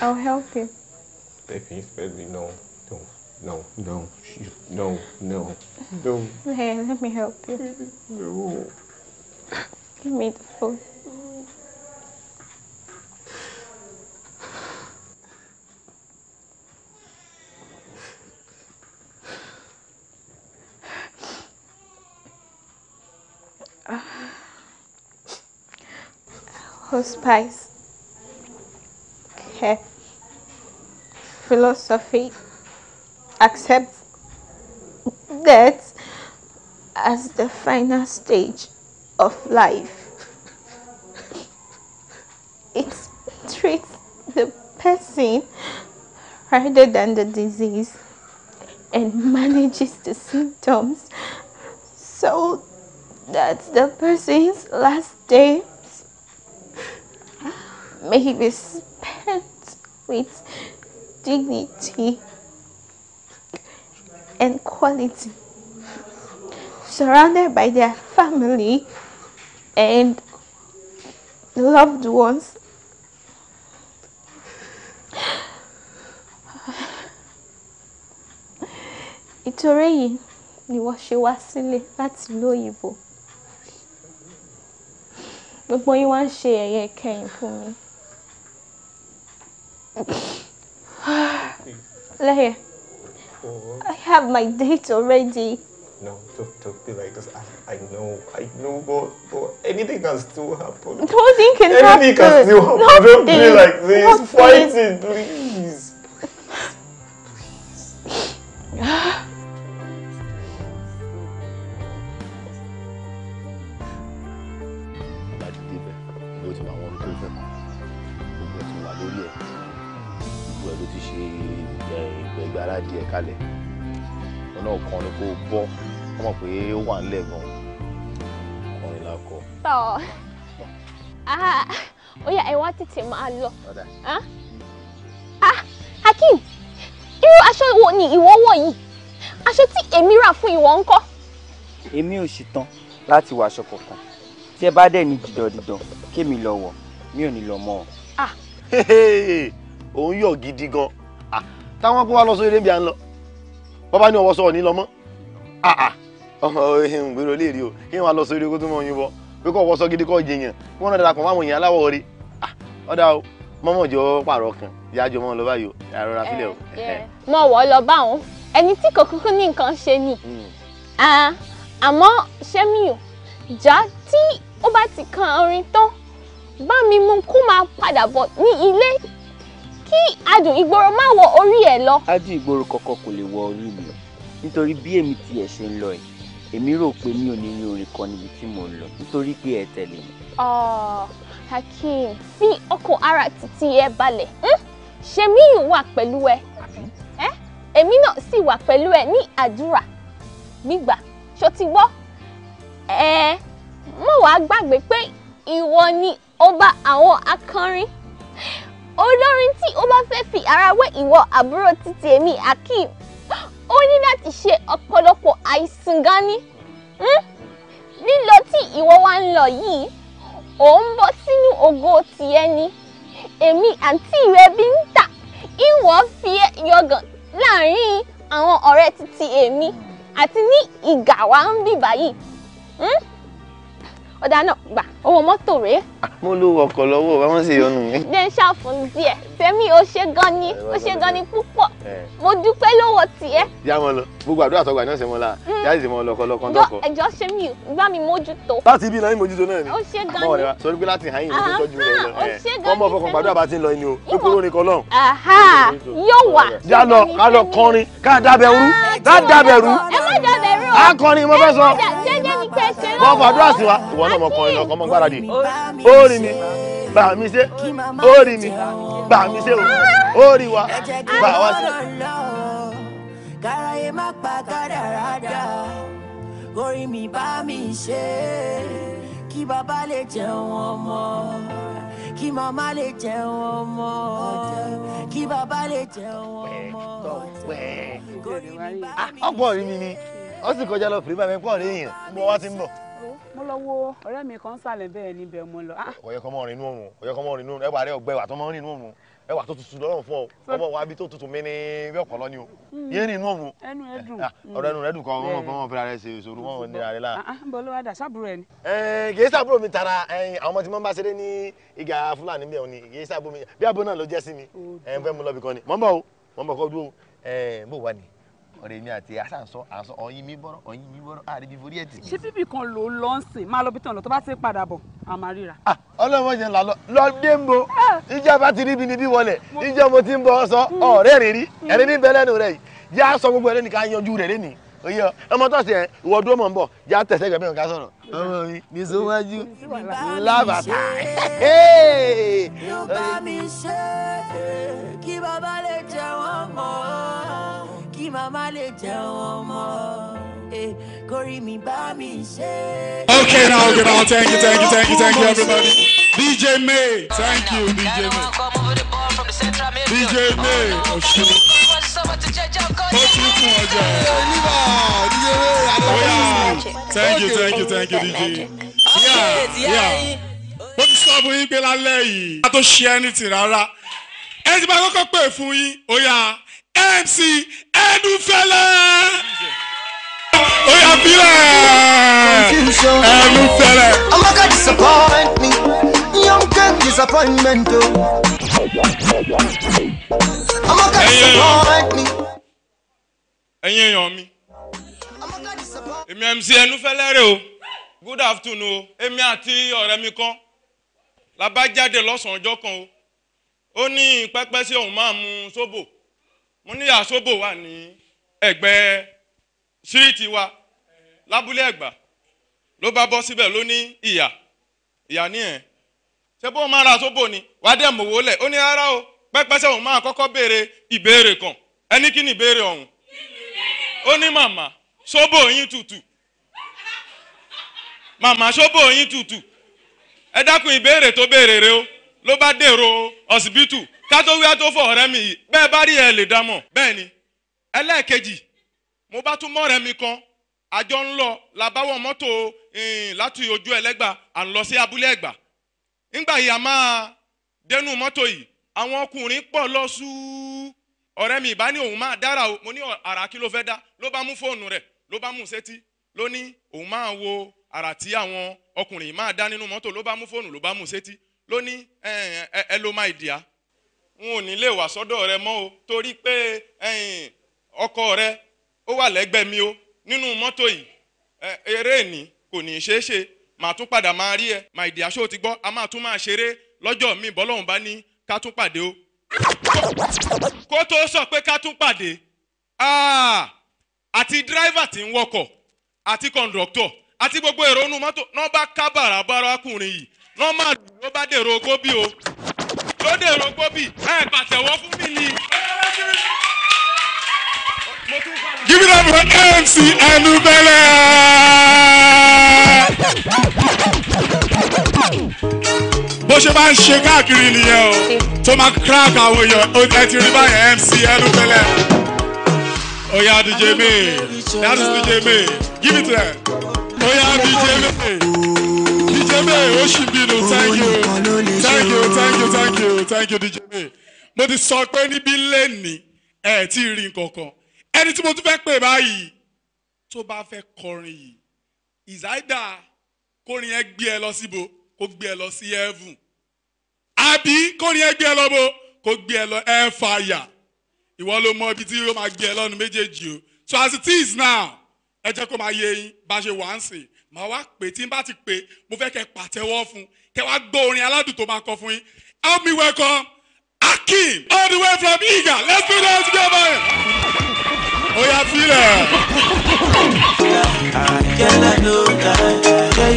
I'll help you.
Baby, baby, no no, no, no, no, no.
Hey, let me help you. No. Give me the phone. Hospice. Okay. Philosophy accept death as the final stage of life. It treats the person rather than the disease and manages the symptoms so that the person's last days may be spent with dignity and quality. Surrounded by their family and loved ones. Ìtorí yìí ni wọ́n ṣe wá sílé láti ìlú òyìnbó. Gbogbo yín wá ń ṣe ẹ̀yẹ kẹyìn fún mi. Lẹ́yìn. I have my date already.
No, don't, don't be like this. I, I know, I know, but, but anything can still happen.
Nothing can anything happen. Anything can still happen. Nothing. Don't be like this. Fight
it, please.
kalẹ̀ ọ̀nà ọ̀kan ni kò bọ́ wọ́n mọ̀ pé ó wà ńlẹ̀ gan ọkùnrin la kọ.
tọ́ ah, ó yá ẹ wá tètè máa lọ. Ah. Ah, Hakeem irú aṣọ wo ni ìwọ wọ̀ yìí aṣọ tí èmi rà fún ìwọ ńkọ́.
èmi ò ṣetán láti wọ aṣọ kankan tí ẹ bá dẹ̀ ní dídán dídán kémi lọ wọ̀ mi ò ní lọ mọ́ ọ. òun yọ̀ gidi gan táwọn kó wa lọ sórí ẹ̀rẹ́bíà ń lọ bàbá ní ọwọ́ sọ̀rọ̀ ní lọ́mọ́ àà ah, ah. ọ̀hún gbèrò léèrè o kí wọ́n á lọ sórí kó tó mọ̀ yín bọ́ pé kó ọwọ́ sọ gidi kó jẹyàn kí wọ́n náà darapọ̀ máwọn èèyàn aláwọ̀ rí ah, ọ̀dà o mọ́mọ́ jọ pààrọ̀ mọ́ lọ báyìí o àrọ̀rà sílẹ̀ o.
mọ wọ lọ bá wọn ẹni tí kò kúkú ní nǹkan ṣe ni hmm. àmọ́ sẹ́miyò já tí ó bá ti kan orin tán bá mi mú kó máa padà bọ̀ ní ilé kí adùn ìgboro má wọ orí ẹ lọ.
adùn ìgboro kọ́kọ́ kò lè wọ orí mi nítorí
bí èmi tiẹ̀ ṣe ń lọ ẹ̀ èmi rò pé mi ò ní rí orin kan níbi tí mò ń lọ nítorí pé ẹ
tẹ̀lé mi.
Hakeem fi ọkàn ara títí ẹ balẹ̀ hm? ṣèmí wà pẹ̀lú ẹ èmi náà sì wà pẹ̀lú ẹ ní àdúrà gbígbà ṣó ti gbọ́ ẹ mọ̀ wá gbàgbé pé ìwọ ni ọba àwọn akọrin olórin tí ó bá fẹ́ fi ara wé ìwọ àbúrò títí èmi akeem ó ní láti ṣe ọ̀pọ̀lọpọ̀ àìsùn gan ni hmm? lílọ tí ìwọ wá ń lọ yìí ò ń bọ́ sínú ògo tìẹ ni èmi àǹtí rẹ bí ń tà ìwọ fi yọgàn láàrin àwọn ọ̀rẹ́ títí èmi àti ní ìgà wa ń bì báyìí hmm? ọ̀dà náà gbà owó mọ́tò rèé.
mo lówó ọkọ̀ lọ́wọ́ bá wọ́n sì yọnu mi. jẹ́
ń ṣàfún díẹ̀ fẹ́mi ó ṣe gan ni ó ṣe gan ni púpọ̀ mo dúpẹ́ lọ́wọ́ tiẹ̀.
yá wọn lọ gbogbo àdúrà tọgbà náà ṣe mọ la yá sì mọ lọkọ lọkọ tọkọ.
ẹjọ ṣe mi gbá mi mójútó. láti ibi
náà yín mójútó náà ni. ó ṣe gan ni sọrí pé láti hàn yín ló tọ́jú rẹ lọ. wọ́n mọ gbàdúrà bá ti ń lọ inú o ó kúrò ní kọlọ́n.
yóò wà. yá lọ
ká lọ kọrin ká dábẹ̀rú ká dábẹ̀rú.
ẹ má dábẹ̀rú o. akọrin mo fẹ́ sọ. jẹ́jẹ́ ni kẹ́ ṣe lọ́wọ́. wọ́n fàdúrà sí wa ìwọ náà mọ kọrin lọ kọ́
mọ́ gbáradì ó rí mi bà mí ṣe ó rí mi bà mí ṣe o
ó rí wa bà wá sí.
káráyé má pa kádàrádà orí mi bá mi ṣe kí bàbá lè jẹun ọmọ kí màmá lè jẹun ọmọ
kí bàbá lè jẹun
ọmọ. ọ̀pọ̀ rí ah, mi ni ó sì kọjá lọ fìrí bá mi pọ̀ rí mo wá ti ń bọ̀
mo lọ wo ọ̀rẹ́ mi kan sàlẹ̀ bẹ́ẹ̀ níbẹ̀ mo lọ.
ọ̀yẹ́ ah! kan mọ́ rin inú òun ọ̀yẹ́ kan mọ́ rin inú òun ẹwà rẹ ọgbẹ́ ìwà tó mọ́ rin inú òun ẹwà tó tutù lọ́rùn fún ọ ọmọ wa bí tó tutù mí ní bí ọ̀pọ̀ lọ ni o hmm. yé rin inú òun.
ẹnu ẹ dùn ah, ọ̀rọ̀ ẹnu
rẹ dùn kan wọn fọwọ́n fẹ́ra rẹ ṣe ìṣòro wọn ò nira rẹ la.
Ah, bọ́ sábúrò ẹ ni.
Eh, kìí sábúrò mi tara eh, àwọn ọmọ tí mo bá ṣeré ní ìgà fúlàní bẹ́ẹ̀ ni kìí sábúrò mi bí abọ́ náà ló jẹ́ sí mi eh, fẹ́ mu lọ bìkan ni mọ́ bọ́ o mọ́ bọ́ kọ́ dúró ọ̀rẹ́ mi àti aṣáǹsọ àṣọ ọyìn mi bọ́rọ̀ ọyìn mi bọ́rọ̀ àrí mi forí ẹ̀ tì. ṣé bíbí kan ló ń lọ
ń sìn máa lọ bí tán lọ tó bá ti padà bọ̀ àmà ríra.
Ah, ọlọ́run ṣe là lọ lọ dé ń bo ah. ìjọ bá ti rí ibi níbí wọlé ìjọ mo ti ń bọ sọ hmm. ọ̀rẹ́ rẹ̀ rí hmm. ẹ̀rí ní bẹ́lẹ́ nù rẹ̀ yìí yá sọ gbogbo ẹ̀rẹ́ nìkan yanjú rẹ̀ lẹ́nìí oyè ọmọ tó ṣe ìwọ dúró mọ̀ ń bọ̀ já tẹ̀sẹ̀ gbẹ̀mí ọ̀gá sọ̀rọ̀ ọmọ mi mi so wájú lábàtà ló bá mi ṣe
kí bàbá lè jẹ́ wọ́n mọ́ kí màmá lè jẹun ọmọ eh, kórìí mi bá mi ṣe. okay now okay now thank you thank you thank
you thank you everybody dj may thank you dj may
dj may ọ̀ṣun. Bọ́sùkù ọjà. Onímọ̀ DJ May Adébáyé.
Thank you thank you thank you DJ. Yeah, yeah. Mo ti sọ fún yín pé lálẹ́ yìí. A tó ṣe anything rárá. Ẹ ti bá kọ́kọ́ pè fún yín, ó oh, yá. MC Ẹnufẹlẹ. Ó yà fílẹ̀. Ẹnufẹlẹ. Amaka
disappoint me, young girl disappointment o.
Amaka disappoint me.
Ẹyin èèyàn mi. Èmi MC Ẹnufẹlẹ rè o. Good afternoon o. Èmi àti ọ̀rẹ́ mi kan la bá jáde lọ́sàn-án ọjọ́ kan o ó ní pẹ́pẹ́ sí òun máa mu sóbò mo ní àṣọ́bò wà ní ẹ̀gbẹ́ síríìtì wa lábúlé ẹ̀gbà ló bá bọ́ síbẹ̀ ló ní ìyá ìyá ní ẹ̀ ṣé bó máa ra àṣọ́bò ni wàá dẹ̀ mọ̀wó lẹ̀ ó ní rárá o pẹ́pẹ́sẹ́ òun máa kọ́kọ́ béèrè ìbéèrè kan ẹni kí ni ìbéèrè ọ̀hún ó ní màmá ṣọ́bò yín tutù màmá ṣọ́bò yín tutù ẹ dákun ìbéèrè tó béèrè rẹ o ló bá dèrò ọsibítù kátó wíwá tó fọ ọ̀rẹ́ mi yìí bẹ́ẹ̀ bá rí ẹ lè dá mọ̀ ni ẹlẹ́ẹ̀kejì mo bá tún mọ̀rẹ́ mi kan àjọ ń lọ làbáwọ̀ mọ́tò láti ojú ẹlẹ́gbà à ń lọ sí abúlé ẹ̀gbà ńgbà yìí a máa dẹnu mọ́tò yìí àwọn ọkùnrin pọ̀ lọ súú ọ̀rẹ́ mi ìbá ní òun máa dára o mo ní àrà kí ló fẹ́ dá ló bá mú fóònù rẹ̀ ló bá mú sétí ló ní òun máa wo àrà tí àwọn ọkùnrin máa dá nínú mọ́tò ló bá mú fóònù ló bá mú sétí ló ní ẹ ẹ ló máa ìdíyà n ò ní lè wà sọ́dọ̀ rẹ mọ́ o torí pé ọkọ rẹ ó wà lẹ́gbẹ̀ẹ́ mi o nínú mọ́tò yìí eré ni kò ní í ṣeé ṣe màá tún padà máa rí ẹ màá ìdí aṣọ ti gbọ́ a máa tún máa ṣeré lọ́jọ́ mi bọ́lọ́hún bá ní ká tún pàdé o kó tó sọ pé ká tún pàdé ah, àti dírẹ́fà tí ń wọkọ̀ àti kọ̀ǹdọ̀tọ̀ àti gbogbo èrò inú mọ́tò náà bá ká bàràbàrà ọkùnrin yìí náà máa lù ló bá dèrò ogó bí o tó rogbó bì ẹ pàtẹ́wọ́ fún mi ni.
Give it up for MC Anubele.
bó ṣe máa ń ṣe káàkiri nìyẹn o tó máa crack àwọn èèyàn ẹ ti rí báyẹn MC Anubele. Oya DJ May, that is DJ May, give it to them. Oya DJ May. DJ May thank you thank you thank you thank you thank you DJ May mo ti sọ pé níbí lẹ́nìí ẹ̀ tí ì rí nǹkan kan ẹni tí mo tún fẹ́ pè báyìí tó bá fẹ́ kọrin yìí ìzáìdá kórin yẹn gbé ẹ lọ síbo kó gbé ẹ lọ sí heaven àbí kórin yẹn gbé ẹ lọ bo kó gbé ẹ lọ air fire ìwọ ló mọ ibi tí yóò máa gbé ẹ lọ́nu méjèèjì o so as it is now ẹ jẹ́ kó máa yé yín bá ṣe wà ń sìn màá wá pè tí n bá ti pè mo fẹ́ kẹ́ pàtẹ́wọ́ fún kẹ́ wá gbọ́ orin aládùn tó máa kọ fún yín help me welcome Akeem all the way from Iga let's do that together. Oya filẹ̀.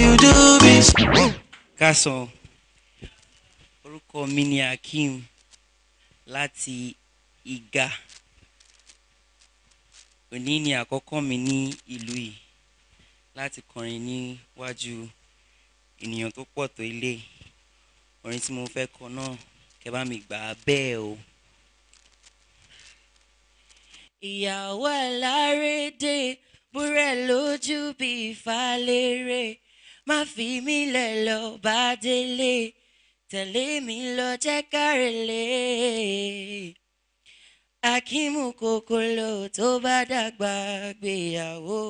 you do this. Kásán, orúkọ mi ni Akeem láti Iga. Òní ni àkọ́kọ́ mi ní ìlú yìí láti kọrin níwájú ènìyàn tó pọ̀ tó ilé orin tí mo fẹ́ kọ náà kẹ́ bá mi gbà á bẹ́ẹ̀ o. ìyàwó alárédè búrẹ́ lójú bí falérè má fi mí lẹ̀ lọ bá délé tẹ̀lé mi lọ jẹ́ kárẹ̀lẹ̀. akímù kòkòlò tó bá dàgbà gbéyàwó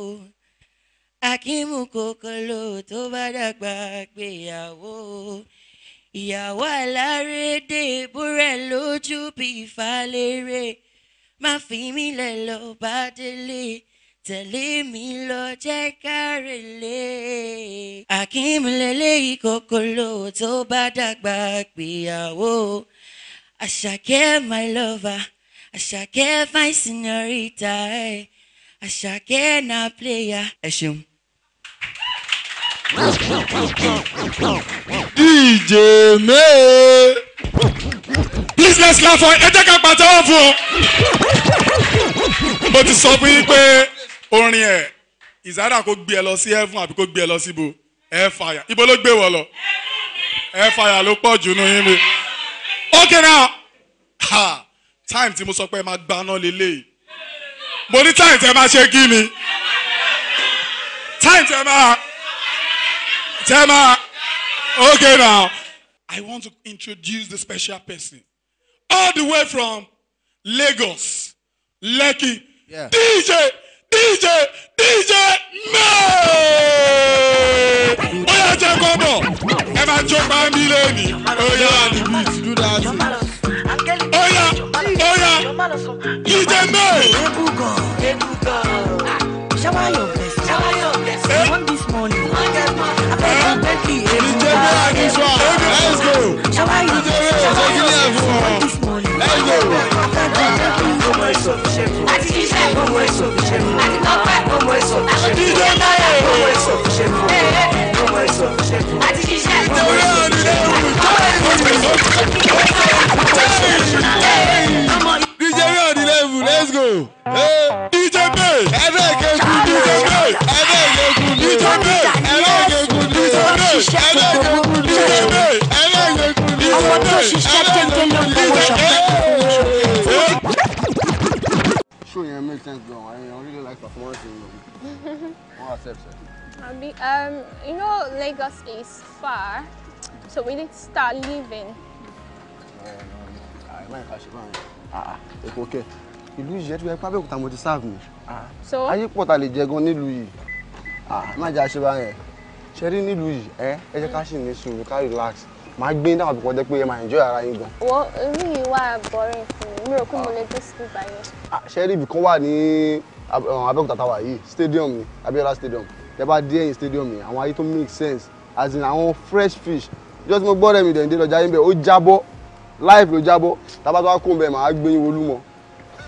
akínmú kòkòlò tó bá dàgbà gbéyàwó ìyàwó alárédè búrẹ́ lójú bí falérè má fi mí lẹ̀ lọ bá délé tẹ̀lé mi lọ jẹ́ kárẹ̀lé. akínmú lélẹ́yìí kòkòlò tó bá dàgbà gbéyàwó àṣàkẹ́ my lover àṣàkẹ́ fine senorita. Eh. Àṣàkẹ́ na playa.
ẹ ṣeun. DJ me. Please let's laugh for ẹ jẹ́ ká pàtẹ́wọ́ fún it. Mo ti sọ fún yín pé orin ẹ̀ ìsára kò gbé ẹ lọ sí ẹ̀fún àbí kò gbé ẹ lọ síbo ẹ̀ Ibo ló gbé wọ lọ? Ẹ̀ fàyà ló pọ̀ jù nù Okay now, ha, time tí mo sọ pé ẹ máa gbaná mo ní táyì tẹ máa ṣe kí ni táyì tẹ máa tẹ máa okay now I want to introduce the special person all the way from Lagos Lekki yeah. DJ DJ DJ May ó yà jẹ́ gbọ́dọ̀ ẹ máa jó pa mí lẹ́nu ó yà á ní
bíi. You the man. Able God. Able God. Shower your blessing. Shower your best! Eh? Want this money? Want this money? I beg you, Bentley. Able God.
Let's go. Shower your blessing. Shower your blessing. Want this money? Let's go. Como é suficiente? A ti dice como é suficiente? A ti toca como é
suficiente? A ti dice como é suficiente? Como é suficiente? A ti dice como é suficiente? A ti toca como
é suficiente? show
yẹn make sense i really like performance in
accept sir. abi um, you know Lagos is far so we need to start living.
ẹ ẹ ẹ ẹ
máa ń ka ṣe báyìí.
èkó kẹ́ ìlú yìí ẹ ti gbẹ pábẹ́òkúta mo ti sáàfù mi ah. ayé pọ̀ ta lè jẹ gan nílùú yìí ah, má jẹ́ àṣẹ báyẹn ṣe rí nílùú yìí ẹ ẹ jẹ́ ká sì ní sùúrù ká relax máa gbé dáhùn àbùkọ́ jẹ́ pé ẹ máa enjoy ara yín gan.
wọ́n rí ìwà boring fún
mi mi ò kú mo lè dé sí báyẹn.
ṣe rí ibì kan wà ní eh, Abẹ́òkúta táwa yìí stadium ni Abiola stadium tẹ bá dé ẹ̀yìn stadium yìí àwọn ayé tó make sense as in àwọn fresh fish just mo gbọ́ rẹ̀ mi dẹ̀ ń dé lọ́jà yín bẹ́ẹ̀ ó jábọ́ life ló jábọ́ tábàtà kó bẹ́ẹ̀ máa gbé yín wọlú mọ́.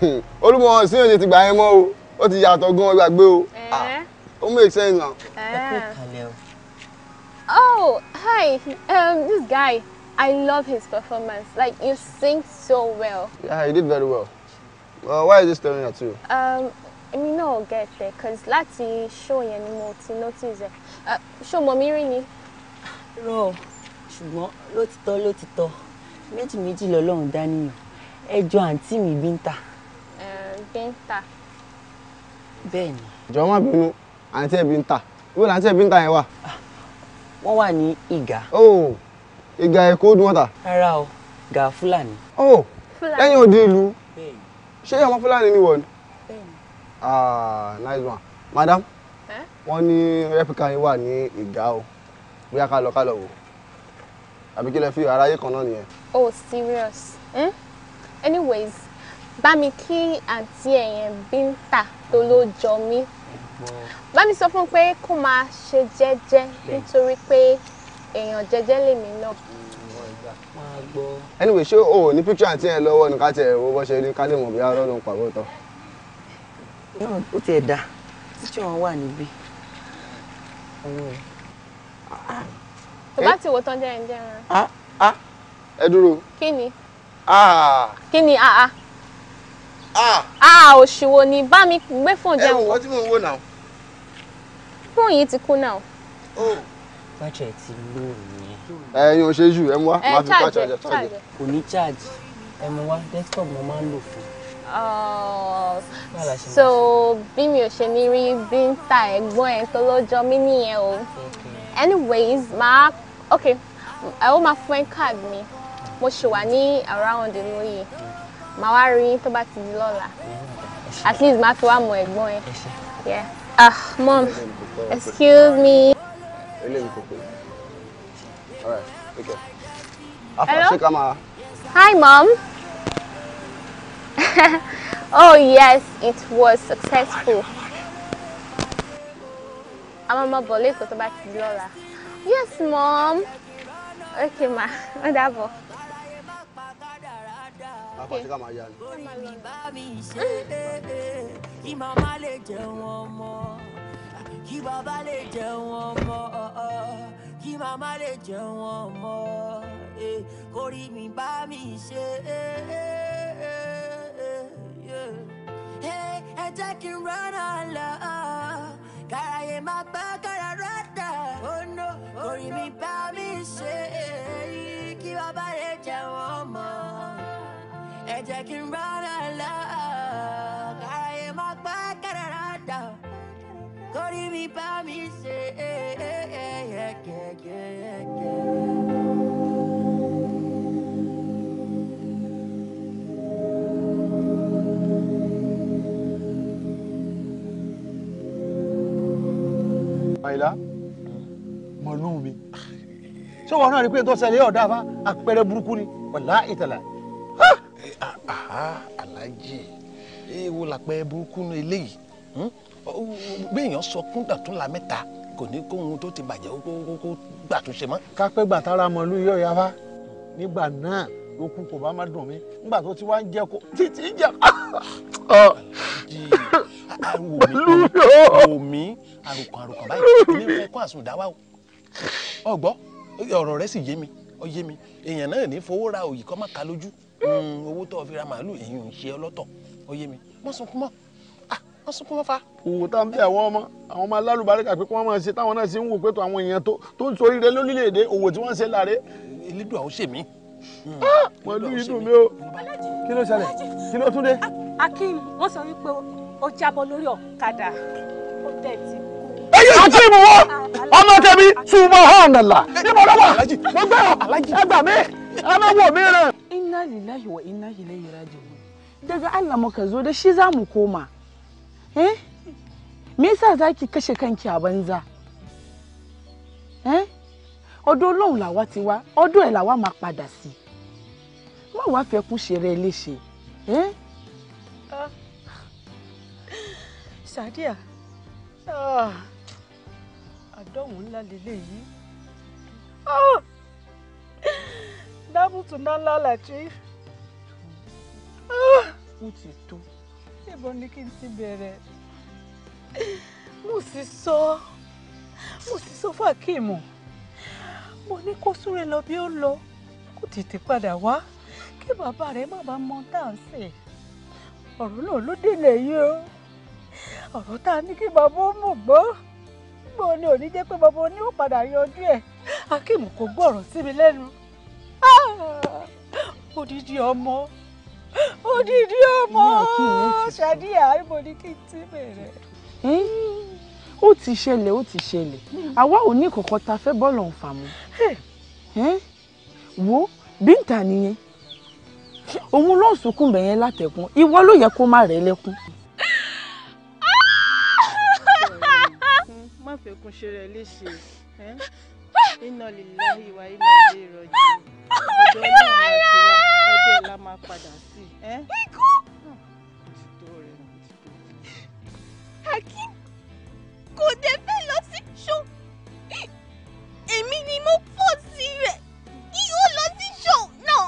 olúmọ sí òye ti gbà yẹn mọ́ o ó ti yàtọ̀ gan gbàgbé o eh? ah, ó make sense now.
Eh? oh hi um, this guy I love his performance like you sing so well.
yeah he did very well uh, why is this staring at you.
Um, èmi náà get there. cause láti show yẹn ni mo ti notice ẹ̀ show uh, mọ̀ mi rí ni. rọ
ṣùgbọ́n lótìtọ́ lótìtọ́ méjì méjì lọ́lọ́run dá níyàn ẹjọ́
àǹtí mi Bíntà fi ń tà. bẹ́ẹ̀ni. ìjọ má bínú àǹtí ẹ̀ fi ń tà wọ́n ní àǹtí ẹ̀ fi ń tà yẹn wà. Ah, wọ́n wà ní ìgà. o ìgà ẹ̀ cold water. rárá o ìgà fúlàní. o lẹ́yìn òde ìlú ṣé ọmọ fúlàní ni wọ́n. bẹ́ẹ̀ni. ah nice one madam wọ́n ní rẹ́píkà yín wà ní ìgà o bóyá ká lọ ká lọ wò àbí kí lẹ fi aráyé kan náà nìyẹn.
oh serious. Hmm? anyways bá mi kí àǹtí ẹ̀yẹn Bíńtà tó ló jọ mí bá mi sọ fún pé kó máa ṣe jẹ́jẹ́ nítorí pé èèyàn jẹ́jẹ́ lèmi náà.
anyway ṣé o ní píkṣọ àǹtí ẹ̀ lọ́wọ́ ní ká tiẹ̀ wo bó ṣe ní ká lè mọ̀ bí arọ́ ló ń pàgọ́ tán. náà ó tiẹ̀ dá píkṣọ wọn wà níbí
tó bá eh? ti wò tán jẹ́rin jẹ́rin. Ah, ah. ẹ dúró. kí ni. Ah. kí ni àá. Ah. ah òṣìwò ni bá mi gbé fóun jẹun wò. ẹ wọ́n tí mò ń wò náà. fóun yìí ti kú náà.
pàṣẹ ti lò nìyẹn. ẹ yóò ṣe jù ẹ mú wá máa fi pàṣẹ ọjà ṣáàjẹ. kò ní charge ẹ mú wá desktop mo
máa ń lò fún. Oh. so bí mi ò ṣe ní rí bíńtà ẹ̀gbọ́n ẹ̀ tó lọ́jọ́ mi nìyẹn o anyways máa ok ẹ ó máa fún ẹ káàdì mi mo ṣì wà ní around inú yìí màá wá rí yín tó bá ti di lọ́la at least má fi wá mọ ẹ̀gbọ́n ẹ. Yeah. Ah, mom, excuse me. Hello? Hi, mom. oh, yes, it was successful. I'm a boy, go back to Lola. Yes, mom. Okay, ma. Wonderful.
àpàtì ká máa yá
ni.
orí bá mi ṣe bébè kí màmá lè jẹun ọmọ kí bàbá lè jẹun e, mi bá mi ṣe e, e, ẹ jẹ́ kí n rọ́nà lọ kárayé má ẹ jẹ́ kí n rárá lọ ààyè má gbá kárárá dà kórìí mi bá mi ṣe ẹ̀ẹ́dẹ̀ẹ́dẹ̀ẹ́dẹ̀ẹ́dẹ̀.
àìlá mọ̀lú mi ṣé wọn náà rí pé tó ṣẹlẹ̀ ọ̀dà bá àpẹẹrẹ burúkú ni wàlá ìtàlá Ah, ah, aláàjì èèwọ̀ làpẹ́ burúkú nu eléyìí hmm? béèyàn sọ kún dàtúnla mẹ́ta kò ní kóhun tó ti bàjẹ́ kó gbà tó ṣe mọ́. kápẹ́ gbà tára mọ̀ lú yọ̀ yàrá nígbà náà okun kò bá má dùn mí nígbà tó ti wá ń jẹ kó títí jà. pẹ̀lú yóò
wò mí àròkàn àròkàn báyìí ní fún kó àsùn dáwà o. ọgbọ́ ọ̀rọ̀ rẹ sì yé mi ó yé mi èèyàn náà ní fowó ra òyì má ka lójú Hmm. Hmm, owó tó o fi ra màálù
èyí ń ṣe ọlọ́tọ̀ ó yé mi wọ́n sunkún mọ́ wọ́n ah, sunkún mọ́ fa. òwò tá à ń bí àwọn ọmọ àwọn ọmọ alálùbáríkà pé kí wọ́n máa ṣe táwọn náà ṣe ń wò pé tó àwọn èèyàn tó ń sorí rẹ lórílẹ̀‐èdè òwò tí wọ́n ń ṣe láre. elédùà ó ṣe mí. wọ́n lù inú mi o. kí ló ṣẹlẹ̀ kí ló tún dé.
akin wọ́n sọ wípé ó jábọ́ lórí ọ̀kadà ó tẹ̀ tí
àti ìmúwọ́ ah, ọmọ tẹ̀mí subhanallah
níbo lọ́wọ́ mo gbẹ́ ọ ẹgbàá mi aláwọ̀ mìíràn. inna lillahi wa inna ilaihi raji'un daga Allah muka zo da shi za mu koma eh me yasa zaki kashe kanki a banza eh ọ̀dọ̀ Ọlọ́run làwa ti wá ọ̀dọ̀ ẹ̀ làwa máa padà sí má wàá fẹ́ kú ṣe rẹ léṣe eh. Sadiya ah. ńlá lélẹ́yìí. Ah dábùú tún náà lálàá chief. Ah. ó ti tó. ìbọn ni kí n ti bẹ̀rẹ̀. mo sì sọ mo sì sọ fún akéèmù mo ní kó súré lọ bí ó lọ kó tètè padà wá kí bàbá rẹ̀ má bàa mọ tá à ń sè ọ̀rọ̀ náà ló délé yìí o ọ̀rọ̀ tá a ní kí bàbá ó mọ̀ gbọ́ gbọ́ ni ò ní jẹ́ pé bàbá oníwò padà yọjú ẹ̀ akéèmù kò gbọ́ ọ̀rọ̀ sí mi lẹ́nu. Ah! odidi ọmọ odidi ọmọ ṣàdí àìmọ ní kí n ti bẹ̀rẹ̀. ó ti ṣẹlẹ̀ ó ti ṣẹlẹ̀ àwa ò ní kọ̀kọ́ ta fẹ́ bọ́ọ̀lù ọ̀hún fàmù wo bíńtà nìyẹn òun ló ń sunkún bẹ̀yẹn látẹ̀kún ìwọ ló yẹ kó má rẹ̀ lẹ́kún. má fẹ́ kun ṣe rẹ̀ léṣe iná lílá ìwà iná
ilé ìrọ̀jì ọjọ́ náà àti ọjọ́ ìlà máa padà sí i. ikú. Hakeem
kò dé fẹ́ lọ sí ṣọ́ọ̀ èmi ni mo pọ̀ sí rẹ̀ kí ó lọ sí ṣọ́ọ̀ náà.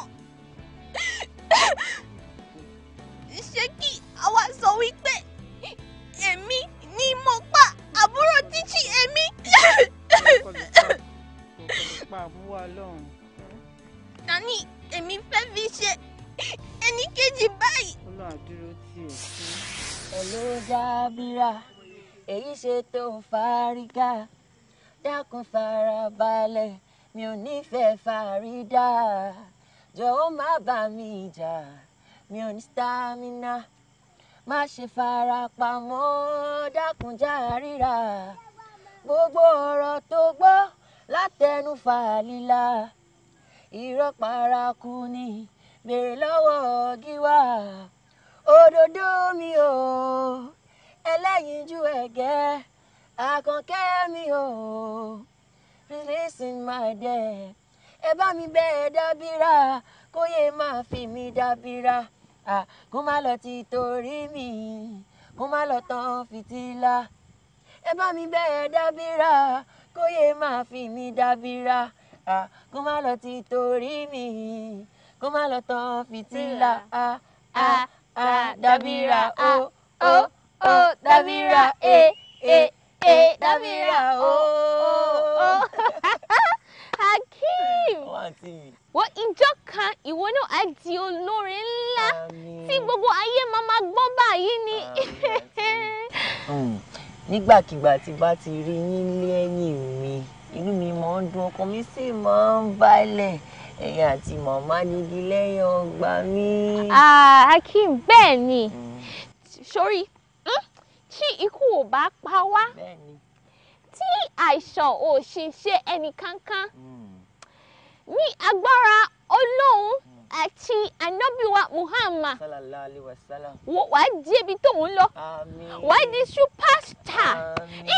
ṣé kí àwa sọ wípé èmi ni mo pa àbúrò tíṣì èmi
pa àbúwá ọlọ́run.
ta ni èmi fẹ́ fi ṣe ẹni kejì báyìí.
ọlọ́run àdúró tí ò sí.
hello Zabira èyí ṣe tó ń fárígá dákun farabalẹ̀ mi ò nífẹ̀ẹ́ fàrídà jọ̀wọ́ má bà mí jà mi ò ní stamina má ṣe fara pamọ́ dákun já ríra gbogbo ọ̀rọ̀ tó gbọ́ látẹnu fàlílà irọ́ paraku ni béèrè lọ́wọ́ gíwá òdòdó mi o ẹlẹ́yinjú ẹ̀gẹ́ àkànkẹ́ mi o releasing my dear ẹ bá mi bẹ́ẹ̀ dábìrà kó yẹ máa fi mi dábìrà kó má lọ ti torí mi kó má lọ tán fìtílà ẹ bá mi bẹ́ẹ̀ dábìrà kóyè máa fi ní dábìrà kó má lọ ti torí mi kó má lọ tán fìtílà dábìrà o o o dábìrà e e e dábìrà
o o. Hakeem wọ́n ìjọ kan ìwọ náà á di olórin ńlá tí gbogbo ayé máa máa gbọ́ báyìí ni.
nígbàkigbà tí bá ti rí yín lẹ́yìn mi inú mi máa ń dùn ọkàn mi sì máa ń balẹ̀ ẹ̀yin àti màmá níbi lẹ́yìn ọgbà mi.
Akim bẹ́ẹ̀ ni mm. sórí hmm, tí ikú ò bá pa wá tí àìsàn ò sì ṣe ẹnìkankan mm. ní agbára Ọlọ́run àti anábìwa muhammad wàá di ibi tó ń lọ wàá di superstar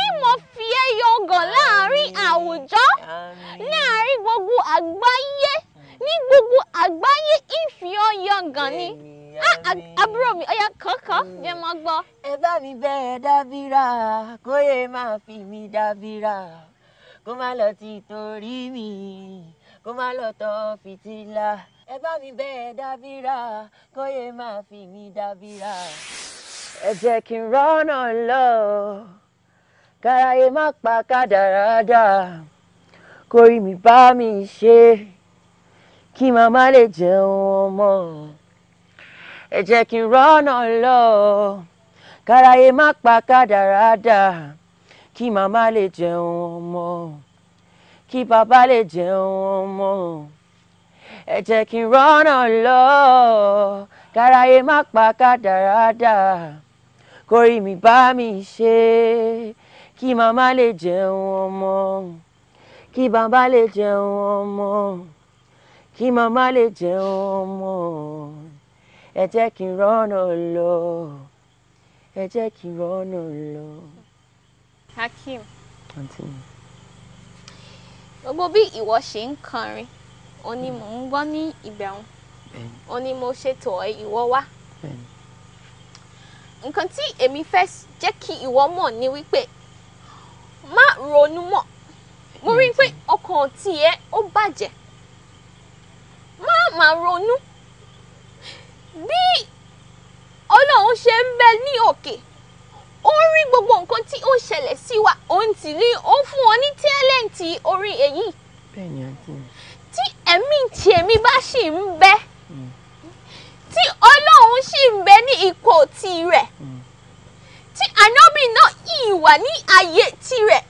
ìmọ̀ fi ẹ́ yọgàn láàrin àwùjọ láàrin gbogbo àgbáyé ní gbogbo àgbáyé ìfihàn yọgàn ni ah, àbúrò mi ọyà kankan mm. jẹ́ mọ́ gbọ́. ẹ bá mi bẹ́ẹ̀ dábìrà kóyè
máa fi mi dábìrà kó má lọ ti torí mi kó má lọ tọ́ fìtílà ẹ bá mi bẹ́ẹ̀ dábìrà kóyè máa fi mi dábìrà. ẹ jẹ́ kí n rọ́nà lọ káráyé má pa kádàrádà kórìí mi bá mi ṣe kí màmá lè jẹun ọmọ ẹ jẹ́ kí n rọ́nà lọ káráyé má pa kádàrádà kí màmá lè jẹun ọmọ kí bàbá lè jẹun ọmọ ẹ jẹ́ kí n rọ́nà lọ káráyé má pa kádàrádà kórìí mi bá mi ṣe kí màmá lè jẹun ọmọ kí bàbá lè jẹun ọmọ kí màmá lè jẹun ọmọ ẹ jẹ́ kí n rọ́nà lọ ẹ jẹ́ kí n rọ́nà lọ.
Hakeem gbogbo bí ìwọ ṣe ń kọrin òun ni mò ń gbọ́ ní ibẹ̀ òun òun ni mo ṣètò ìwọ wá nǹkan tí èmi fẹ́ jẹ́ kí ni wípé má ronú mọ́ mo rí i pé ọkàn tiẹ̀ ó bàjẹ́ ma má ronú bí ọlọ́run ṣe ń bẹ ní òkè ó rí gbogbo nǹkan tí o ṣẹlẹ̀ sí wa òun tì ní ó fún ọ ní tẹ́lẹ̀ǹtì orí èyí. bẹ́ẹ̀ ni tí ẹ̀mí tèmi bá sì ń bẹ mm. tí ọlọ́run sì ń bẹ ní ipò tirẹ̀ mm. tí ànábì náà yìí wà ní ààyè tirẹ̀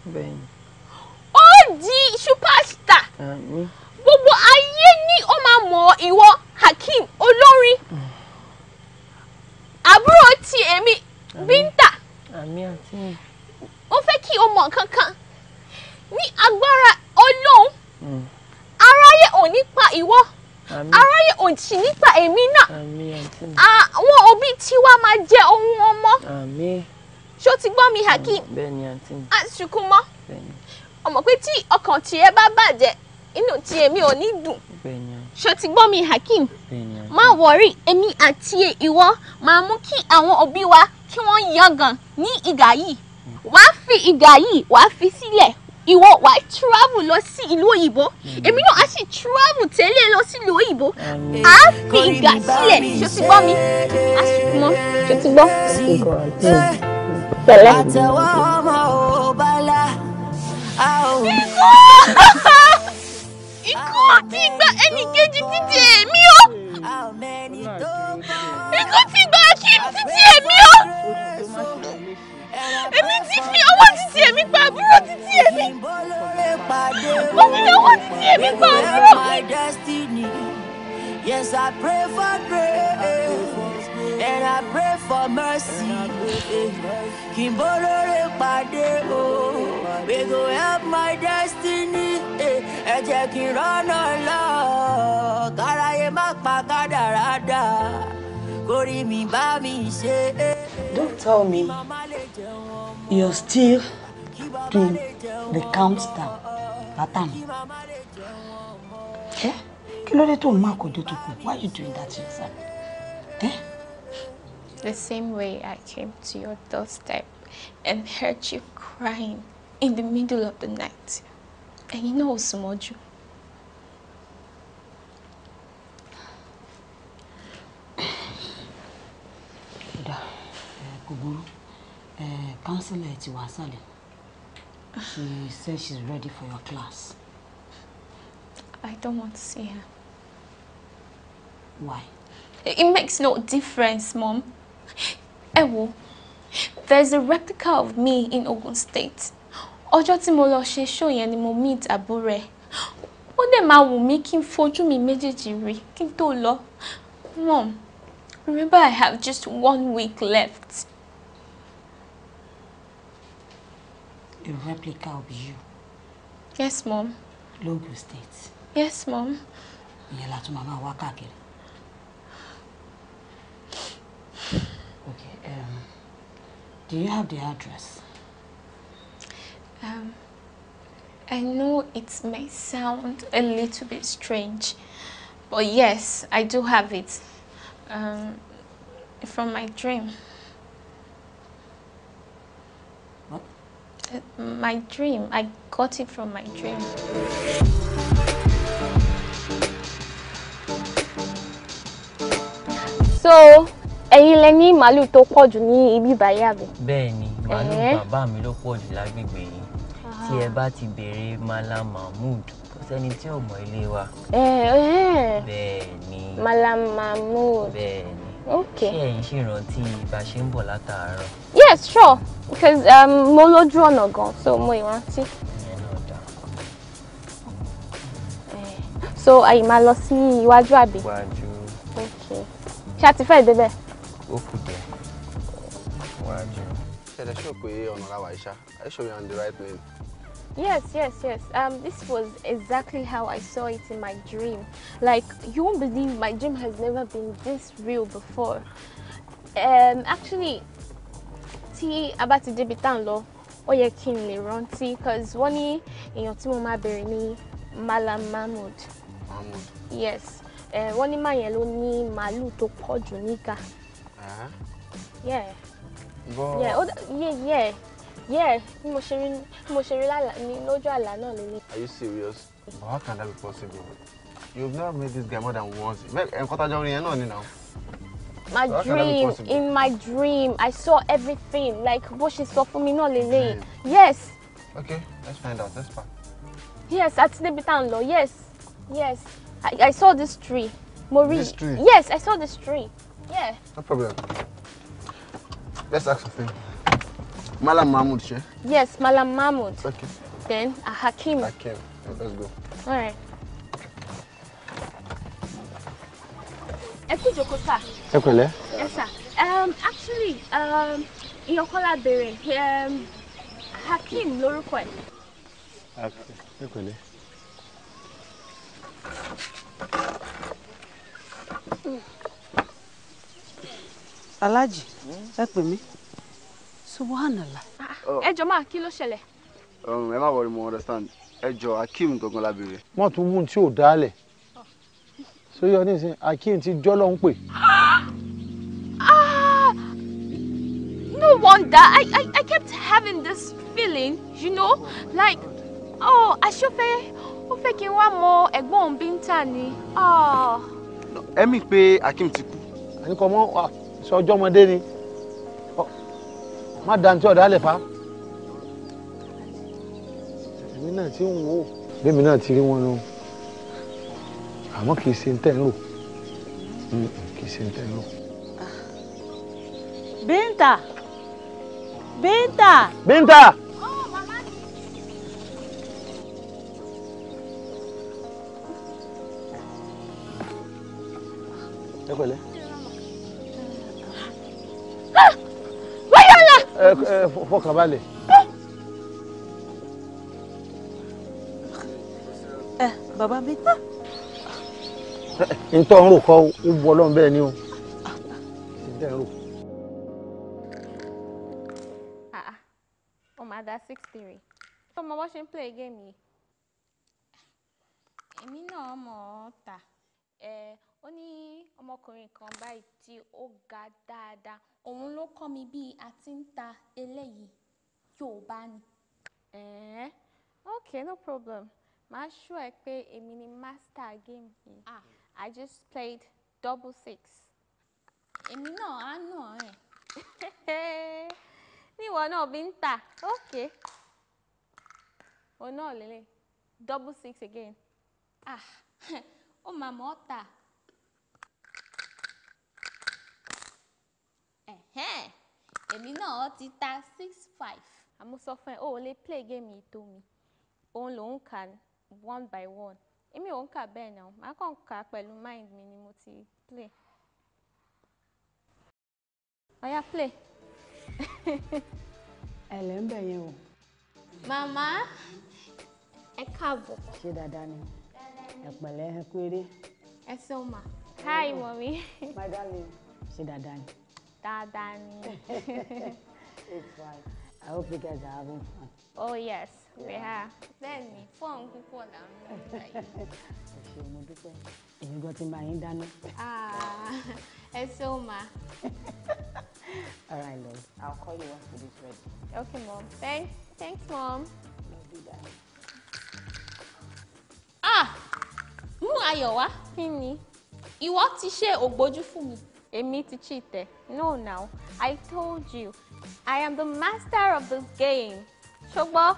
ó di superstar gbogbo ayé ni ó máa mọ̀ ìwọ Hakeem olórin mm. àbúrò ti èmi Bíntà ó fẹ́ kí o mọ̀ kankan ní agbára ọlọ́run aráyé ò ní pa ìwọ aráyé ò sì ní pa èmi náà àwọn òbí tiwa máa jẹ ohun ọmọ ṣó ti gbọ́ mi Hakeem á sunkún mọ́ ọmọ pé tí ọkàn tiẹ̀ bá bàjẹ́ inú tiẹ̀ mi ò ní dùn ṣó ti gbọ́ mi Hakeem má wọrí èmi àti ìwọ máa mú kí àwọn òbí wa kí wọ́n yangàn ní ìgà yìí mm. wàá fi ìgà yìí wàá fi sílẹ̀ ìwọ wà travel lọ sí ìlú òyìnbó hmm. èmi náà á sì travel tẹ́lẹ̀ lọ sí ìlú òyìnbó á fi ìgbà sílẹ̀ ṣó ti gbọ́ mi á sì mọ́ ṣó ti
gbọ́. Tẹ̀lé. Àtẹ̀wọ́ ọmọ ò bala,
a ò. Ikú!
Ikú ti gba ẹnì kejì títí èmi o. Ikú ti gba kí títí èmi o èmi ti fi ọwọ́ títí èmi pa àbúrò títí èmi mo fi ọwọ́ títí èmi pa àbúrò. Yes, I pray for grace and I pray for mercy. Kí n bọ́lọ́rẹ́ o, we go help my destiny. Ẹ jẹ́ kí n rọ́nà lọ, káráyé má pa kádàrá dà kórì mi bá mi ṣe é. Don't tell me
you're still doing the countdown pattern. Kí ló dé tó ń mú àkójọ tó kù? Why you doing that to yourself? Eh?
The same way I came to your doorstep and heard you crying in the middle of the night. And you know, Sumoju,
kò burú counselor ti wá sálẹ̀ she said she's ready for your class.
I don't want to see her. Why? It makes no difference, Mom. Ewo, there's a replica of me in Ogun State. Ọjọ́ tí mo lọ ṣe show yẹn ni mo meet abure. ẹ̀. Ó dẹ̀ máa wù mí kí n fojú mi méjèèjì rí kí n tó lọ. Mom, remember I have just one week left.
a replica of you. Yes, mom. Logo state.
Yes, mom.
Ìyẹn la tún máa máa Okay, um, do you have the address?
Um, I know it may sound a little bit strange, but yes, I do have it um, from my dream. my dream. I got it from my dream. So, ẹ̀yin lẹ ní màálù tó pọ̀ jù ní ibi ìbáyé àbẹ̀.
Bẹ́ẹ̀ni, màálù eh? bàbá mi ló pọ̀ jù lágbègbè yìí. Tí ah. ẹ bá ti béèrè Mala Mahmood, kò sẹ́ni tí ò mọ ilé wa.
Eh, eh. Bẹ́ẹ̀ni. Mala Mahmood. Bẹ́ẹ̀ni okay. ṣé
ẹ̀yin ṣì rántí bá ṣe ń bọ̀ látàárọ̀.
yes sure because um, mo lójú ọ̀nà gan so mo ìrántí. Eh, so àyè máa lọ sí iwájú àbí. iwájú. okay ṣé a ti fẹ́ débẹ̀.
ó kù díẹ̀ iwájú. ṣẹlẹ ṣó pé ọ̀nà ra wàá ṣá ẹ ṣòwò yàn the right lane.
Yes, yes, yes. Um, this was exactly how I saw it in my dream. Like, you won't believe my dream has never been this real before. Um, actually, tí a bá ti débi tá à ń lọ, ó yẹ kí n lè rántí because wọ́n ní èèyàn Malam Mahmud. Mahmud. Yes. Uh, wọ́n ní màyẹn ló ní màálù tó pọ̀ ah. Yeah. But... Yeah, yeah, yeah yeah bí mo ṣe rí bí mo ṣe rí lójú àlá náà lélẹ̀.
are you serious? but how can that be possible? you've never met this guy more than once ẹ̀ńkọ́tájọ́ orin yẹn náà ni now.
my so dream in my dream i saw everything like bó ṣe sọ fún mi náà lélẹ̀ yes.
okay let's find out let's pack.
yes àti níbi tá à ń lọ yes yes I, i saw this tree mo rí this tree yes i saw this tree yeah.
no problem let's ask for things. Malam Mahmoud, she?
Yes, Malam Mahmoud. Okay. Then a uh, Hakim. Hakim. Let's go. All right. Ẹ kú ìjókòó sá. Ẹ Yes, sir. Um, actually, um, Iyankola béèrè, um, Hakim lórúkọ ẹ̀.
Ẹ pẹ̀lẹ́.
Aláàjì, ẹ pè me subhanallah.
Oh. ẹ jọ máa kí ló ṣẹlẹ̀.
Um, ẹ má wọrí mo understand ẹ jọ akeem gangan lábẹ́rẹ́. wọ́n tún wú tí ò dálẹ̀ sóyọ nísìnyí akeem ti jọ́lọ́ ń pè. Ah!
no wonder I, I, I kept having this feeling you know like oh aṣọ́fẹ́ ó fẹ́ kí n wá mọ ẹ̀gbọ́n òun bí ń tà ni. Ah!
ẹ̀mí pé akeem ti kú. àníkọ́ mọ́ ah, sọ ọjọ́ ọmọdé ni má dantí ọ̀dà lẹ̀ fa èmi náà ti ń wò ó bẹ́ẹ̀ mi náà ti rí wọn lọ àmọ́ kì í ṣe ń tẹ̀ ń lò kì í ṣe ń tẹ̀ ń lò.
Binta Binta. Binta. ẹ pẹ̀lẹ́. báyọ̀ ah! lọ ẹ fọkàn balẹ̀. ẹ bàbá mi.
Eh, ntọ́ ń rò kọ́ ó bu ọlọ́run bẹ́ẹ̀ ni o.
ọmọ àdá six three tó mọ bó ṣe ń play game yìí. èmi náà mọ̀ ọ́ ta ó ní ọmọkùnrin kan báyìí tí ó ga dáadáa òun ló kọ́ mi bí a ń ta eléyìí Yorùbá ni. ẹ̀ẹ́n ok no problem màá ṣọ́ ẹ pé èmi ni master game yìí ah. I just played double six. èmi náà á nà ẹ̀. níwọ náà bí ń tà ok òun náà lélẹ̀ double six again ah ó máa mọ̀ ọ́ tà. èmi náà ti ta six five. àmọ́ sọ fún ẹ o lè play game yìí tó mi òun lòún kà one by one èmi ò ń kà bẹ́ẹ̀ náà màá kàn kà pẹ̀lú mind mi ni mo ti play. ọ̀yá play. ẹ lẹ́ ń bẹ̀ yẹn o. màmá ẹ káàbọ̀. ṣé dáadáa ni ẹ pẹ̀lẹ́ ẹ kú eré. ẹ sọ ma hi mommy. my darling ṣé dáadáa ni. Dáadáa It's fine. I hope you guys are having fun. Oh yes, yeah. we are. Bẹ́ẹ̀ni, fọ́ọ̀n púpọ̀ là ń lò láyé. Ẹ ṣeun mo dúpẹ́.
Èmi gan ti máa yín dáná.
Ah, ẹ ṣé ma.
All right, love. I'll call you once food is ready.
Okay, mom. Thanks, thanks, mom. Love you, dad. Ah! Mú ayọ̀ wá. Kí ni? Ìwọ ti ṣe ògbójú fún Èmi ti No, now. I told you. I am the master of this game. Ṣùgbọ́n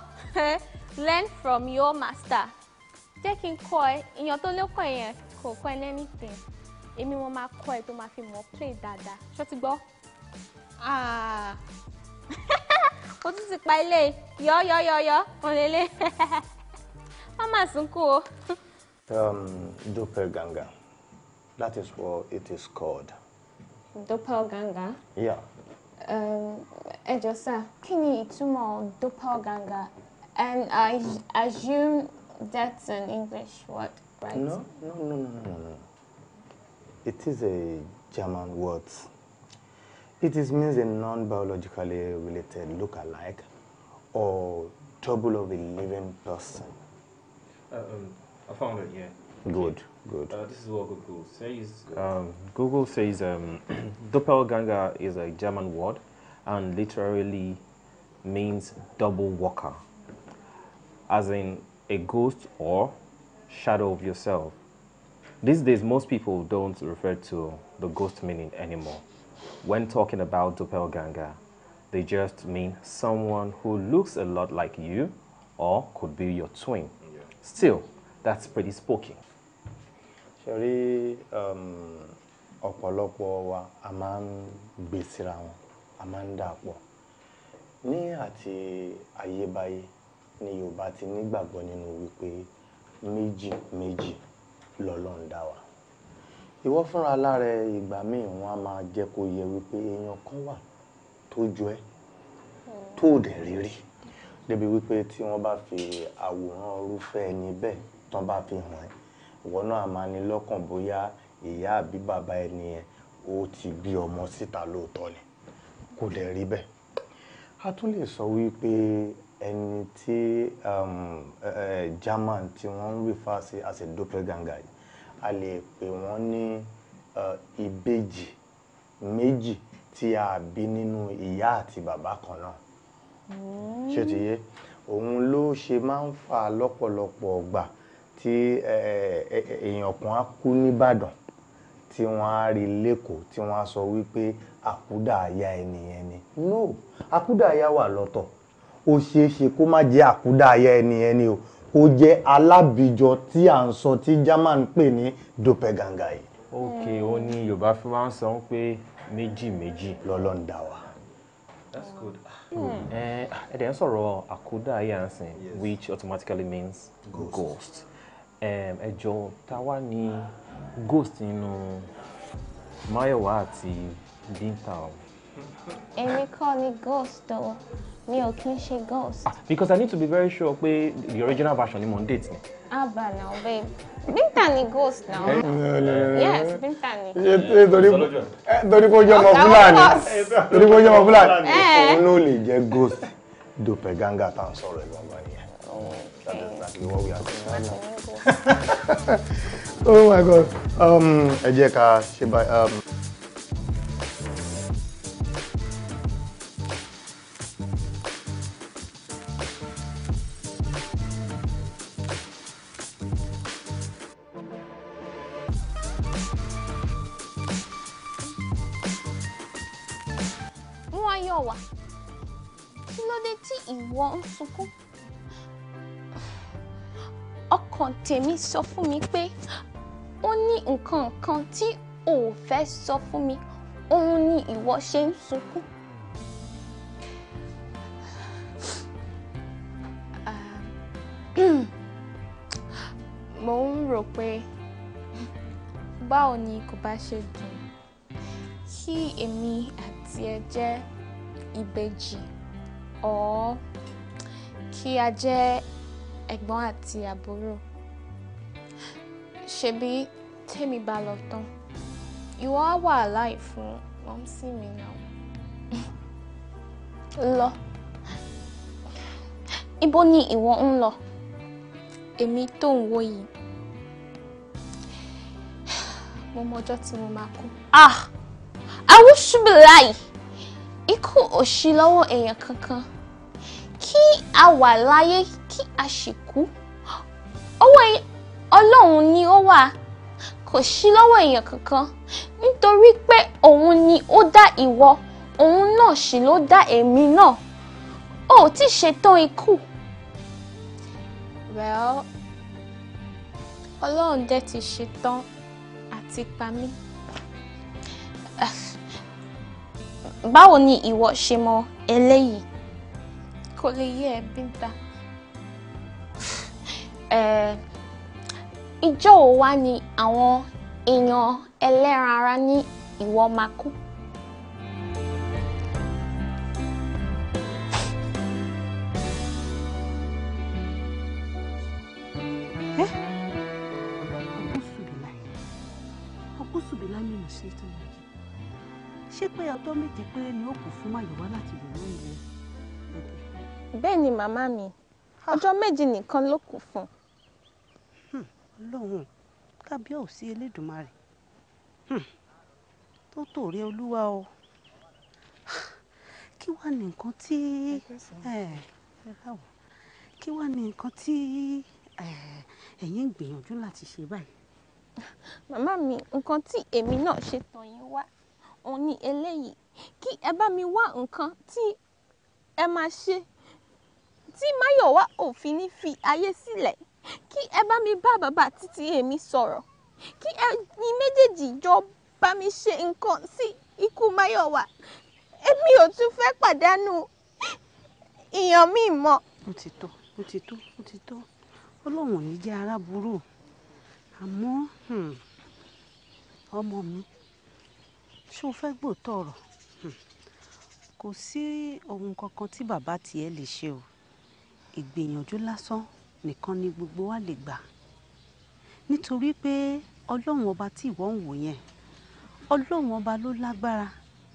learn from your master. Jẹ́ kí n kọ́ ẹ, ìyàn tó lóko anything. Èmi wọn máa kọ́ ẹ tó máa fi mọ̀ play Dada. Ṣé o ti gbọ́? Ah. O tún ti yo, yo, yo. òlélẹ̀. Má máa sunkún o.
Um, doppelganger. That is what it is called.
doppelganger. Yeah. ẹ jọ̀ọ́ sà kí ni ìtumọ̀ doppelganger and I assume that's an English word, right? No,
no, no, no, no, no. It is a German word. It is means a non-biologically related look-alike or
double of a living person. Uh, um, I found it, yeah. Good. Good. Uh, this is what Google says. Um, Google says um, doppelganger is a German word and literally means double walker, as in a ghost or shadow of yourself. These days, most people don't refer to the ghost meaning anymore. When talking about doppelganger, they just mean someone who looks a lot like you or could be your twin. Still, that's pretty spooky.
ṣe rí um, ọ̀pọ̀lọpọ̀ wa a máa ń gbé síra wọn, a máa ń dàpọ̀. Ní àti ayébáyé ni Yorùbá ti ní ìgbàgbọ́ nínú wípé méjì méjì lọ̀lọhun dá wa. Ìwọ fúnra lára ẹ ìgbà míì wọn a máa jẹ́ kó yẹ wípé èèyàn kan wà tó ju ẹ, tó ò dẹ̀ Débi wípé tí wọ́n bá fi àwòrán irúfẹ́ ẹni bẹ́ẹ̀ tán bá fi hàn ẹ́, ìwọ náà a máa ní lọ́kàn bóyá ìyá àbí bàbá ẹni yẹn ó ti bí ọmọ síta lóòótọ́ ni kò dẹ̀ rí bẹ́ẹ̀. a tún lè sọ wípé ẹni tí um, German tí wọ́n ń refer sí as a doppelganger yìí a lè pè wọ́n ní ìbejì méjì tí a bí nínú ìyá àti bàbá kan náà ṣé òun ló ṣe máa ń fà lọ́pọ̀lọpọ̀ ọgbà tí eh, eh, èèyàn kan á kú nìbàdàn tí wọ́n á rí lẹ́kọ̀ọ́ tí wọ́n á sọ wípé àkúdàáyá ẹnìyẹn ni no àkúdàáyá wà lọ́tọ̀ ó ṣeé ṣe kó má jẹ́ àkúdàáyá ẹnìyẹn ni o ó jẹ́ alábìjọ tí à ń sọ tí german
pè ní dopeganga yìí. ok ó ní yorùbá fi máa ń sọ pé méjì méjì lọ́lọ́ ń dá wa. that's good. ẹ ah. hmm. eh, ẹ dẹ̀ ń sọ̀rọ̀ àkúdàáyá ń sìn which automatically means ghost. ghost um ẹ jọ̀ọ́ ta wá ní ghost nínú Máyọ̀wá àti Bíńtà o.
èmi kọ́ ni ghost o mi ò kí ń ṣe ghost. ah
because i need to be very sure pé the original version ni mo ń date ni.
abba now babe Binta ni
ghost now. Eh,
eh,
eh, yes Binta ni. torí kó jẹ́ ọmọ
fúlàní torí kó jẹ́ ọmọ fúlàní òun ló
lè jẹ́ ghost doppelganger tá à ń sọ̀rọ̀ ẹ̀ gbọ̀ngàn yẹn. that is exactly what we are doing. oh my god um, ẹ jẹ́ ká ṣe báyìí. Um,
tèmi sọ fún mi pé ó ní nǹkan kan tí ò fẹ́ sọ fún mi òun ni ìwọ ṣe ń sunkún. mo ń rò pé báwo ni kò bá ṣe dùn kí èmi àti ẹ jẹ́ ìbejì ọ̀ọ́ kí a jẹ́ ẹ̀gbọ́n àti àbúrò ṣebí tèmi bá lọ tán ìwọ á wà láì fún mọ́mísì mi náà lọ ibo ni ìwọ ń lọ èmi tó ń wo yìí mo mọjọ́ tí mo máa kú. ah awúṣubìláì ikú òṣì lọ́wọ́ èèyàn kankan kí a wà láyé kí a sì kú owó ọlọ́run ni ó wà kò sí lọ́wọ́ èèyàn kankan nítorí pé òun ni ó dá ìwọ òun náà sì ló dá èmi náà ó ti ṣetán ikú. well ọlọ́run dẹ̀ ti ṣetán àti pa mí. báwo ni ìwọ ṣe mọ eléyìí. kò lè yé ẹ bí n ta. Ijọ́ wo wá ni àwọn èèyàn ẹlẹ́ran ara ní ìwọ máa kú?
Eh?
ṣé pé ọtọ méje péré ni ó kù fún àyẹ̀wò láti lò lórí rẹ̀.
bẹ́ẹ̀ ni màmá mi ọjọ́ méje nìkan ló kù fún un Ọlọ́run
kábíyèsí Elédùmarè. Hmm. Tó tò rẹ Olúwa o. Kí wá ni nǹkan tí eh
báwo?
Kí wá ni nǹkan tí eh ẹ̀yin ń gbìyànjú láti ṣe báyìí? Màmá mi, nǹkan tí èmi náà ṣe tàn yín wá, òun ni eléyìí. Kí ẹ bá mi wá nǹkan tí ẹ máa ṣe tí Máyọ̀wá ò fi ní fi ayé sílẹ̀ kí ẹ bá mi bá bàbá títí èmi sọ̀rọ̀ kí ẹ̀yin méjèèjì jọ bá mi ṣe nǹkan sí ikú Máyọ̀wá èmi ò tún fẹ́ pàdánù èèyàn mi mọ́. ó ti
tó ó ti tó ó ti tó ọlọ́run ò ní jẹ́ aráburú àmọ́ hmm, ọmọ mi ṣé o fẹ́ gbòòtọ̀ ọ̀rọ̀ hmm, kò sí ohun kankan tí bàbá tiẹ̀ lè ṣe o ìgbìyànjú lásán nìkan ni gbogbo wa lè gbà nítorí pé ọlọ́run ọba tí ìwọ ń wò yẹn ọlọ́run ọba ló lágbára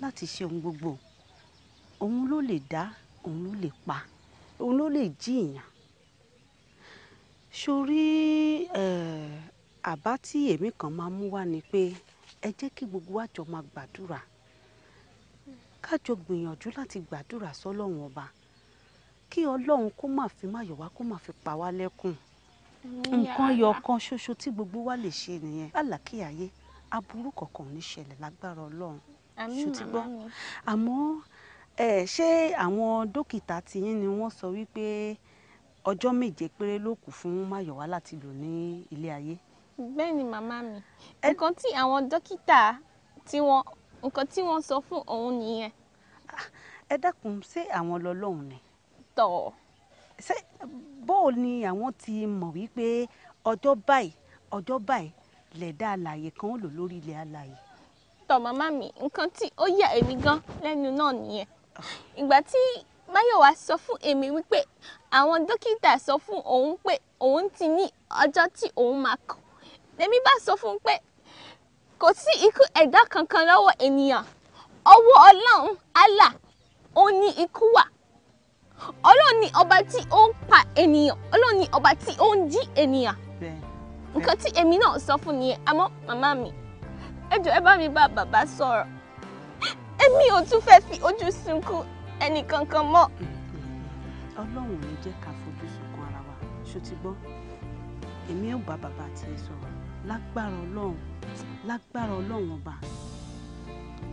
láti ṣe ohun gbogbo òun ló lè dá òun ló lè pa òun ló lè jí èèyàn sórí àbá tí èmi kan máa mú wá ni pé ẹ jẹ́ kí gbogbo wa jọ máa gbàdúrà ká gbìyànjú láti gbàdúrà sọ́lọ́run ọba kí ọlọ́run kó má fi má yọ̀ wá kó má fi pa wá lẹ́kùn nǹkan yọ̀ ṣoṣo tí gbogbo wa lè ṣe nìyẹn alákìyàyé aburú kọ̀ọ̀kan ò ní ṣẹlẹ̀ lágbára ọlọ́run ṣùtìgbọ́ àmọ́ ṣé àwọn dókítà tiyín ni wọ́n sọ wípé ọjọ́ méje péré ló kù fún Máyọ̀wá láti lò ní ilé ayé.
bẹ́ẹ̀ ni màmá mi nǹkan tí àwọn dókítà tí wọ́n nǹkan tí wọ́n sọ fún òun nìyẹn.
Ah, ẹ dákun ṣé àwọn lọ́lọ́run ni
tọ̀. ṣé
bóò ni àwọn ti mọ̀ wípé ọjọ́ báyìí ọjọ́ báyìí lẹ̀dá alàyè kan ó lò lórí ilẹ̀ alàyè.
tọ màmá mi nǹkan tí ó yà èmi gan lẹ́nu náà nìyẹn ìgbà tí Máyọ̀wá sọ fún èmi wípé àwọn dókítà sọ fún òun pé òun ti ní ọjọ́ tí òun máa kú lèmi bá sọ fún un pé kò sí ikú ẹ̀dá kankan lọ́wọ́ ènìyàn ọwọ́ Ọlọ́run Allah ó ní ikú wà ọlọ́run ni ọba tí ó ń pa ènìyàn ọlọ́run ni ọba tí ó ń jí ènìyàn nǹkan tí èmi náà sọ fún nìyẹn àmọ́ màmá mi ẹ jọ̀ọ́ ẹ bá mi bá bàbá sọ̀rọ̀ èmi ò tún fẹ́ fi ojú sunkún ẹnì kankan mọ́.
ọlọ́run ní jẹ́ ká fojú sunkún ara wa ṣó ti gbọ́ èmi ò bá bàbá tiẹ̀ sọ̀rọ̀ lágbára ọlọ́run lágbára ọlọ́run ọba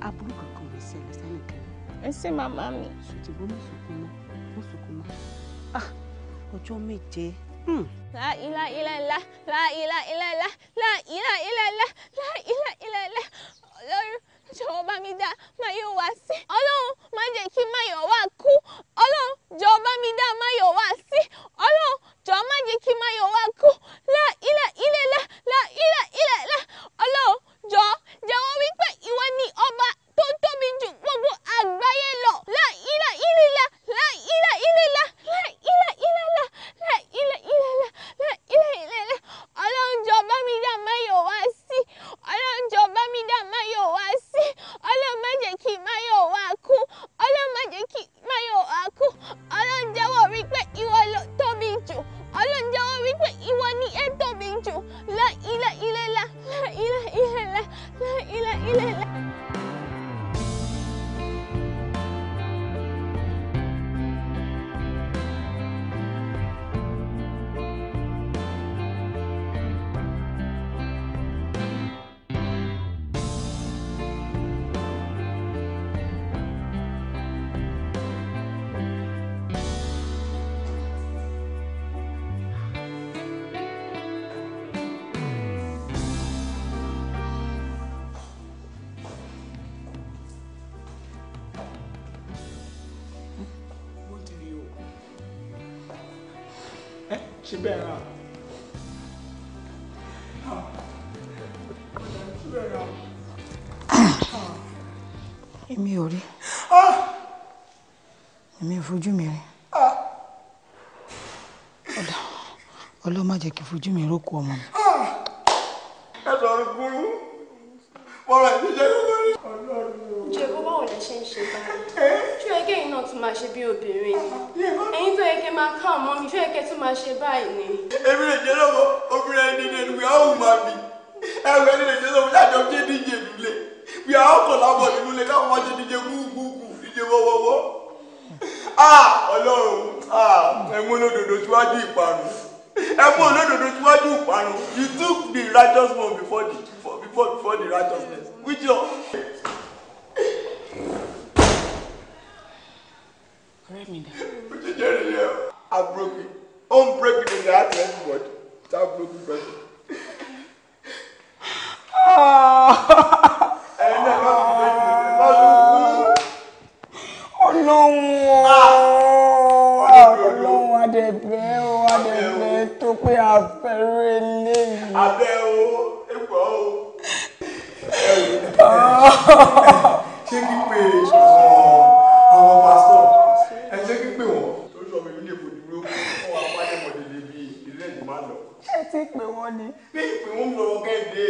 aburú kankan ò ní ṣẹlẹ̀ sẹ́nìkan. ẹ ṣé màmá mi. ṣùtì bó mi sunkún náà. Ah, ọjọ́ méje. Hmm.
La ila ila ila la ila ila ila la ila ila ila la ila ila ila ọlọ́run jọ̀wọ́ bá mi dá máyọ̀ wá sí. ọlọ́run má jẹ́ kí máyọ̀ wá kú. ọlọ́run jọ̀wọ́ bá mi dá máyọ̀ wá sí. ọlọ́run jọ̀wọ́ má jẹ́ kí máyọ̀ wá kú. la ila ila ila la ila ila ila ọlọ́run jọ̀wọ́ jẹ́wọ́ wípé ìwọ ni ọba tó tóbi jù gbogbo àgbáyé lọ. la ila ila ila. La ila ila la la ila ila la la ila ila la la ila ila la. Alang jaba mi da mayo wasi. Alang jaba mi da mayo wasi. Alang maje ki mayo waku. Alang maje ki mayo aku. Alang jawa rikwe iwa lo to bingju. Alang jawa rikwe iwa ni e to bingju. La ila ila la la ila ila la la ila ila la.
ṣe bẹ́ẹ̀ rà
èmi ò rí èmi ò fojú mi rí ọlọ́ọ̀ má jẹ́ kí fojú mi rókò ọmọ mi.
ẹ
sọ̀rọ̀ kúrú. bọ́rọ̀ ìdílé
lórí. jẹ́ kó báwo lẹ ṣe ń ṣe báyìí
ṣé ẹgẹ́ yìí náà tún máa ṣe bí obìnrin ah, ah, ni ẹ̀yin tó yẹ ọmọ mi ṣé ẹgẹ́ tún máa ṣe báyìí ni.
èmi lè jẹ́ lọ́wọ́ obìnrin ẹni ní ẹni wíwá òun máa bì ẹ̀rù ẹni lè jẹ́ lọ́wọ́ láti ọjọ́ díje nílé ẹ mú olódodo síwájú ìparun you took the righteous one
before the before before the righteousness which your. ojú jẹ́rìí rẹ̀ I broke it home breaking in the heart of everybody that broken person.
Ah.
àfẹ́rú eléyìí. abẹ́ o
ẹ̀pọ̀ o
ṣé kí pé
àwọn pásítọ̀ ẹ ṣé kí pé wọ́n tó sọ mi nílé ìbò dúró fún
wa wáyé mọ̀lẹ́lẹ́ bíi ilé ìdìbò àná. ẹ ti pè wọ́n ni. bí ìpè wọn lọ kẹ́hìndé.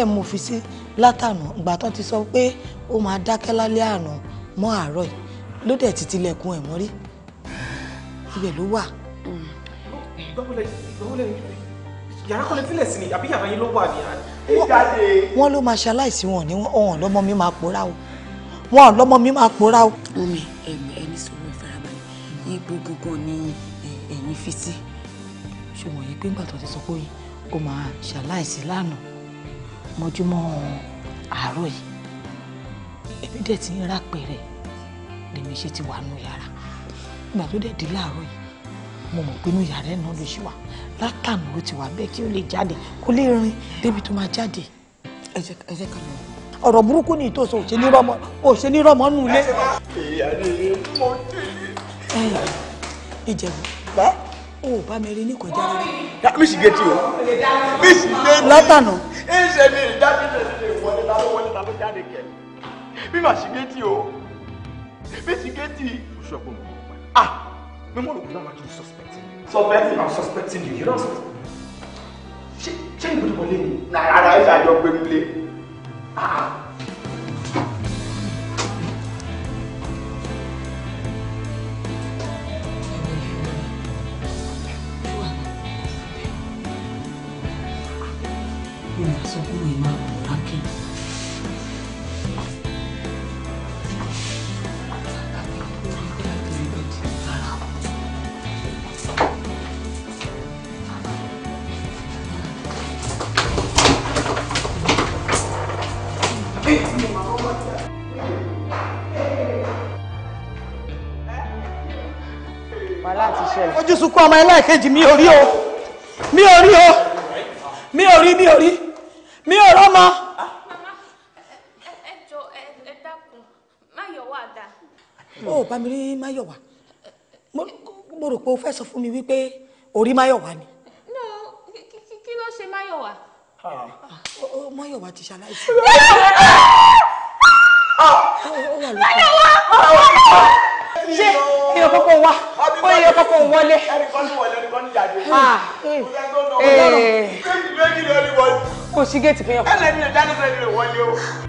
dẹ̀ mo fi sí látànà ìgbà tán ti sọ pé ó máa dákẹ́ lálẹ́ àná mọ́ àárọ̀ yìí ló dẹ̀ ti tilẹ̀kùn ẹ̀ mọ́rí ibẹ̀ ló wà. yàrá kan lè sílẹ̀ sí ni àbí yàrá yín ló wà ní àná. wọ́n ló máa ṣaláìsí wọn ní ọ̀hún lọ́mọ mi máa pòórá o wọn lọ́mọ mi máa pòórá o. omi ẹ̀mí ẹni sọ̀rọ̀ ìfarabalẹ̀ igbó gangan ni ẹ̀yìn fi sí ṣùgbọ́n yìí pé ńgbà tó ti sọ pé ó máa ṣaláìsí lánàá mọ́júmọ́ àárọ̀ yìí èmi dẹ̀ ti ń rápẹ̀rẹ̀ lèmi ṣe ti wà nù yàrá ìgbà tó dẹ̀ di láàárọ̀ yìí mo mọ̀ pé inú yàrá ẹ̀ náà ló ṣì wà látànù ló ti wà bẹ́ẹ̀ kí ó lè jáde kó lè rìn débi tó máa jáde. ẹ jẹ́ lọ. ọ̀rọ̀ burúkú ni ìtòsọ ò ní rọ́mọ ò ní rọ́mọ nù ìyá ni mo dé. ìjẹ̀bù. bẹ́ẹ̀ o ò bá mi rí ní kọjá rẹ. mísì gétí o mísì gétí. látànà.
ẹ ṣe ní ìdájọ́ ìṣẹ̀lẹ̀ ìwọlé ta ló wọlé ta ló jáde kẹ̀. bí màsì gétí o mísì gétí.
o ṣe ọgbọ́n mi. ah
mímọ́ ló kún náà máa tún suspect. suspect na suspecting you you don suspect. ṣé ṣé ìbùdókọ̀ lé mi. nàrà ẹ̀ ṣàjọ gbẹ̀mílẹ̀. ah, ah.
sunkún ọmọ ẹlẹ́ẹ̀kejì mi ò rí o mi ò rí o mi ò rí mi ò rí mi ò rọ́mọ.
ẹ jọ ẹ dákun máyọ̀wá dà.
ó bá mi rí máyọ̀wá mo rò pé o fẹ́ sọ fún mi wípé orí máyọ̀wá ni.
no kí ló ṣe máyọ̀wá.
Ah.
máyọ̀wá ti ṣaláìsí. máyọ̀wá ah, máyọ̀wá. Ah, ṣé èèyàn kọ́kọ́ wá ó èèyàn kọ́kọ́
ah, eh. wọlé.
kò sí géètì fún yàn. ẹlẹ́ni ẹ̀dá ni sẹ́ni lè wọlé o.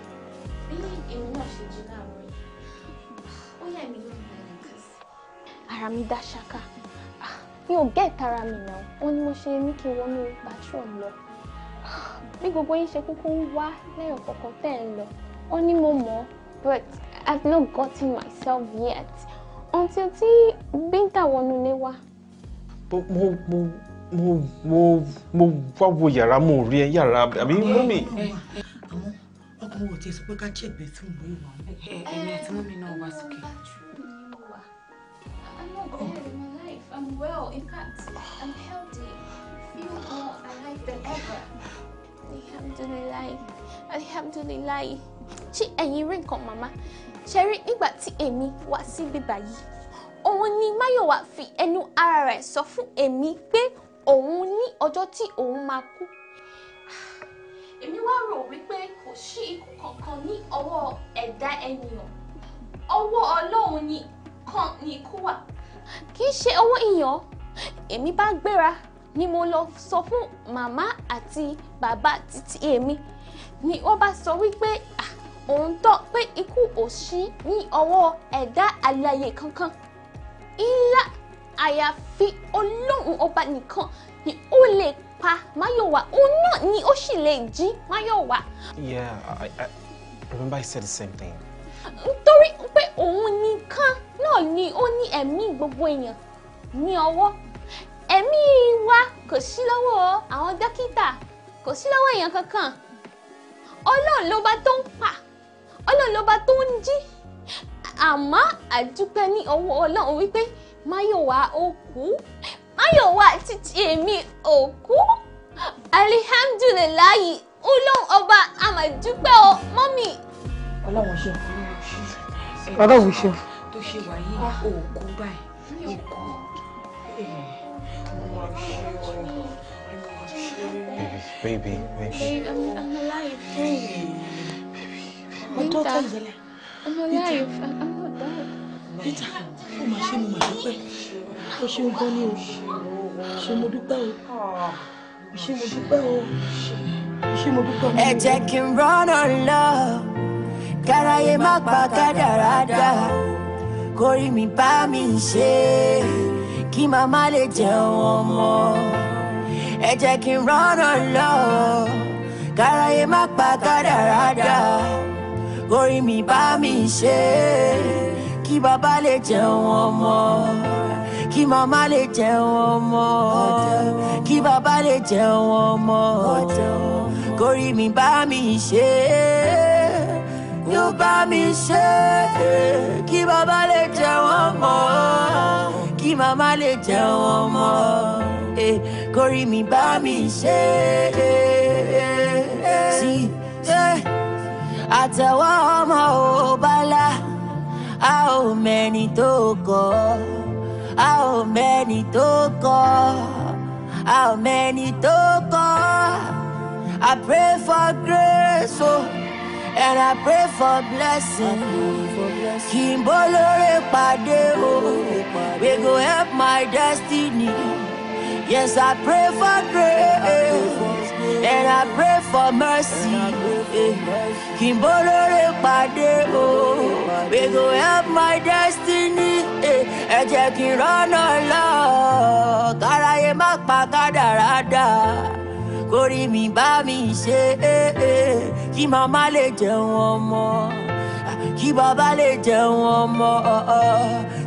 bí èmi náà ṣe jí láàárọ̀ yìí ó yà mí lórí ẹ̀rọ kan sí. ara mi dá ṣáká mi ò gẹ́ ìtara mi náà wọ́n ní mo ṣe ní kí n wọnú bathroom lọ bí gbogbo yín ṣe kúkú ń wá lẹ́yìn kọ̀ọ̀kan tẹ́ ẹ̀ lọ wọ́n ní mo mọ̀ but I've not gotten myself yet until tí Bíńtà wọnú ilé wa.
mo
mo mo mo mo wá wo yàrá mo rí ẹ yàrá àbí mọ́mì.
àwọn ọkùnrin wò tí sọ pé ká jẹ̀gbẹ́ fíìmù ìwà ń bẹ̀. ẹ̀mí àti mọ́mí náà wá sókè.
I'm not bad in my life. I'm well. In fact, I'm healthy. Feel more alive than ever. Alhamdulillah. Alhamdulillah. Ṣé ẹ̀yin rí nǹkan màmá? Ṣé rí nígbà tí èmi wá síbí báyìí? Òun ni Máyọ̀wá fi ẹnu ara rẹ̀ sọ fún èmi pé òun ní ọjọ́ tí òun máa kú èmi wá rò wípé kò sí ikú kankan ní ọwọ́ ẹ̀dá ènìyàn ọwọ́ ọlọ́run nìkan ni ikú wà. kì í ṣe ọwọ́ èèyàn èmi bá gbéra ni mo lọ sọ fún màmá àti bàbá títí èmi ni wọ́n bá sọ wípé òǹtọ́ pé ikú ò sí ní ọwọ́ ẹ̀dá alààyè kankan ilá àyàfi ọlọ́run ọba nìkan ni ó lè pa Mayowa òun ni ó sì lè jí Mayowa.
yeah I, I remember I said the same thing.
nítorí pé òun nìkan náà ni ó ní ẹ̀mí gbogbo èèyàn ní ọwọ́ ẹ̀mí wa kò sí lọ́wọ́ àwọn dókítà kò sí lọ́wọ́ èèyàn kankan ọlọ́run ló bá tó ń pa ọlọ́run ló bá tó ń jí àmọ́ àdúpẹ́ ní ọwọ́ ọlọ́run wípé Máyọ̀wá ó kú Ayọ̀wá títí èmi òkú alihamdulilayi olóhùn ọba àmàdúpẹ́ o mọ́mì. ọlọ́run ṣe ọlọ́run ṣe. tó ṣe wà òkú báyìí òkú
baby baby
I'm alive baby ọjọ́ I'm alive I'm not dead. peter ó máa ṣe mo o ṣeun gan ni o ṣe mo dúpẹ́ o ṣe mo dúpẹ́ o ṣe mo dúpẹ́ o.
ẹ jẹ́ kí n rọ́nà lọ káráyé má pa kádàrá dà kórìí mi bá mi ṣe kí màmá lè jẹun ọmọ ẹ jẹ́ kí n rọ́nà lọ káráyé má pa kádàrá dà kórìí mi bá mi ṣe kí bàbá lè jẹun ọmọ kí màmá lè jẹun ọmọ kí bàbá lè jẹun ọmọ kórì mi bá mi ṣe yóò bá mi ṣe kí bàbá lè jẹun ọmọ kí màmá lè jẹun ọmọ eh, kórì mi bá mi ṣe. Eh. àtẹ̀wọ́ ọmọ ò bá la a ò mẹ́ni tó kọ́. How many to How many to I pray for grace, oh, and I pray for blessing. Kí n oh, we go help my destiny. Yes, I pray for grace and I pray for mercy. Kí n bólóore o, we go oh. help my destiny. Ẹ jẹ́ kí n rọ́nà lọ, káráyé má pa kádàrá dà. Kórí mi bá mi ṣe é é, kí màmá lè jẹun ọmọ. Kí bàbá lè jẹun ọmọ,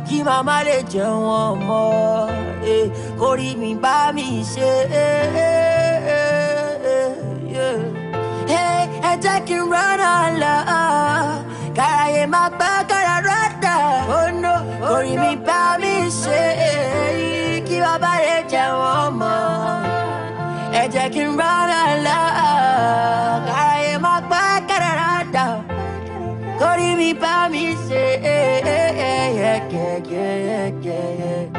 kí màmá lè jẹun ọmọ. Kórí mi bá mi ṣe é é. Hey, ẹ jẹ́ kí n rọ́nà lọ. Kàràyè máa gbọ́ kàrà rọ́dà. Ó orí mi bá mi ṣe èyí kí bàbá rẹ̀ jẹun ọmọ. Ẹ jẹ́ kí n rọ́nà lọ. Kàràyè máa gbọ́ kàrà rọ́dà. Orí mi bá mi ṣe èyí kẹ̀kẹ́ kẹ̀kẹ́.